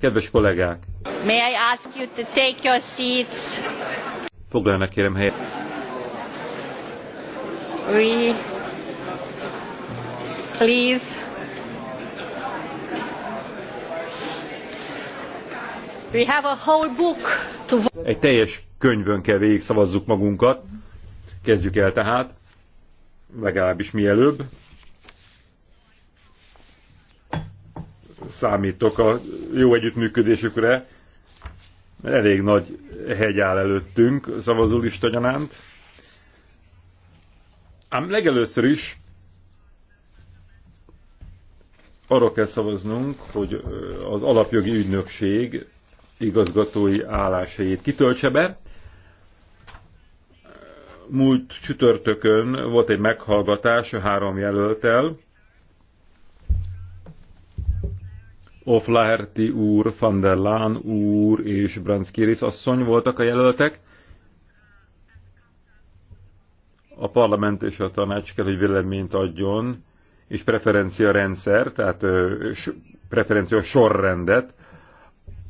Kedves kollégák! May I ask you to take your seats? Foglalnak kérem helyet. We... Please. We have a whole book to... Egy teljes könyvön kell végig szavazzuk magunkat. Kezdjük el tehát, legalábbis mielőbb. számítok a jó együttműködésükre. Elég nagy hegy áll előttünk szavazólista gyanánt. Ám legelőször is arra kell szavaznunk, hogy az alapjogi ügynökség igazgatói állásait kitöltse be. Múlt csütörtökön volt egy meghallgatás a három jelöltel, Oflaherty úr, van der Laan úr és Branskiris asszony voltak a jelöltek. A parlament és a tanács kell, hogy véleményt adjon, és preferencia rendszer, tehát preferencia sorrendet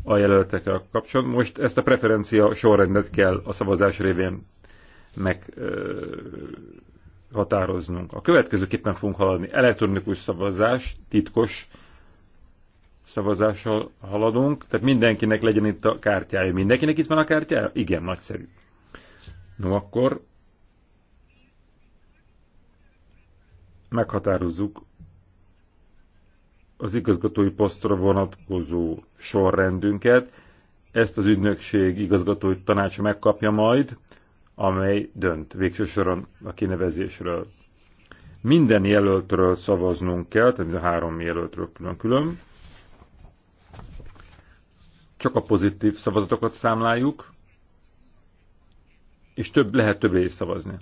a jelöltekkel kapcsolatban. Most ezt a preferencia sorrendet kell a szavazás révén meghatároznunk. A következőképpen fogunk haladni. Elektronikus szavazás, titkos szavazással haladunk, tehát mindenkinek legyen itt a kártyája. Mindenkinek itt van a kártyája? Igen, nagyszerű. No akkor meghatározzuk az igazgatói posztra vonatkozó sorrendünket. Ezt az ügynökség igazgatói tanácsa megkapja majd, amely dönt végső soron a kinevezésről. Minden jelöltről szavaznunk kell, tehát a három jelöltről külön-külön csak a pozitív szavazatokat számláljuk, és több, lehet többre is szavazni.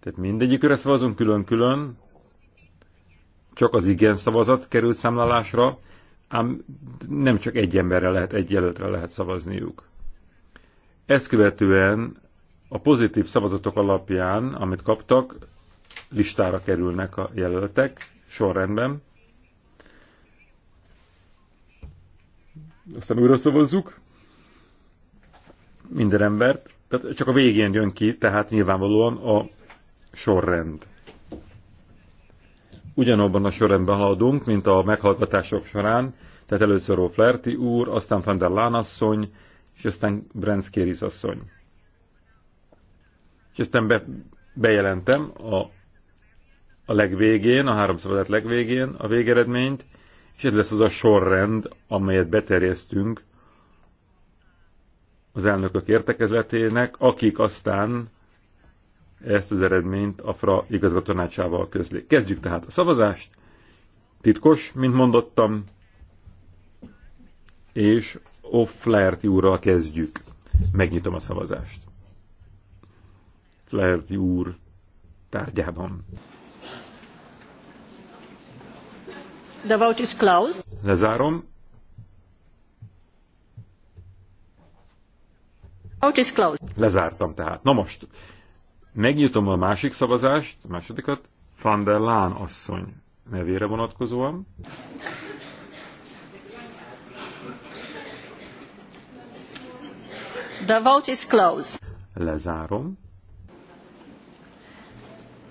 Tehát mindegyikre szavazunk külön-külön, csak az igen szavazat kerül számlálásra, ám nem csak egy emberre lehet, egy jelöltre lehet szavazniuk. Ezt követően a pozitív szavazatok alapján, amit kaptak, listára kerülnek a jelöltek sorrendben, aztán újra szavazzuk minden embert, tehát csak a végén jön ki, tehát nyilvánvalóan a sorrend. Ugyanabban a sorrendben haladunk, mint a meghallgatások során, tehát először Flerti úr, aztán van der Laan asszony, és aztán Brenskéris asszony. És aztán be, bejelentem a, a legvégén, a három szabadat legvégén a végeredményt, és ez lesz az a sorrend, amelyet beterjesztünk az elnökök értekezletének, akik aztán ezt az eredményt a FRA igazgatónácsával közlik. Kezdjük tehát a szavazást. Titkos, mint mondottam, és O'Flaherty úrral kezdjük. Megnyitom a szavazást. Flaherty úr tárgyában. The vote is closed. Lezárom. Vote is closed. Lezártam tehát. Na most, megnyitom a másik szavazást, a másodikat, van der Laan asszony nevére vonatkozóan. The vote is closed. Lezárom.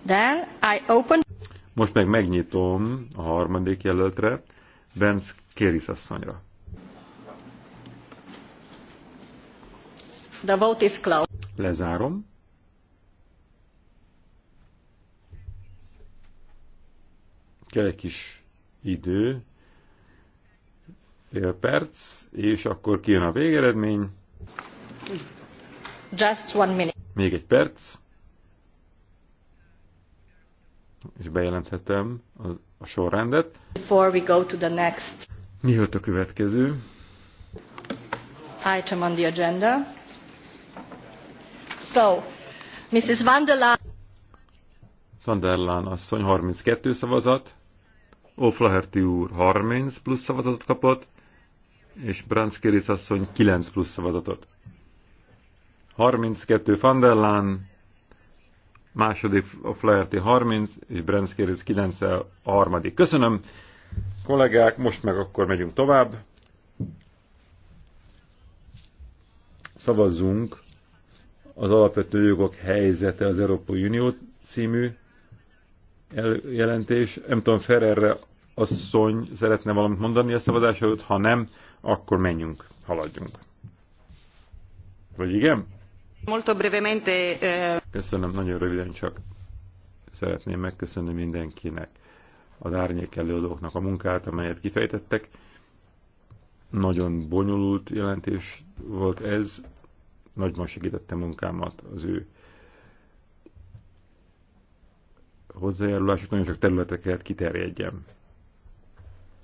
Then I open most meg megnyitom a harmadik jelöltre, Benz Kéris asszonyra. The vote is closed. Lezárom. Kell egy kis idő, fél perc, és akkor kijön a végeredmény. Just one minute. Még egy perc és bejelenthetem a, a sorrendet. Before we go to the next. Mi volt a következő? Item on the agenda. So, Mrs. Van der Laan. Van der Laan asszony 32 szavazat, O'Flaherty úr 30 plusz szavazatot kapott, és Branszkéris asszony 9 plusz szavazatot. 32 Van der Laan, második a Flaherty 30, és Brenzkérész 9 a harmadik. Köszönöm, kollégák, most meg akkor megyünk tovább. Szavazzunk az alapvető jogok helyzete az Európai Unió című jelentés. Nem tudom, Ferrerre asszony szeretne valamit mondani a szavazás előtt, ha nem, akkor menjünk, haladjunk. Vagy igen? Eh, Köszönöm, nagyon röviden csak szeretném megköszönni mindenkinek az árnyék előadóknak a munkát, amelyet kifejtettek. Nagyon bonyolult jelentés volt ez, nagyban segítette munkámat az ő hozzájárulásuk, nagyon sok területeket kiterjedjem.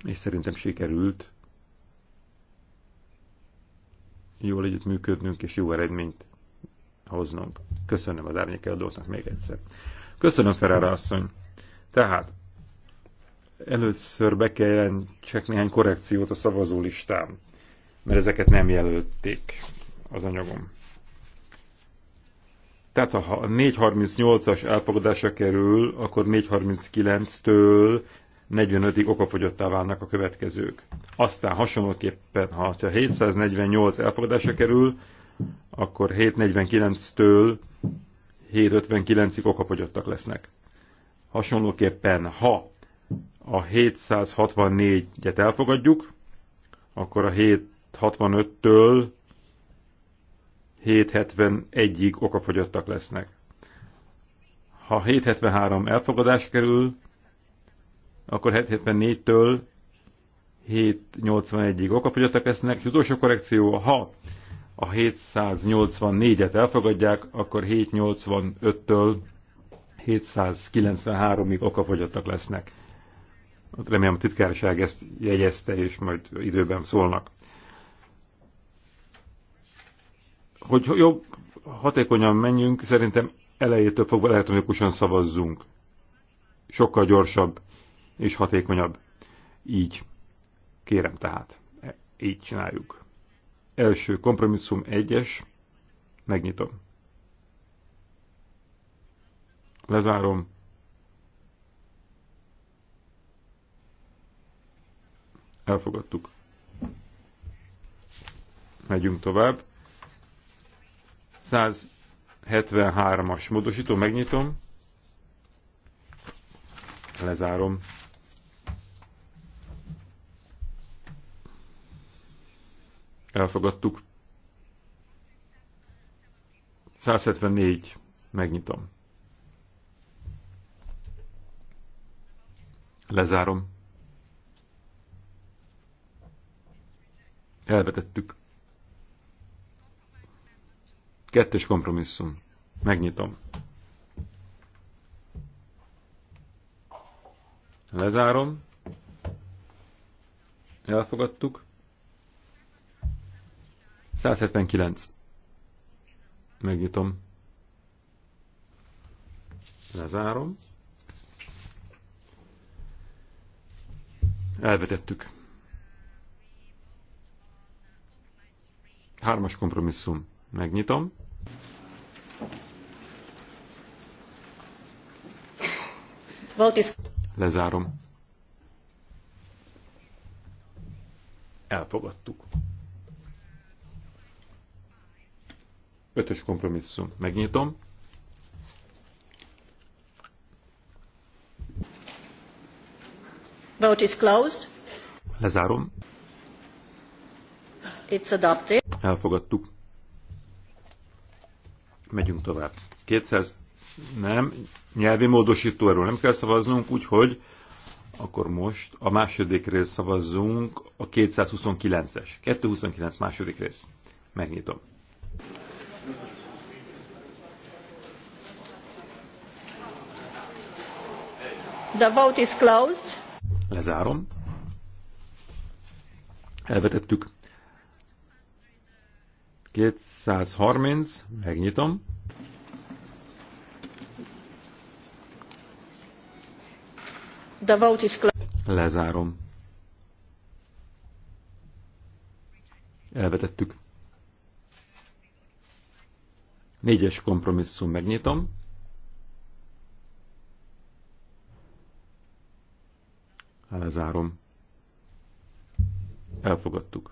És szerintem sikerült jól együtt működnünk és jó eredményt hoznunk. Köszönöm az árnyék eladóknak még egyszer. Köszönöm, Ferrara asszony. Tehát, először be kell jelentsek néhány korrekciót a szavazólistám, mert ezeket nem jelölték az anyagom. Tehát ha a 438-as elfogadása kerül, akkor 439-től 45-ig okafogyottá válnak a következők. Aztán hasonlóképpen, ha a 748 elfogadása kerül, akkor 7.49-től 7.59-ig okafogyottak lesznek. Hasonlóképpen, ha a 764-et elfogadjuk, akkor a 765-től 771-ig okafogyottak lesznek. Ha 773 elfogadás kerül, akkor 774-től 781-ig okafogyottak lesznek, és utolsó korrekció, ha a 784-et elfogadják, akkor 785-től 793-ig okafogyottak lesznek. Remélem a titkárság ezt jegyezte, és majd időben szólnak. Hogy jobb, hatékonyan menjünk, szerintem elejétől fogva elektronikusan szavazzunk. Sokkal gyorsabb és hatékonyabb. Így. Kérem tehát. E- így csináljuk. Első kompromisszum egyes, megnyitom. Lezárom. Elfogadtuk. Megyünk tovább. 173-as módosító, megnyitom. Lezárom. Elfogadtuk. 174. Megnyitom. Lezárom. Elvetettük. Kettes kompromisszum. Megnyitom. Lezárom. Elfogadtuk. 179. Megnyitom. Lezárom. Elvetettük. Hármas kompromisszum. Megnyitom. Lezárom. Elfogadtuk. Ötös kompromisszum. Megnyitom. Vote is closed. Lezárom. It's adopted. Elfogadtuk. Megyünk tovább. 200 nem, nyelvi módosító, erről nem kell szavaznunk, úgyhogy akkor most a második rész szavazzunk, a 229-es. 229 második rész. Megnyitom. The vote is closed. Lezárom. Elvetettük. 230, megnyitom. The vote is closed. Lezárom. Elvetettük. Négyes kompromisszum megnyitom. Lezárom. Elfogadtuk.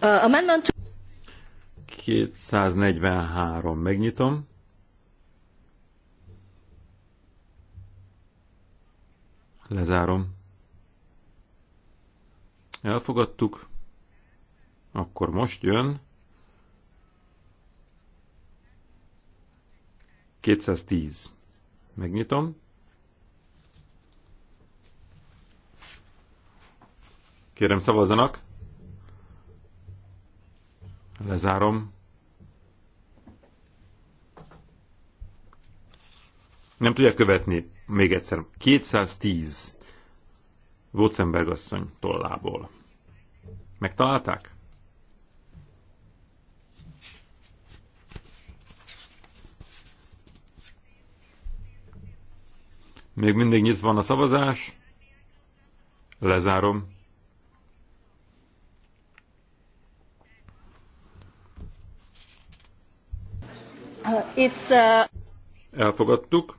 Uh, amendment 243. Megnyitom. Lezárom. Elfogadtuk. Akkor most jön 210. Megnyitom. Kérem szavazzanak. Lezárom. Nem tudja követni. Még egyszer. 210. Wotzenberg asszony tollából. Megtalálták? Még mindig nyitva van a szavazás. Lezárom. Uh, it's a... Uh, Elfogadtuk.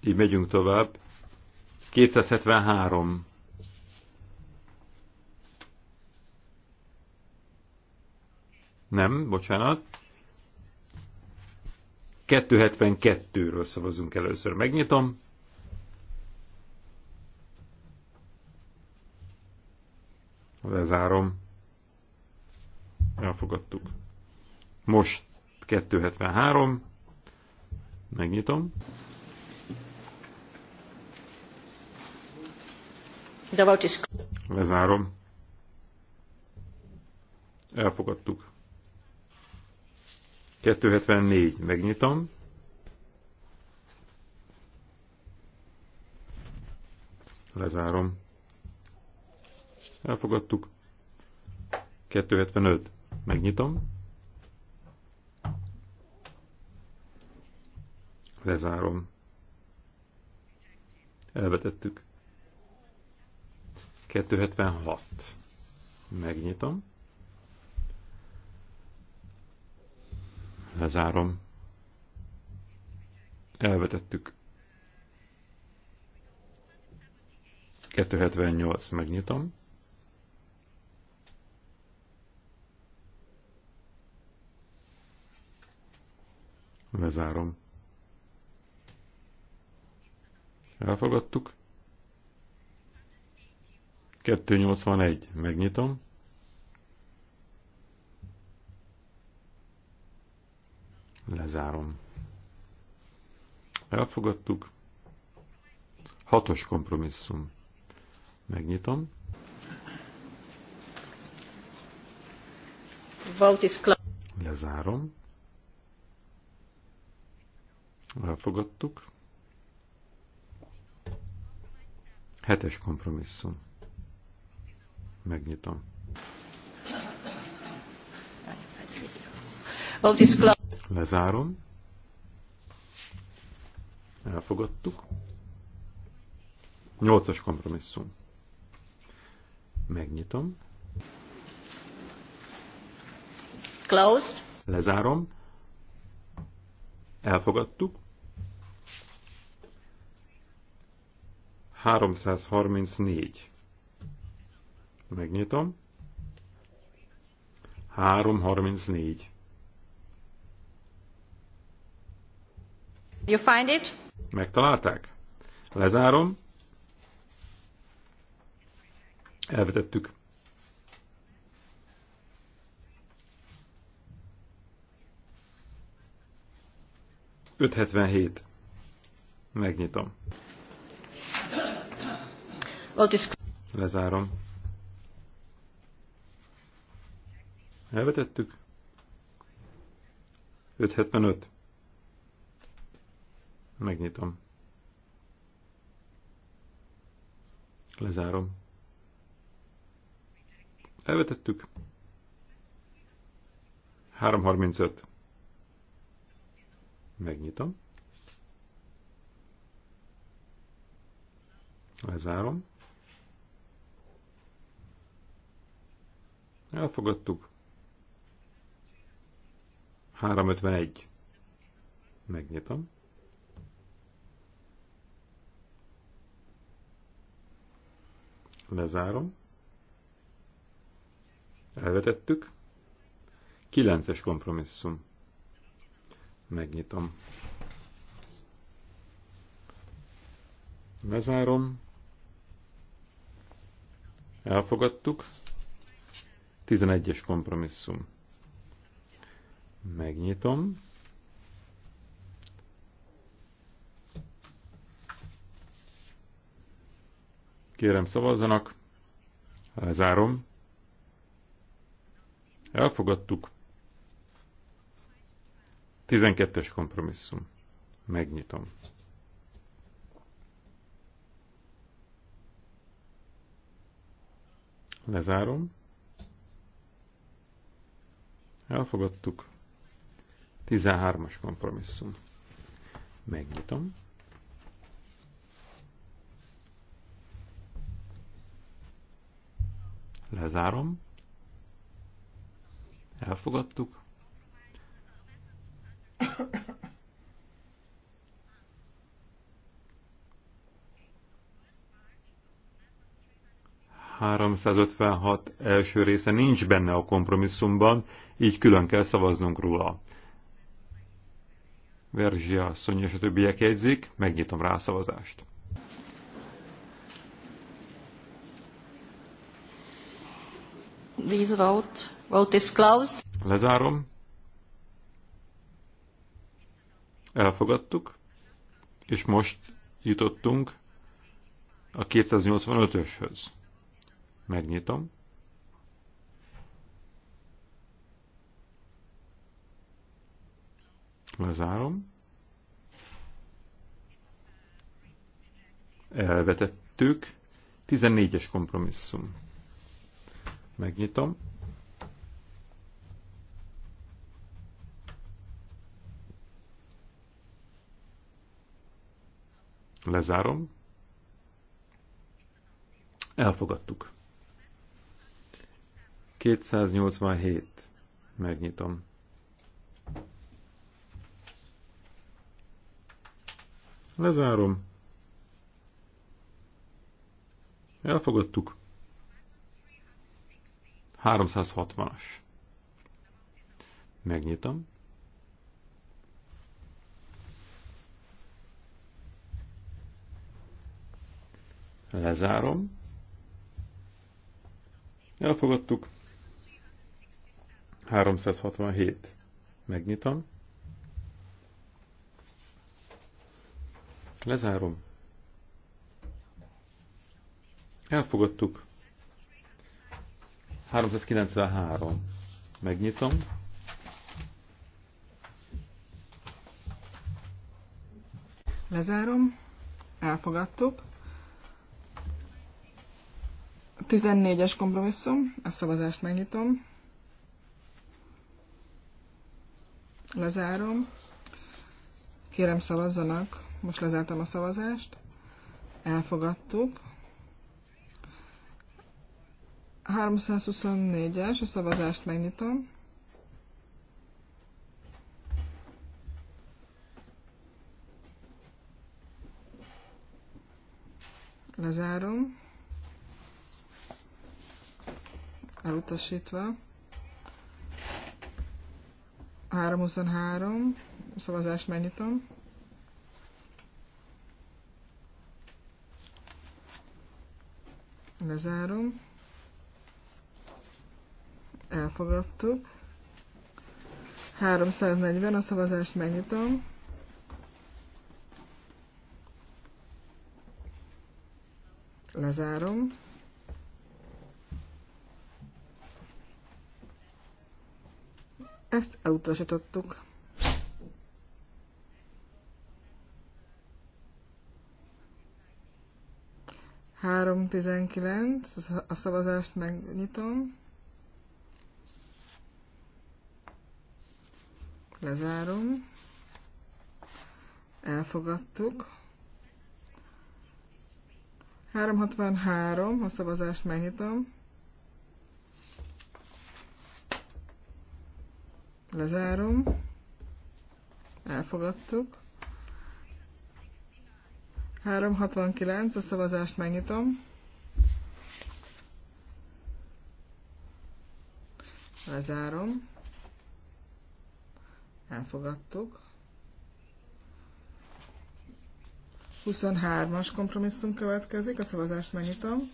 Így megyünk tovább. 273. Nem, bocsánat. 272-ről szavazunk először. Megnyitom. Lezárom. Elfogadtuk. Most 273. Megnyitom. is... Lezárom. Elfogadtuk. 274, megnyitom. Lezárom. Elfogadtuk. 275, megnyitom. Lezárom. Elvetettük. 276. Megnyitom. Lezárom. Elvetettük. 278, megnyitom. Lezárom. Elfogadtuk. 281, megnyitom. Lezárom. Elfogadtuk. Hatos kompromisszum. Megnyitom. Vote is Lezárom. Elfogadtuk. Hetes kompromisszum. Megnyitom. Vote is Lezárom. Elfogadtuk. Nyolcas kompromisszum. Megnyitom. Closed. Lezárom. Elfogadtuk. 334. Megnyitom. 334. You find it? Megtalálták? Lezárom. Elvetettük. Öthetvenhét. Megnyitom. Lezárom. Elvetettük. hetvenöt. Megnyitom. Lezárom. Elvetettük. 3.35. Megnyitom. Lezárom. Elfogadtuk. 3.51. Megnyitom. lezárom. Elvetettük. 9-es kompromisszum. Megnyitom. Lezárom. Elfogadtuk. 11-es kompromisszum. Megnyitom. Kérem szavazzanak. Lezárom. Elfogadtuk. 12-es kompromisszum. Megnyitom. Lezárom. Elfogadtuk. 13-as kompromisszum. Megnyitom. Lezárom. Elfogadtuk. ...356 első része nincs benne a kompromisszumban, így külön kell szavaznunk róla. Verzsia, Szonyi és a többiek jegyzik, megnyitom rá a szavazást. Please vote. Vote is closed. Lezárom. Elfogadtuk. És most jutottunk a 285-öshöz. Megnyitom. Lezárom. Elvetettük. 14-es kompromisszum. Megnyitom. Lezárom. Elfogadtuk. 287. Megnyitom. Lezárom. Elfogadtuk. 360-as. Megnyitom. Lezárom. Elfogadtuk. 367. Megnyitom. Lezárom. Elfogadtuk. 393. Megnyitom. Lezárom. Elfogadtuk. 14-es kompromisszum. A szavazást megnyitom. Lezárom. Kérem szavazzanak. Most lezártam a szavazást. Elfogadtuk. 324-es, a szavazást megnyitom. Lezárom. Elutasítva. 323, a szavazást megnyitom. Lezárom elfogadtuk. 340, a szavazást megnyitom. Lezárom. Ezt elutasítottuk. Három tizenkilenc, a szavazást megnyitom. Lezárom. Elfogadtuk. 363, a szavazást megnyitom. Lezárom. Elfogadtuk. 369, a szavazást megnyitom. Lezárom elfogadtuk. 23-as kompromisszum következik, a szavazást megnyitom.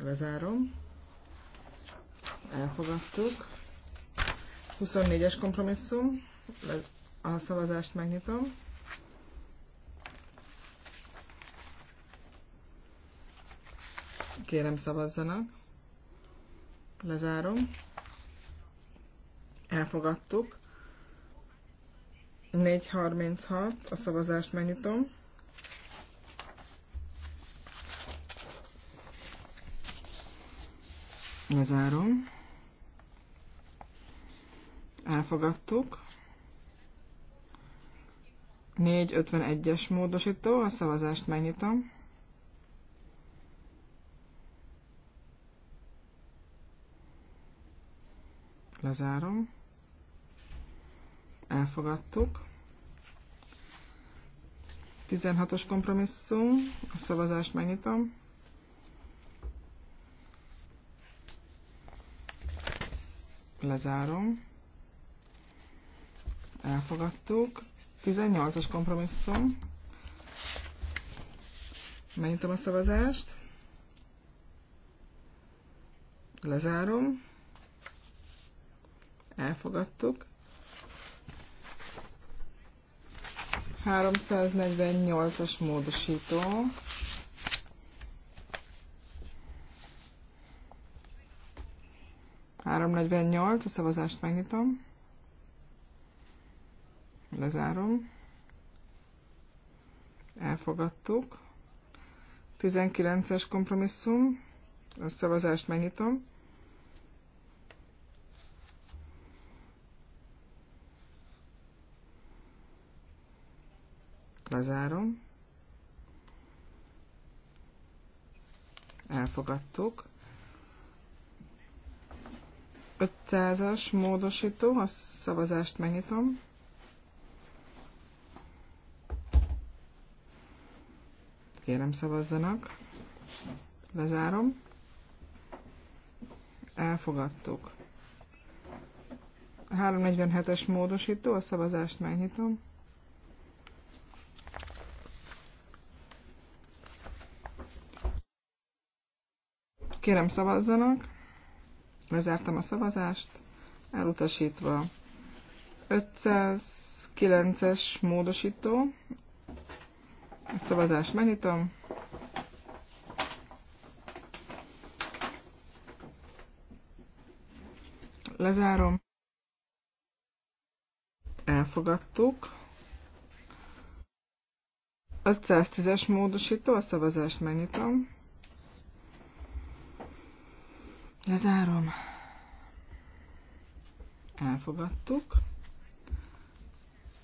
Lezárom. Elfogadtuk. 24-es kompromisszum, a szavazást megnyitom. Kérem szavazzanak. Lezárom. Elfogadtuk. 4.36. A szavazást megnyitom. Lezárom. Elfogadtuk. 4.51-es módosító. A szavazást megnyitom. lezárom. Elfogadtuk. 16-os kompromisszum, a szavazást megnyitom. Lezárom. Elfogadtuk. 18-as kompromisszum. Megnyitom a szavazást. Lezárom elfogadtuk. 348-as módosító. nyolc a szavazást megnyitom. Lezárom. Elfogadtuk. 19-es kompromisszum, a szavazást megnyitom. lezárom. Elfogadtuk. 500-as módosító, a szavazást megnyitom. Kérem szavazzanak. Lezárom. Elfogadtuk. 347-es módosító, a szavazást megnyitom. Kérem szavazzanak. Lezártam a szavazást. Elutasítva. 509-es módosító. A szavazást megnyitom. Lezárom. Elfogadtuk. 510-es módosító, a szavazást megnyitom. Lezárom. Elfogadtuk.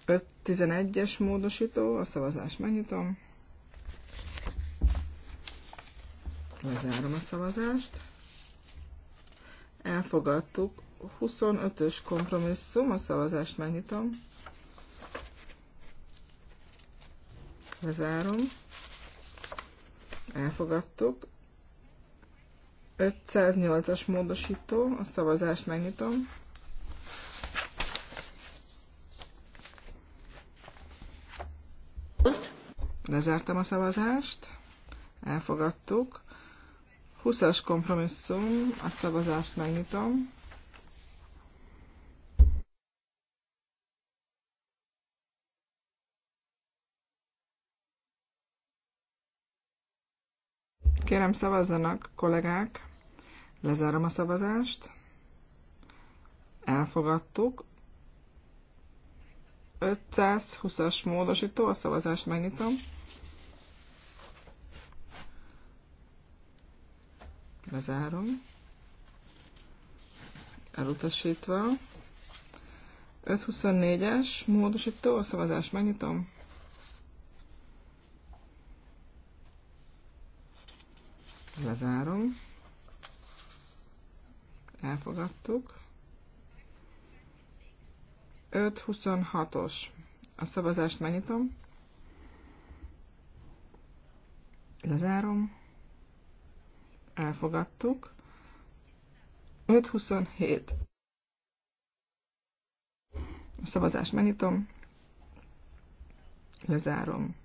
5.11-es módosító, a szavazást megnyitom. Lezárom a szavazást. Elfogadtuk. 25-ös kompromisszum, a szavazást megnyitom. Lezárom. Elfogadtuk. 508-as módosító, a szavazást megnyitom. Lezártam a szavazást, elfogadtuk. 20-as kompromisszum, a szavazást megnyitom. Kérem szavazzanak, kollégák! Lezárom a szavazást. Elfogadtuk. 520-as módosító, a szavazást megnyitom. Lezárom. Elutasítva. 524-es módosító, a szavazást megnyitom. Lezárom elfogadtuk. 5.26-os. A szavazást megnyitom. Lezárom. Elfogadtuk. 5.27. A szavazást megnyitom. Lezárom.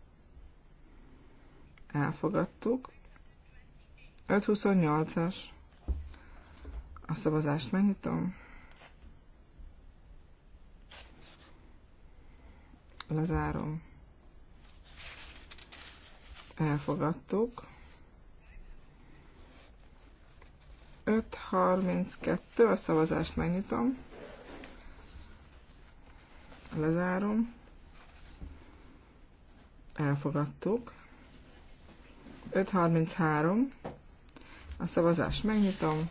Elfogadtuk. 5.28-as. A szavazást megnyitom. Lezárom. Elfogadtuk. 5.32, a szavazást megnyitom. Lezárom. Elfogadtuk. 5.33, a szavazást megnyitom.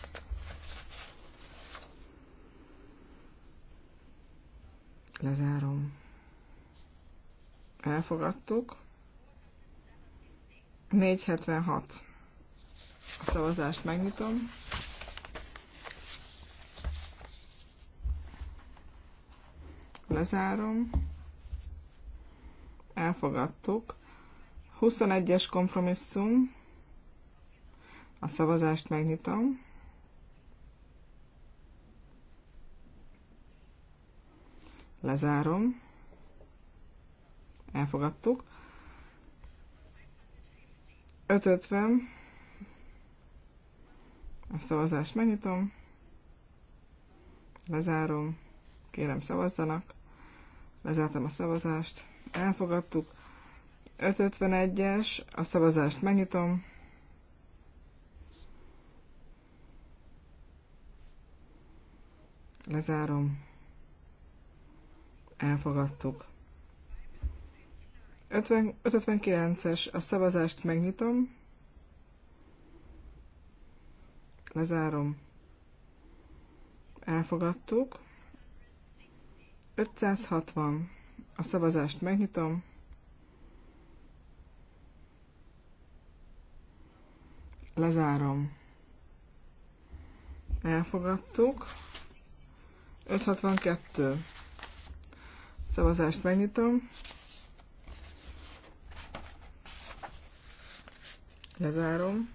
Lezárom. Elfogadtuk. 476. A szavazást megnyitom. Lezárom. Elfogadtuk. 21-es kompromisszum. A szavazást megnyitom. Lezárom. Elfogadtuk. 550. A szavazást megnyitom. Lezárom. Kérem szavazzanak. Lezártam a szavazást. Elfogadtuk. 551-es. A szavazást megnyitom. Lezárom elfogadtuk. 50, 559-es, a szavazást megnyitom, lezárom, elfogadtuk. 560, a szavazást megnyitom, lezárom. Elfogadtuk. 562. Szavazást megnyitom. Lezárom.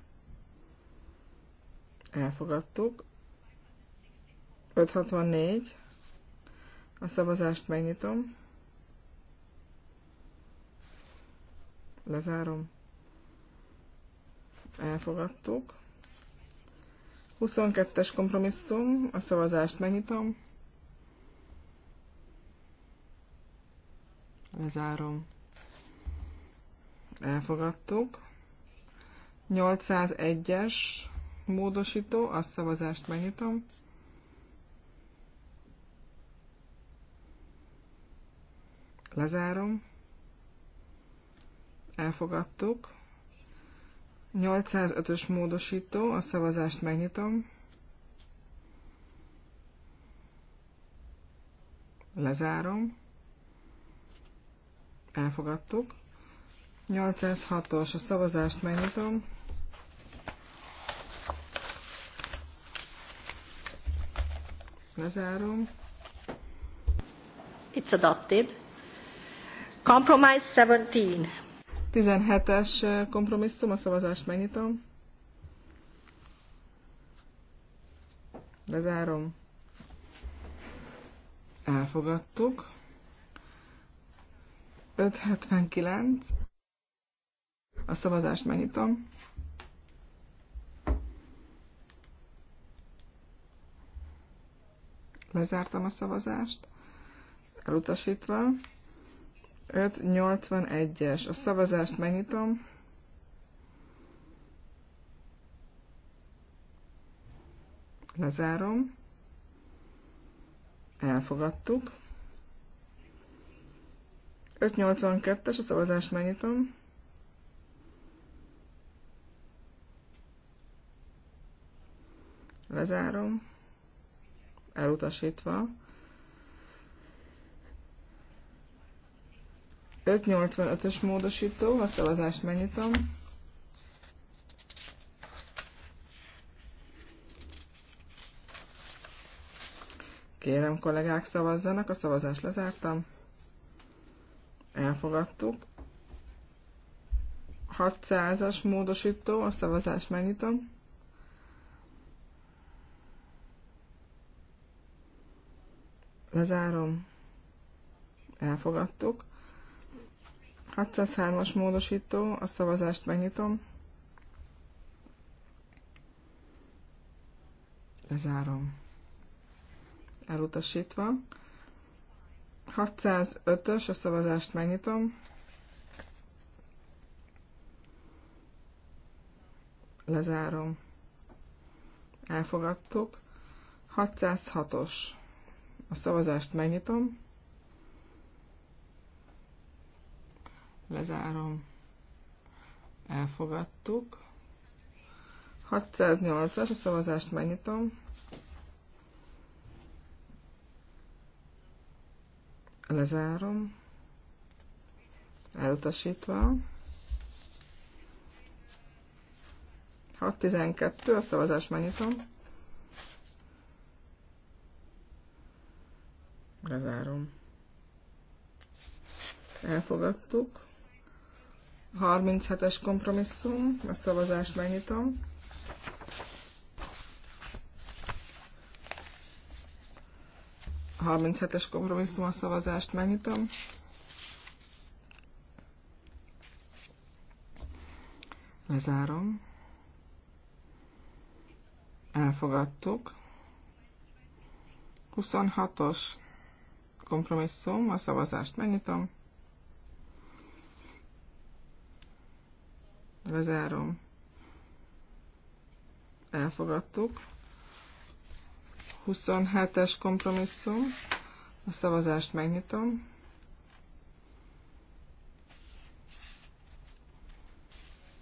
Elfogadtuk. 564. A szavazást megnyitom. Lezárom. Elfogadtuk. 22-es kompromisszum. A szavazást megnyitom. Lezárom. Elfogadtuk. 801-es módosító, a szavazást megnyitom. Lezárom. Elfogadtuk. 805-ös módosító, a szavazást megnyitom. Lezárom elfogadtuk. 806-os a szavazást megnyitom. Lezárom. It's adopted. Compromise 17. 17-es eh, kompromisszum, a szavazást megnyitom. Lezárom. Elfogadtuk. 579. A szavazást megnyitom. Lezártam a szavazást. Elutasítva. 581-es. A szavazást megnyitom. Lezárom. Elfogadtuk. 582-es, a szavazást megnyitom. Lezárom. Elutasítva. 585-ös módosító, a szavazást megnyitom. Kérem kollégák szavazzanak, a szavazást lezártam elfogadtuk. 600-as módosító, a szavazást megnyitom. Lezárom. Elfogadtuk. 603-as módosító, a szavazást megnyitom. Lezárom. Elutasítva. 605-ös, a szavazást megnyitom. Lezárom. Elfogadtuk. 606-os. A szavazást megnyitom. Lezárom. Elfogadtuk. 608-as. A szavazást megnyitom. Lezárom. Elutasítva. 6.12, a szavazás megnyitom. Lezárom. Elfogadtuk. 37-es kompromisszum, a szavazást megnyitom. 37-es kompromisszum a szavazást megnyitom. Lezárom. Elfogadtuk. 26-os kompromisszum, a szavazást megnyitom. Lezárom. Elfogadtuk. 27-es kompromisszum. A szavazást megnyitom.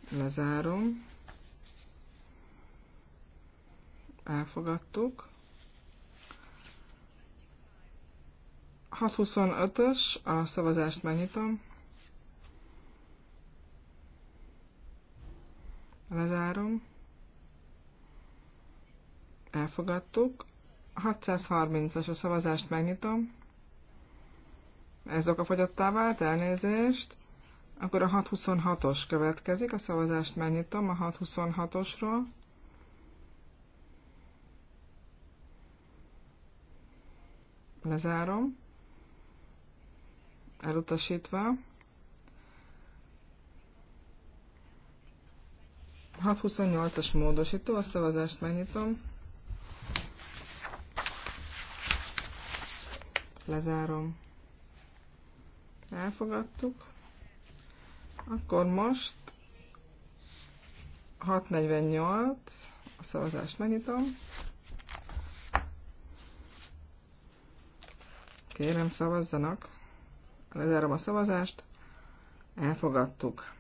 Lezárom. Elfogadtuk. 625-ös, a szavazást megnyitom. Lezárom. Elfogadtuk. 630-as a szavazást megnyitom. Ez okafogyottá vált, elnézést. Akkor a 626-os következik, a szavazást megnyitom a 626-osról. Lezárom. Elutasítva. 628-as módosító, a szavazást megnyitom. Lezárom. Elfogadtuk. Akkor most 648, a szavazást megnyitom. Kérem szavazzanak. Lezárom a szavazást. Elfogadtuk.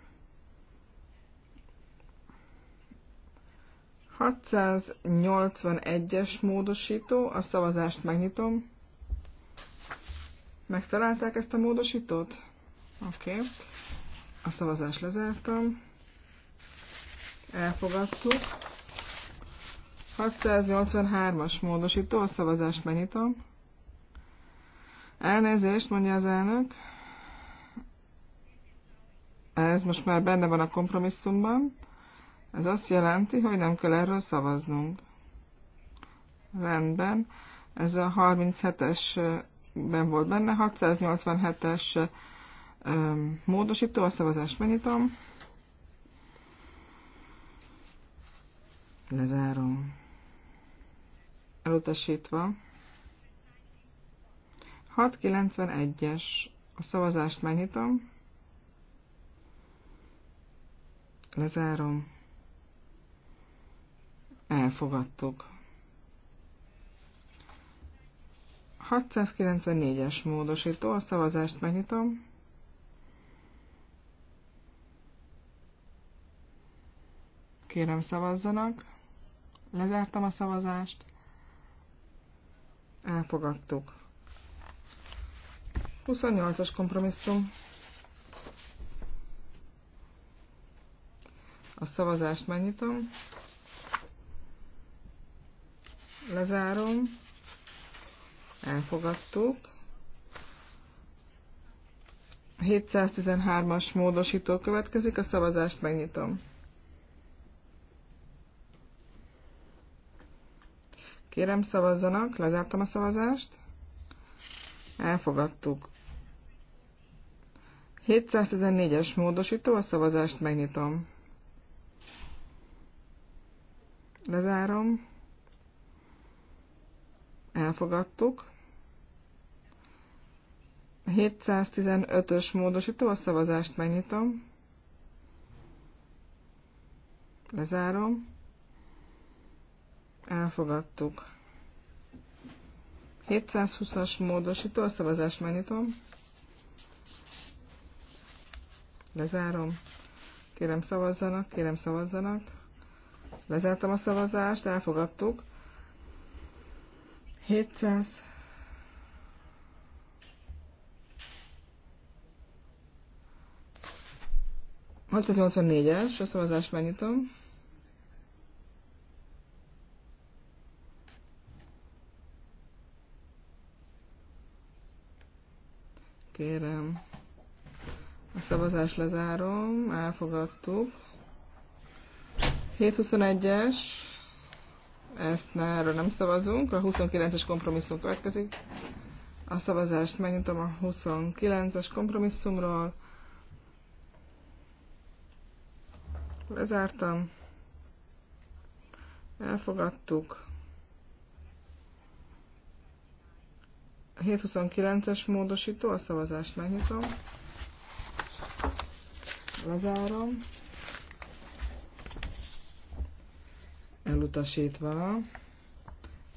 681-es módosító, a szavazást megnyitom. Megtalálták ezt a módosítót? Oké. Okay. A szavazást lezártam. Elfogadtuk. 683-as módosító, a szavazást megnyitom. Elnézést, mondja az elnök. Ez most már benne van a kompromisszumban. Ez azt jelenti, hogy nem kell erről szavaznunk. Rendben. Ez a 37-es ben volt benne. 687-es módosító, a szavazást megnyitom. Lezárom. Elutasítva. 691-es, a szavazást megnyitom. Lezárom. Elfogadtuk. 694-es módosító, a szavazást megnyitom. Kérem szavazzanak. Lezártam a szavazást. Elfogadtuk. 28-as kompromisszum. A szavazást megnyitom. Lezárom elfogadtuk. 713-as módosító következik, a szavazást megnyitom. Kérem szavazzanak, lezártam a szavazást. Elfogadtuk. 714-es módosító, a szavazást megnyitom. Lezárom elfogadtuk. 715-ös módosító, a szavazást megnyitom. Lezárom. Elfogadtuk. 720-as módosító, a szavazást megnyitom. Lezárom. Kérem szavazzanak, kérem szavazzanak. Lezártam a szavazást, elfogadtuk. 700 Volt az 84-es, a szavazást megnyitom. Kérem. A szavazás lezárom, elfogadtuk. 721-es ezt ne, erről nem szavazunk. A 29-es kompromisszum következik. A szavazást megnyitom a 29-es kompromisszumról. Lezártam. Elfogadtuk. 729-es módosító, a szavazást megnyitom. Lezárom. elutasítva.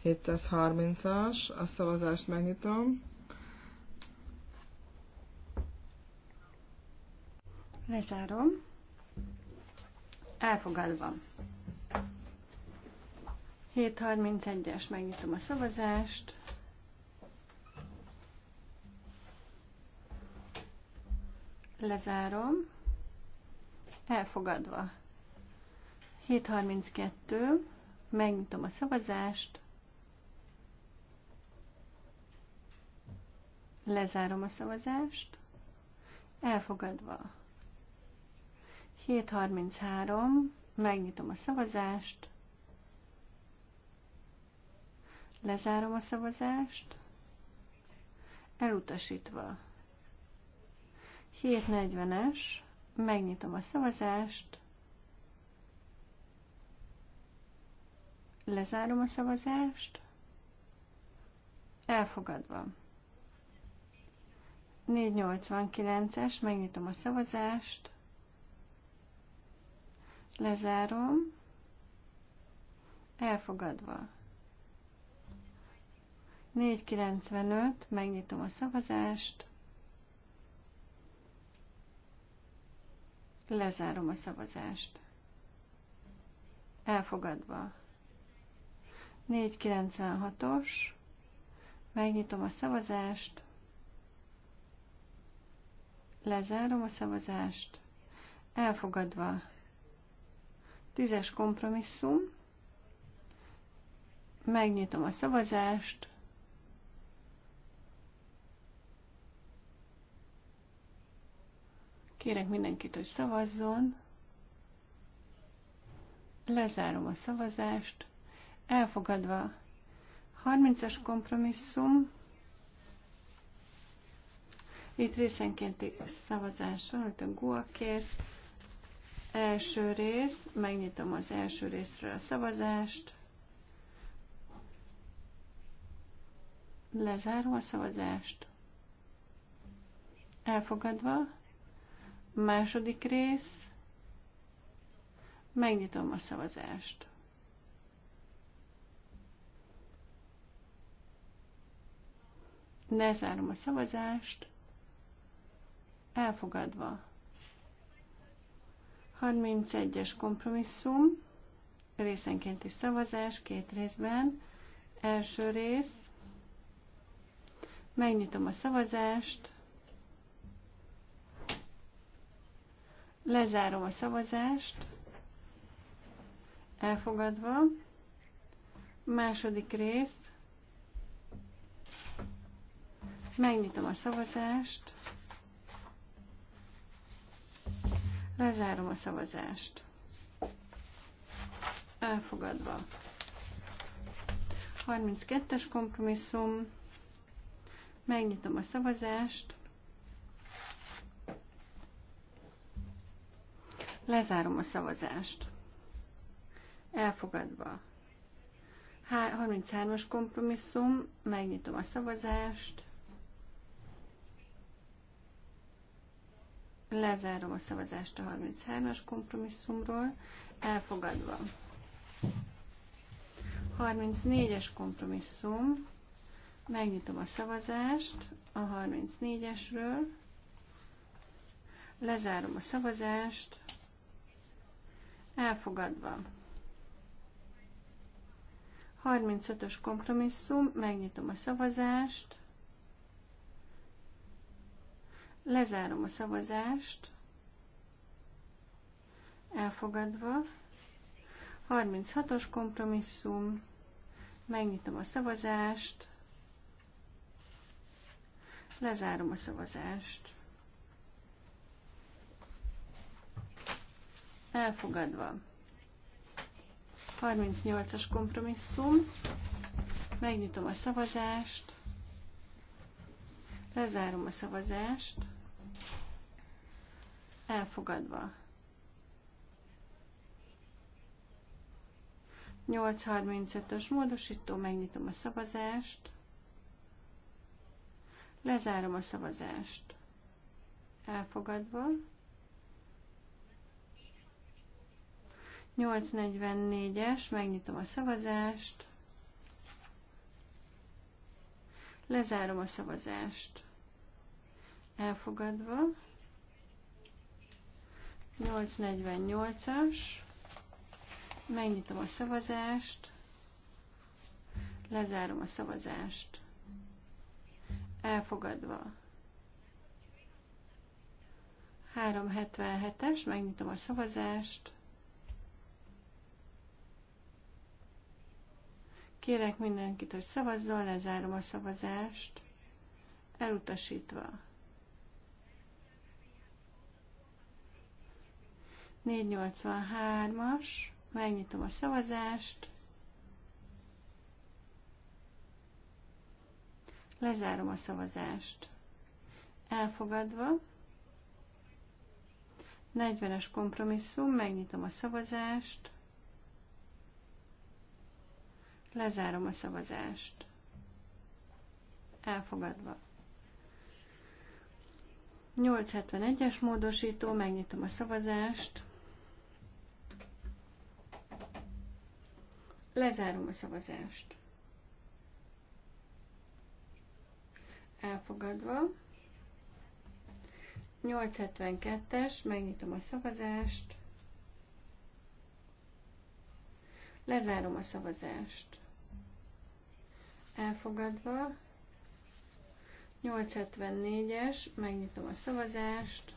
730-as, a szavazást megnyitom. Lezárom. Elfogadva. 7.31-es, megnyitom a szavazást. Lezárom. Elfogadva. 7.32. Megnyitom a szavazást. Lezárom a szavazást. Elfogadva. 7.33. Megnyitom a szavazást. Lezárom a szavazást. Elutasítva. 7.40-es. Megnyitom a szavazást. Lezárom a szavazást. Elfogadva. 489-es, megnyitom a szavazást. Lezárom. Elfogadva. 495, megnyitom a szavazást. Lezárom a szavazást. Elfogadva. 496-os. Megnyitom a szavazást. Lezárom a szavazást. Elfogadva. Tízes kompromisszum. Megnyitom a szavazást. Kérek mindenkit, hogy szavazzon. Lezárom a szavazást elfogadva. 30-as kompromisszum, itt részenkénti szavazás van, a GUA kérsz. Első rész, megnyitom az első részről a szavazást. Lezárom a szavazást. Elfogadva. Második rész. Megnyitom a szavazást. Lezárom a szavazást. Elfogadva. 31-es kompromisszum, részenkénti szavazás két részben. Első rész, megnyitom a szavazást, lezárom a szavazást, elfogadva. Második részt, Megnyitom a szavazást. Lezárom a szavazást. Elfogadva. 32-es kompromisszum. Megnyitom a szavazást. Lezárom a szavazást. Elfogadva. 33-as kompromisszum. Megnyitom a szavazást. Lezárom a szavazást a 33-as kompromisszumról, elfogadva. 34-es kompromisszum, megnyitom a szavazást a 34-esről, lezárom a szavazást, elfogadva. 35-ös kompromisszum, megnyitom a szavazást, Lezárom a szavazást. Elfogadva. 36-os kompromisszum. Megnyitom a szavazást. Lezárom a szavazást. Elfogadva. 38-as kompromisszum. Megnyitom a szavazást. Lezárom a szavazást. Elfogadva. 835-ös módosító, megnyitom a szavazást. Lezárom a szavazást. Elfogadva. 844-es, megnyitom a szavazást. Lezárom a szavazást. Elfogadva. 848-as. Megnyitom a szavazást. Lezárom a szavazást. Elfogadva. 377-es. Megnyitom a szavazást. Kérek mindenkit, hogy szavazzon, lezárom a szavazást. Elutasítva. 483-as. Megnyitom a szavazást. Lezárom a szavazást. Elfogadva. 40-es kompromisszum, megnyitom a szavazást. Lezárom a szavazást. Elfogadva. 871-es módosító, megnyitom a szavazást. Lezárom a szavazást. Elfogadva. 872-es, megnyitom a szavazást. Lezárom a szavazást elfogadva. 874-es, megnyitom a szavazást.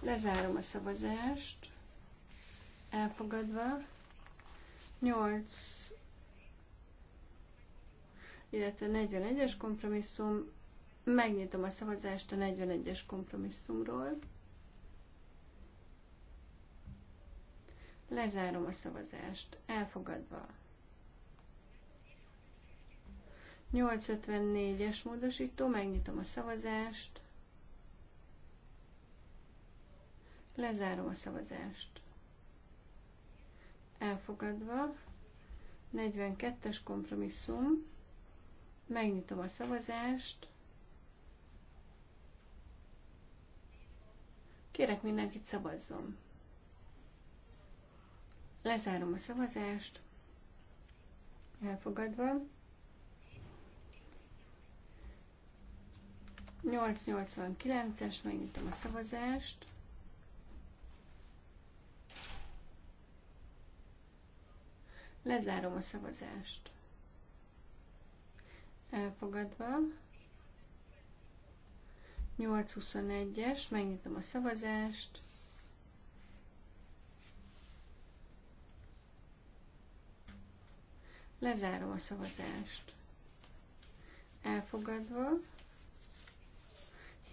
Lezárom a szavazást. Elfogadva. 8, illetve 41-es kompromisszum. Megnyitom a szavazást a 41-es kompromisszumról. Lezárom a szavazást. Elfogadva. 854-es módosító, megnyitom a szavazást. Lezárom a szavazást. Elfogadva. 42-es kompromisszum. Megnyitom a szavazást. Kérek mindenkit szavazzon. Lezárom a szavazást. Elfogadva. 889-es, megnyitom a szavazást. Lezárom a szavazást. Elfogadva. 821-es, megnyitom a szavazást. Lezárom a szavazást. Elfogadva.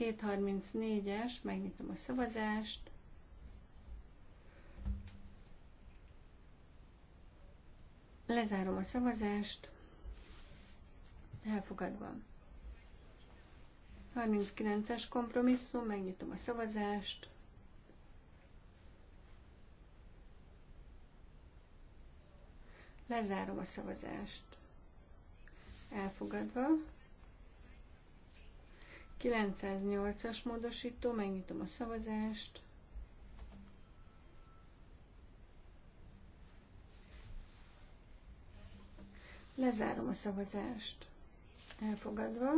734 es megnyitom a szavazást. Lezárom a szavazást. Elfogadva. 39-es kompromisszum, megnyitom a szavazást. Lezárom a szavazást. Elfogadva. 908-as módosító, megnyitom a szavazást. Lezárom a szavazást. Elfogadva.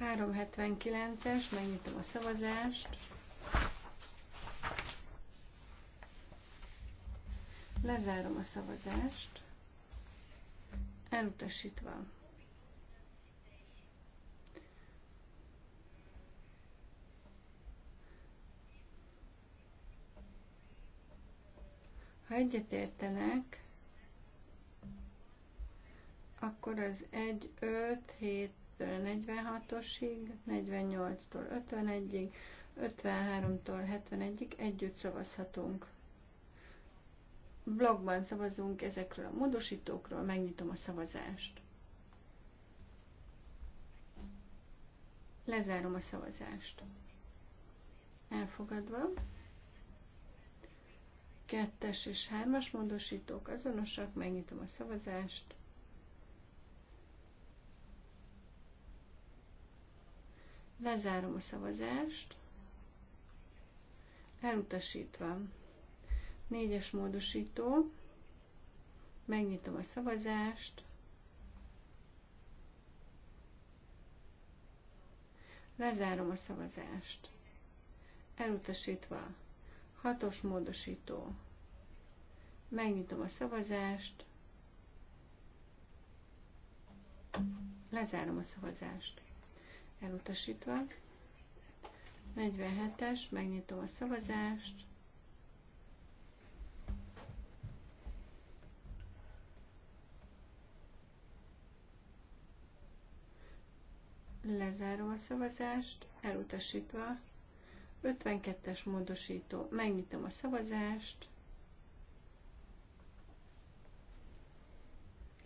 379-es, megnyitom a szavazást. Lezárom a szavazást. Elutasítva. Ha egyetértenek, akkor az 1, 5, 7, 46-osig, 48-tól 51-ig, 53-tól 71-ig együtt szavazhatunk. Blogban szavazunk ezekről a módosítókról, megnyitom a szavazást. Lezárom a szavazást. Elfogadva. Kettes és hármas módosítók azonosak, megnyitom a szavazást. Lezárom a szavazást. Elutasítva. Négyes módosító. Megnyitom a szavazást. Lezárom a szavazást. Elutasítva. Hatos módosító. Megnyitom a szavazást. Lezárom a szavazást. Elutasítva. 47-es, megnyitom a szavazást. Lezárom a szavazást, elutasítva. 52-es módosító, megnyitom a szavazást.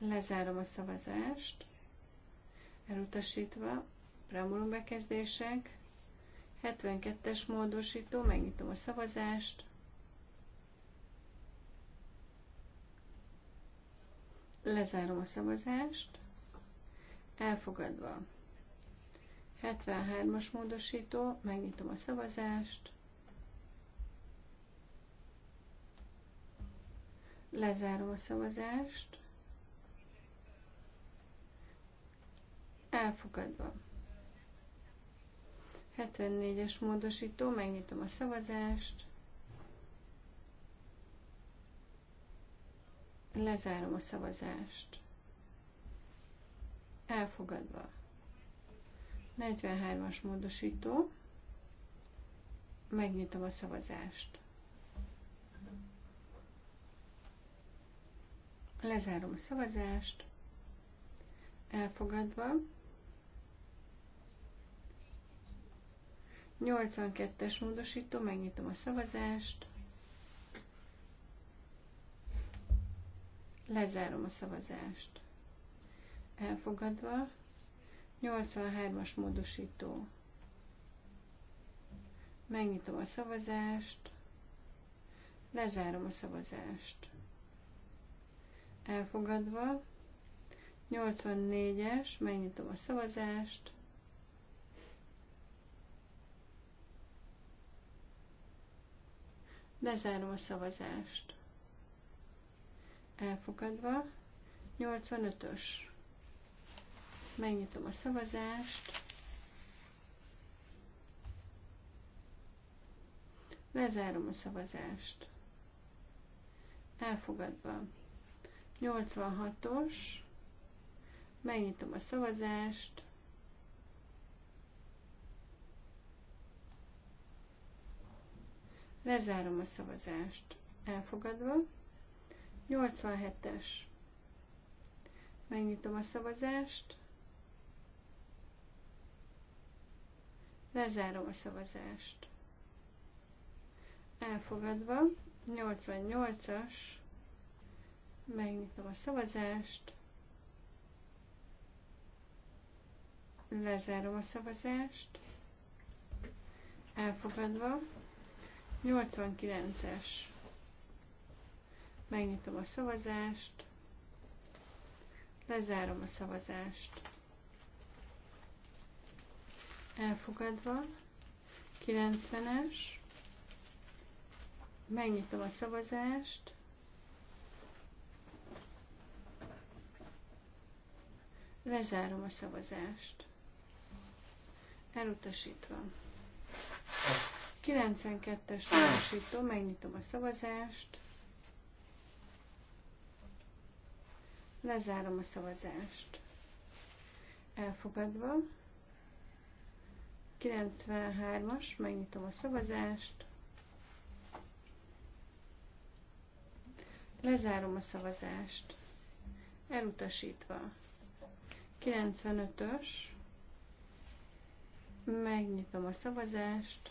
Lezárom a szavazást. Elutasítva. Preambulum bekezdések. 72-es módosító. Megnyitom a szavazást. Lezárom a szavazást. Elfogadva. 73-as módosító. Megnyitom a szavazást. Lezárom a szavazást. Elfogadva. 74-es módosító, megnyitom a szavazást. Lezárom a szavazást. Elfogadva. 43-as módosító. Megnyitom a szavazást. Lezárom a szavazást. Elfogadva. 82-es módosító, megnyitom a szavazást. Lezárom a szavazást. Elfogadva. 83-as módosító. Megnyitom a szavazást. Lezárom a szavazást. Elfogadva. 84-es, megnyitom a szavazást. Lezárom a szavazást. Elfogadva. 85-ös. Megnyitom a szavazást. Lezárom a szavazást. Elfogadva. 86-os. Megnyitom a szavazást. Lezárom a szavazást. Elfogadva. 87-es. Megnyitom a szavazást. Lezárom a szavazást. Elfogadva. 88-as. Megnyitom a szavazást. Lezárom a szavazást. Elfogadva. 89-es. Megnyitom a szavazást. Lezárom a szavazást. Elfogadva. 90-es. Megnyitom a szavazást. Lezárom a szavazást. Elutasítva. 92-es társító, megnyitom a szavazást. Lezárom a szavazást. Elfogadva. 93-as, megnyitom a szavazást. Lezárom a szavazást. Elutasítva. 95-ös. Megnyitom a szavazást.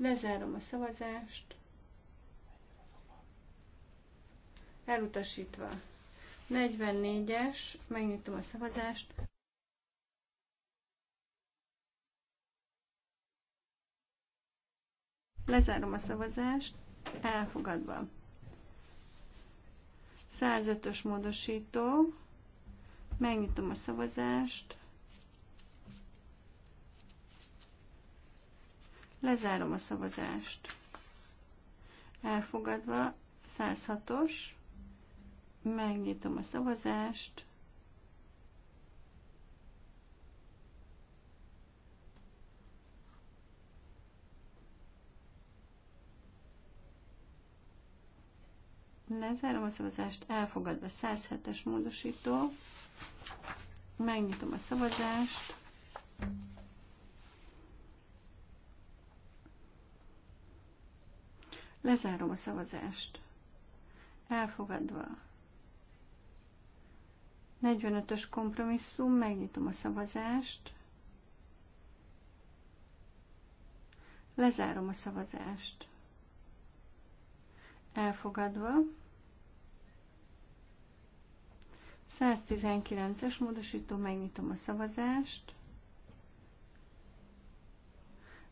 Lezárom a szavazást. Elutasítva. 44-es, megnyitom a szavazást. Lezárom a szavazást, elfogadva. 105-ös módosító, megnyitom a szavazást. Lezárom a szavazást. Elfogadva 106-os. Megnyitom a szavazást. Lezárom a szavazást, elfogadva 107-es módosító. Megnyitom a szavazást. Lezárom a szavazást. Elfogadva. 45-ös kompromisszum, megnyitom a szavazást. Lezárom a szavazást. Elfogadva. 119-es módosító, megnyitom a szavazást.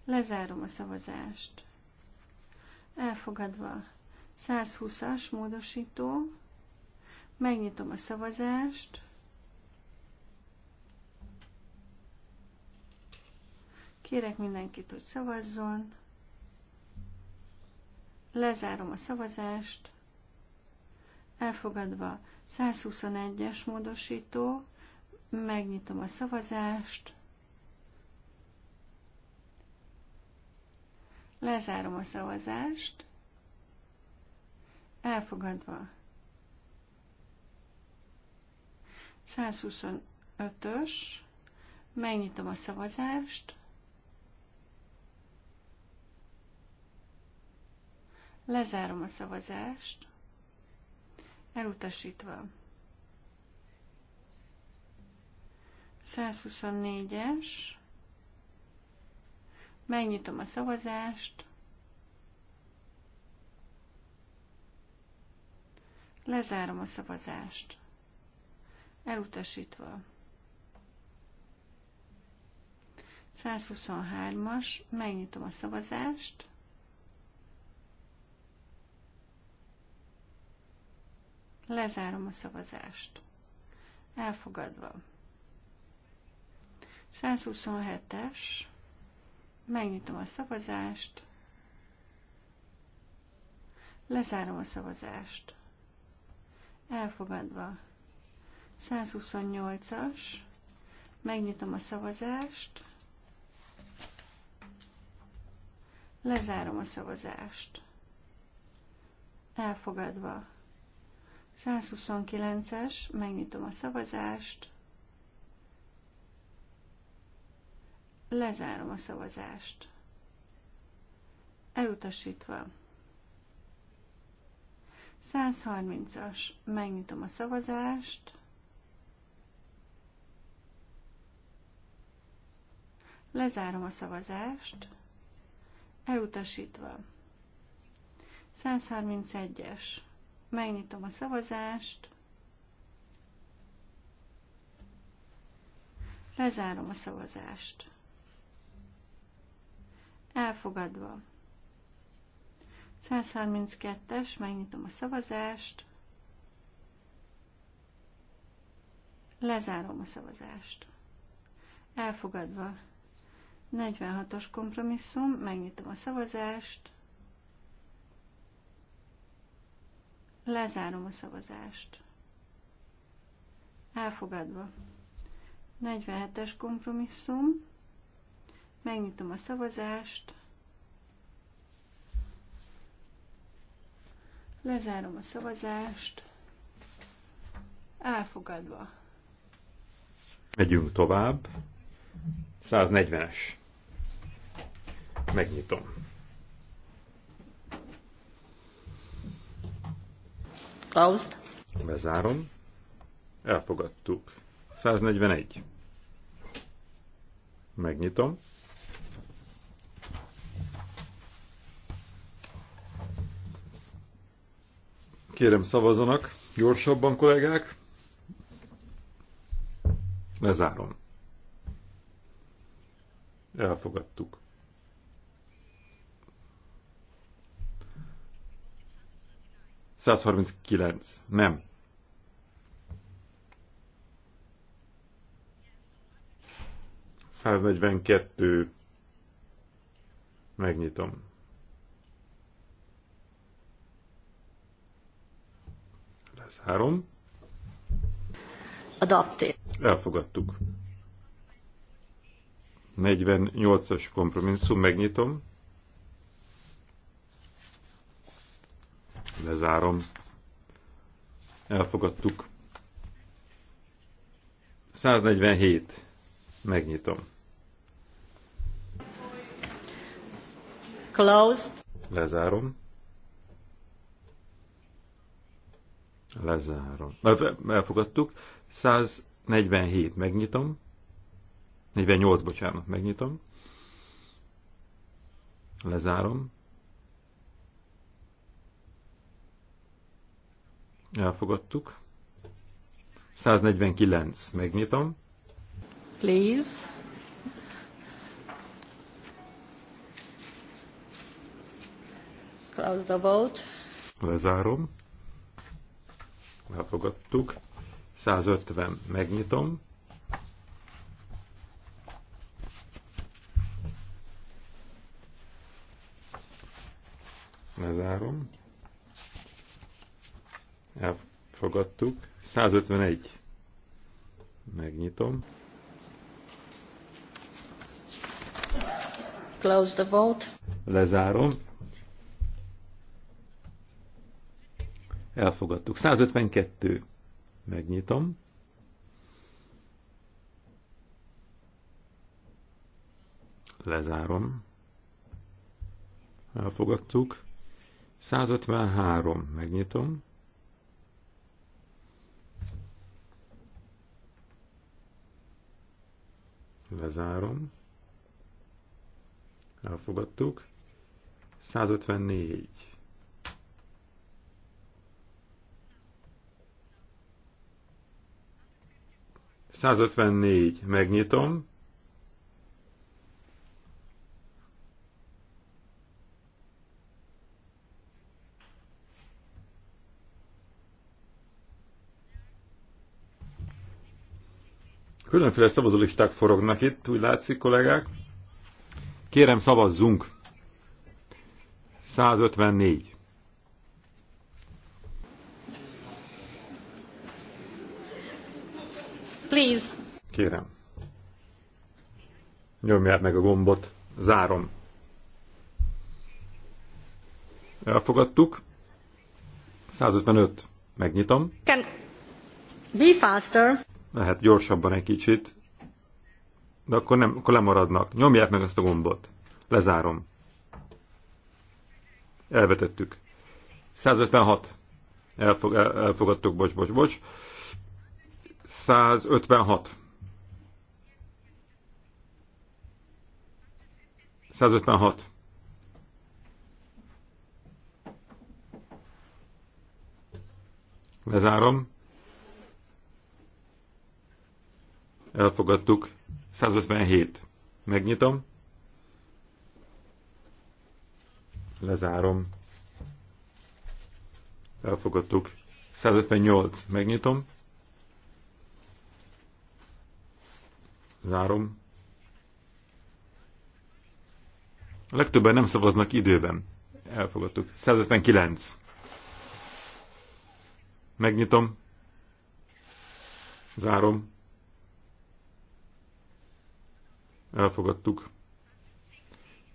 Lezárom a szavazást. Elfogadva. 120-as módosító. Megnyitom a szavazást. Kérek mindenkit, hogy szavazzon. Lezárom a szavazást. Elfogadva 121-es módosító. Megnyitom a szavazást. Lezárom a szavazást. Elfogadva. 125-ös. Megnyitom a szavazást. Lezárom a szavazást. Elutasítva. 124-es. Megnyitom a szavazást. Lezárom a szavazást. Elutasítva. 123-as, megnyitom a szavazást. Lezárom a szavazást. Elfogadva. 127-es. Megnyitom a szavazást. Lezárom a szavazást. Elfogadva. 128-as. Megnyitom a szavazást. Lezárom a szavazást. Elfogadva. 129-es. Megnyitom a szavazást. Lezárom a szavazást. Elutasítva. 130-as. Megnyitom a szavazást. Lezárom a szavazást. Elutasítva. 131-es. Megnyitom a szavazást. Lezárom a szavazást elfogadva. 132-es, megnyitom a szavazást, lezárom a szavazást. Elfogadva. 46-os kompromisszum, megnyitom a szavazást, lezárom a szavazást. Elfogadva. 47-es kompromisszum, megnyitom a szavazást, Lezárom a szavazást. Elfogadva. Megyünk tovább. 140-es. Megnyitom. Closed. Bezárom. Elfogadtuk. 141. Megnyitom. Kérem szavazanak, gyorsabban kollégák. Lezárom. Elfogadtuk. Százharminckilenc. Nem. Száznegyvenkettő. Megnyitom. három. Adaptív. Elfogadtuk. 48-as kompromisszum, megnyitom. Lezárom. Elfogadtuk. 147. Megnyitom. Closed. Lezárom. Lezárom. Elfogadtuk. 147 megnyitom. 48, bocsánat, megnyitom. Lezárom. Elfogadtuk. 149, megnyitom. Please. Close the vote. Lezárom elfogadtuk. 150 megnyitom. Lezárom. Elfogadtuk. 151. Megnyitom. Close the vote. Lezárom. Elfogadtuk. 152. Megnyitom. Lezárom. Elfogadtuk. 153. Megnyitom. Lezárom. Elfogadtuk. 154. 154 megnyitom. Különféle szavazólisták forognak itt, úgy látszik, kollégák. Kérem, szavazzunk! 154. please. Kérem. Nyomják meg a gombot. Zárom. Elfogadtuk. 155. Megnyitom. Can be faster. Lehet gyorsabban egy kicsit. De akkor, nem, akkor lemaradnak. Nyomják meg ezt a gombot. Lezárom. Elvetettük. 156. Elfog, el, elfogadtuk, bocs, bocs, bocs. 156. 156. Lezárom. Elfogadtuk. 157. Megnyitom. Lezárom. Elfogadtuk. 158. Megnyitom. Zárom. A legtöbben nem szavaznak időben. Elfogadtuk. 159. Megnyitom. Zárom. Elfogadtuk.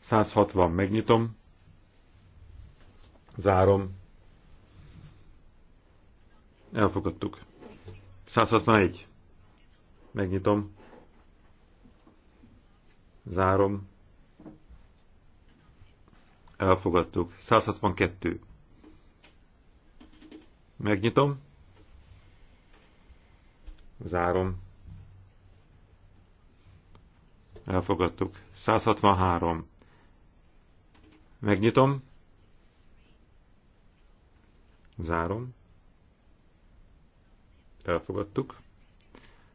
160. Megnyitom. Zárom. Elfogadtuk. 161. Megnyitom. Zárom. Elfogadtuk. 162. Megnyitom. Zárom. Elfogadtuk. 163. Megnyitom. Zárom. Elfogadtuk.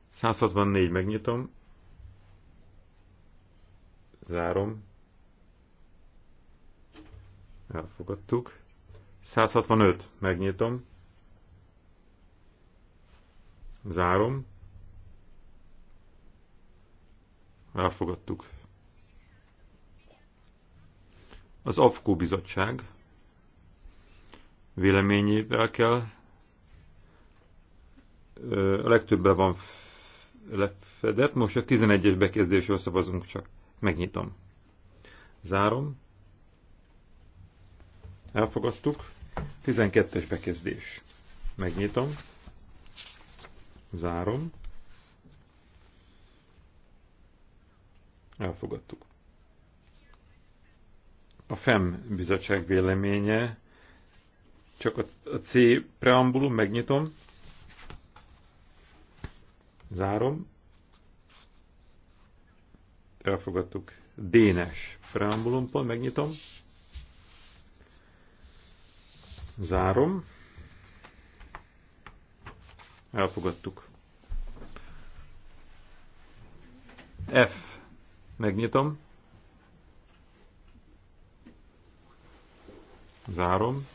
164 megnyitom. Zárom. Elfogadtuk. 165. Megnyitom. Zárom. Elfogadtuk. Az AFKO bizottság véleményével kell. A legtöbben van lefedett, most a 11-es bekezdésről szavazunk csak. Megnyitom. Zárom. Elfogadtuk. 12-es bekezdés. Megnyitom. Zárom. Elfogadtuk. A FEM bizottság véleménye, csak a C preambulum, megnyitom. Zárom elfogadtuk. Dénes preambulumpon, megnyitom. Zárom. Elfogadtuk. F. Megnyitom. Zárom.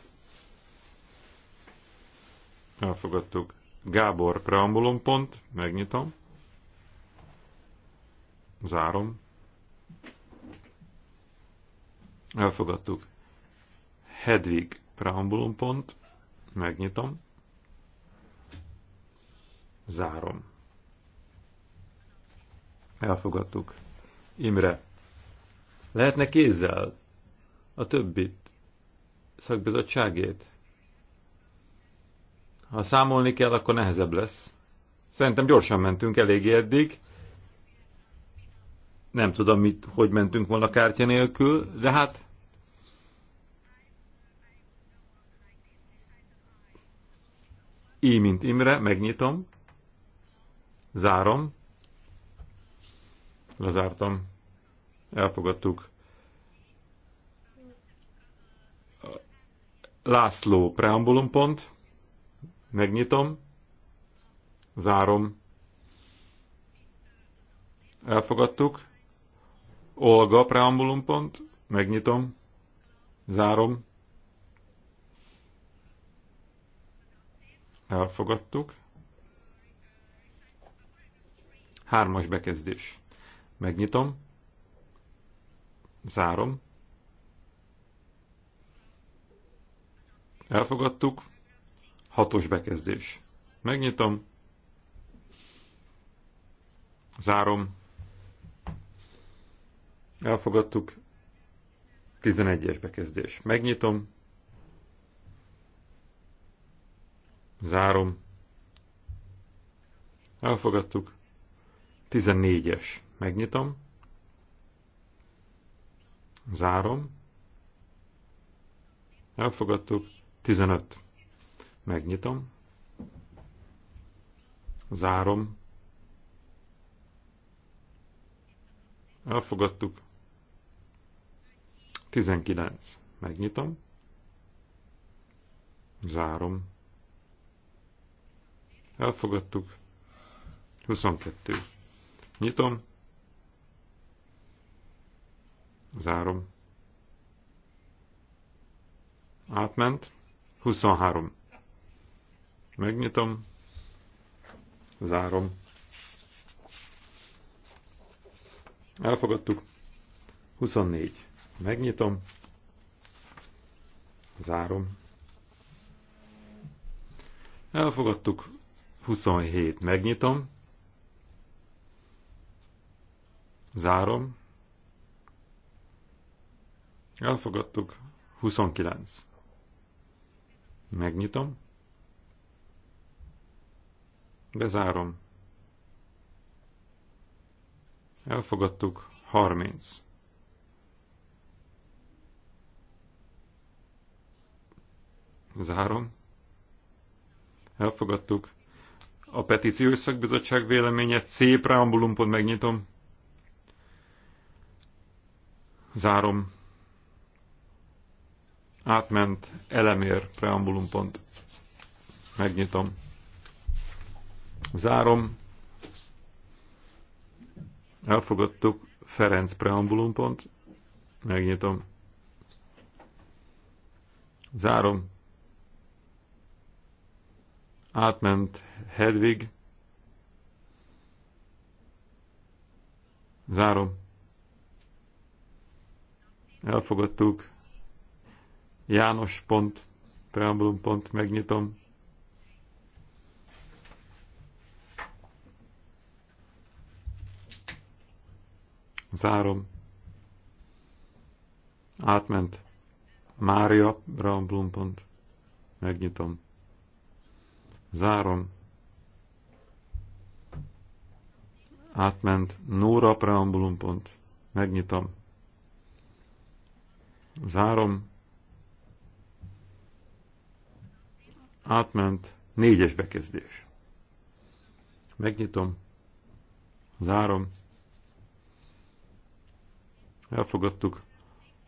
Elfogadtuk. Gábor preambulum pont. Megnyitom. Zárom. Elfogadtuk. Hedvig preambulum pont. Megnyitom. Zárom. Elfogadtuk. Imre. Lehetne kézzel a többit, szakbizottságét? Ha számolni kell, akkor nehezebb lesz. Szerintem gyorsan mentünk eléggé eddig. Nem tudom, mit, hogy mentünk volna kártya nélkül, de hát I, mint Imre, megnyitom, zárom, lezártam, elfogadtuk. László preambulum pont, megnyitom, zárom, elfogadtuk. Olga preambulum pont, megnyitom, zárom. Elfogadtuk. Hármas bekezdés. Megnyitom. Zárom. Elfogadtuk. Hatos bekezdés. Megnyitom. Zárom. Elfogadtuk. 11-es bekezdés. Megnyitom. Zárom. Elfogadtuk. 14-es. Megnyitom. Zárom. Elfogadtuk. 15. Megnyitom. Zárom. Elfogadtuk. 19. Megnyitom. Zárom. Elfogadtuk. 22. Nyitom. Zárom. Átment. 23. Megnyitom. Zárom. Elfogadtuk. 24. Megnyitom. Zárom. Elfogadtuk. 27. Megnyitom. Zárom. Elfogadtuk. 29. Megnyitom. Bezárom. Elfogadtuk. 30. Zárom. Elfogadtuk. A petíciós szakbizottság véleménye C preambulumpot megnyitom. Zárom. Átment elemér preambulumpont. Megnyitom. Zárom. Elfogadtuk Ferenc preambulumpont. Megnyitom. Zárom átment Hedvig, zárom, elfogadtuk, János pont, preambulum pont, megnyitom, zárom, átment, Mária, preambulum pont, megnyitom. Zárom. Átment. Nóra preambulum pont. Megnyitom. Zárom. Átment. Négyes bekezdés. Megnyitom. Zárom. Elfogadtuk.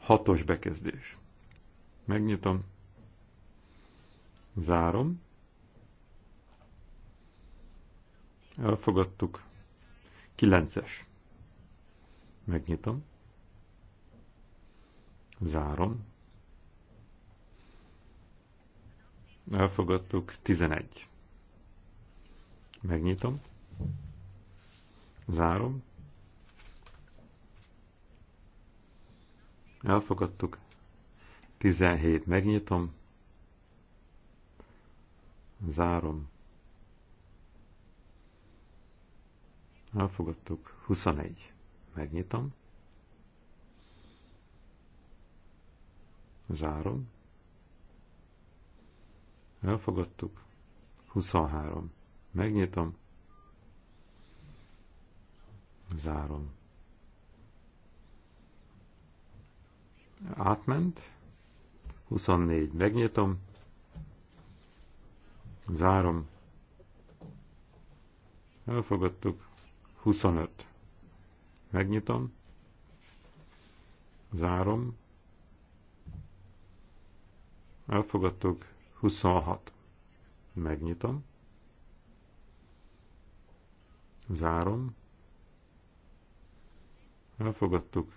Hatos bekezdés. Megnyitom. Zárom. Elfogadtuk. Kilences. Megnyitom. Zárom. Elfogadtuk. Tizenegy. Megnyitom. Zárom. Elfogadtuk. 17. Megnyitom. Zárom. Elfogadtuk. 21. Megnyitom. Zárom. Elfogadtuk. 23. Megnyitom. Zárom. Átment. 24. Megnyitom. Zárom. Elfogadtuk. 25. Megnyitom. Zárom. Elfogadtuk. 26. Megnyitom. Zárom. Elfogadtuk.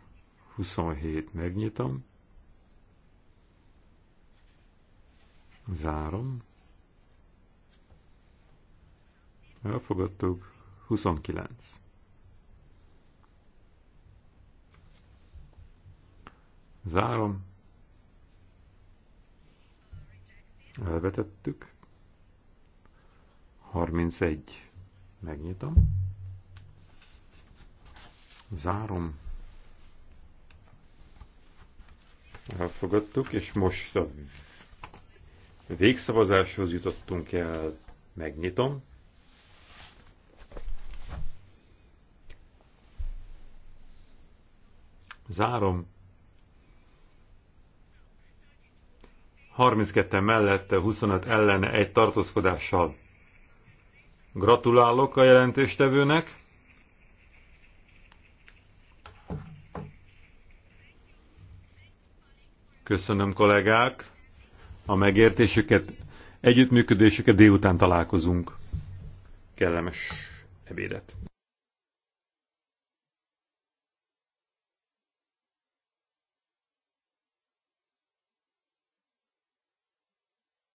27. Megnyitom. Zárom. Elfogadtuk. 29. Zárom. Elvetettük. 31. Megnyitom. Zárom. Elfogadtuk, és most a végszavazáshoz jutottunk el. Megnyitom. Zárom. 32 mellette, 25 ellene egy tartózkodással. Gratulálok a jelentéstevőnek. Köszönöm kollégák a megértésüket, együttműködésüket, délután találkozunk. Kellemes ebédet!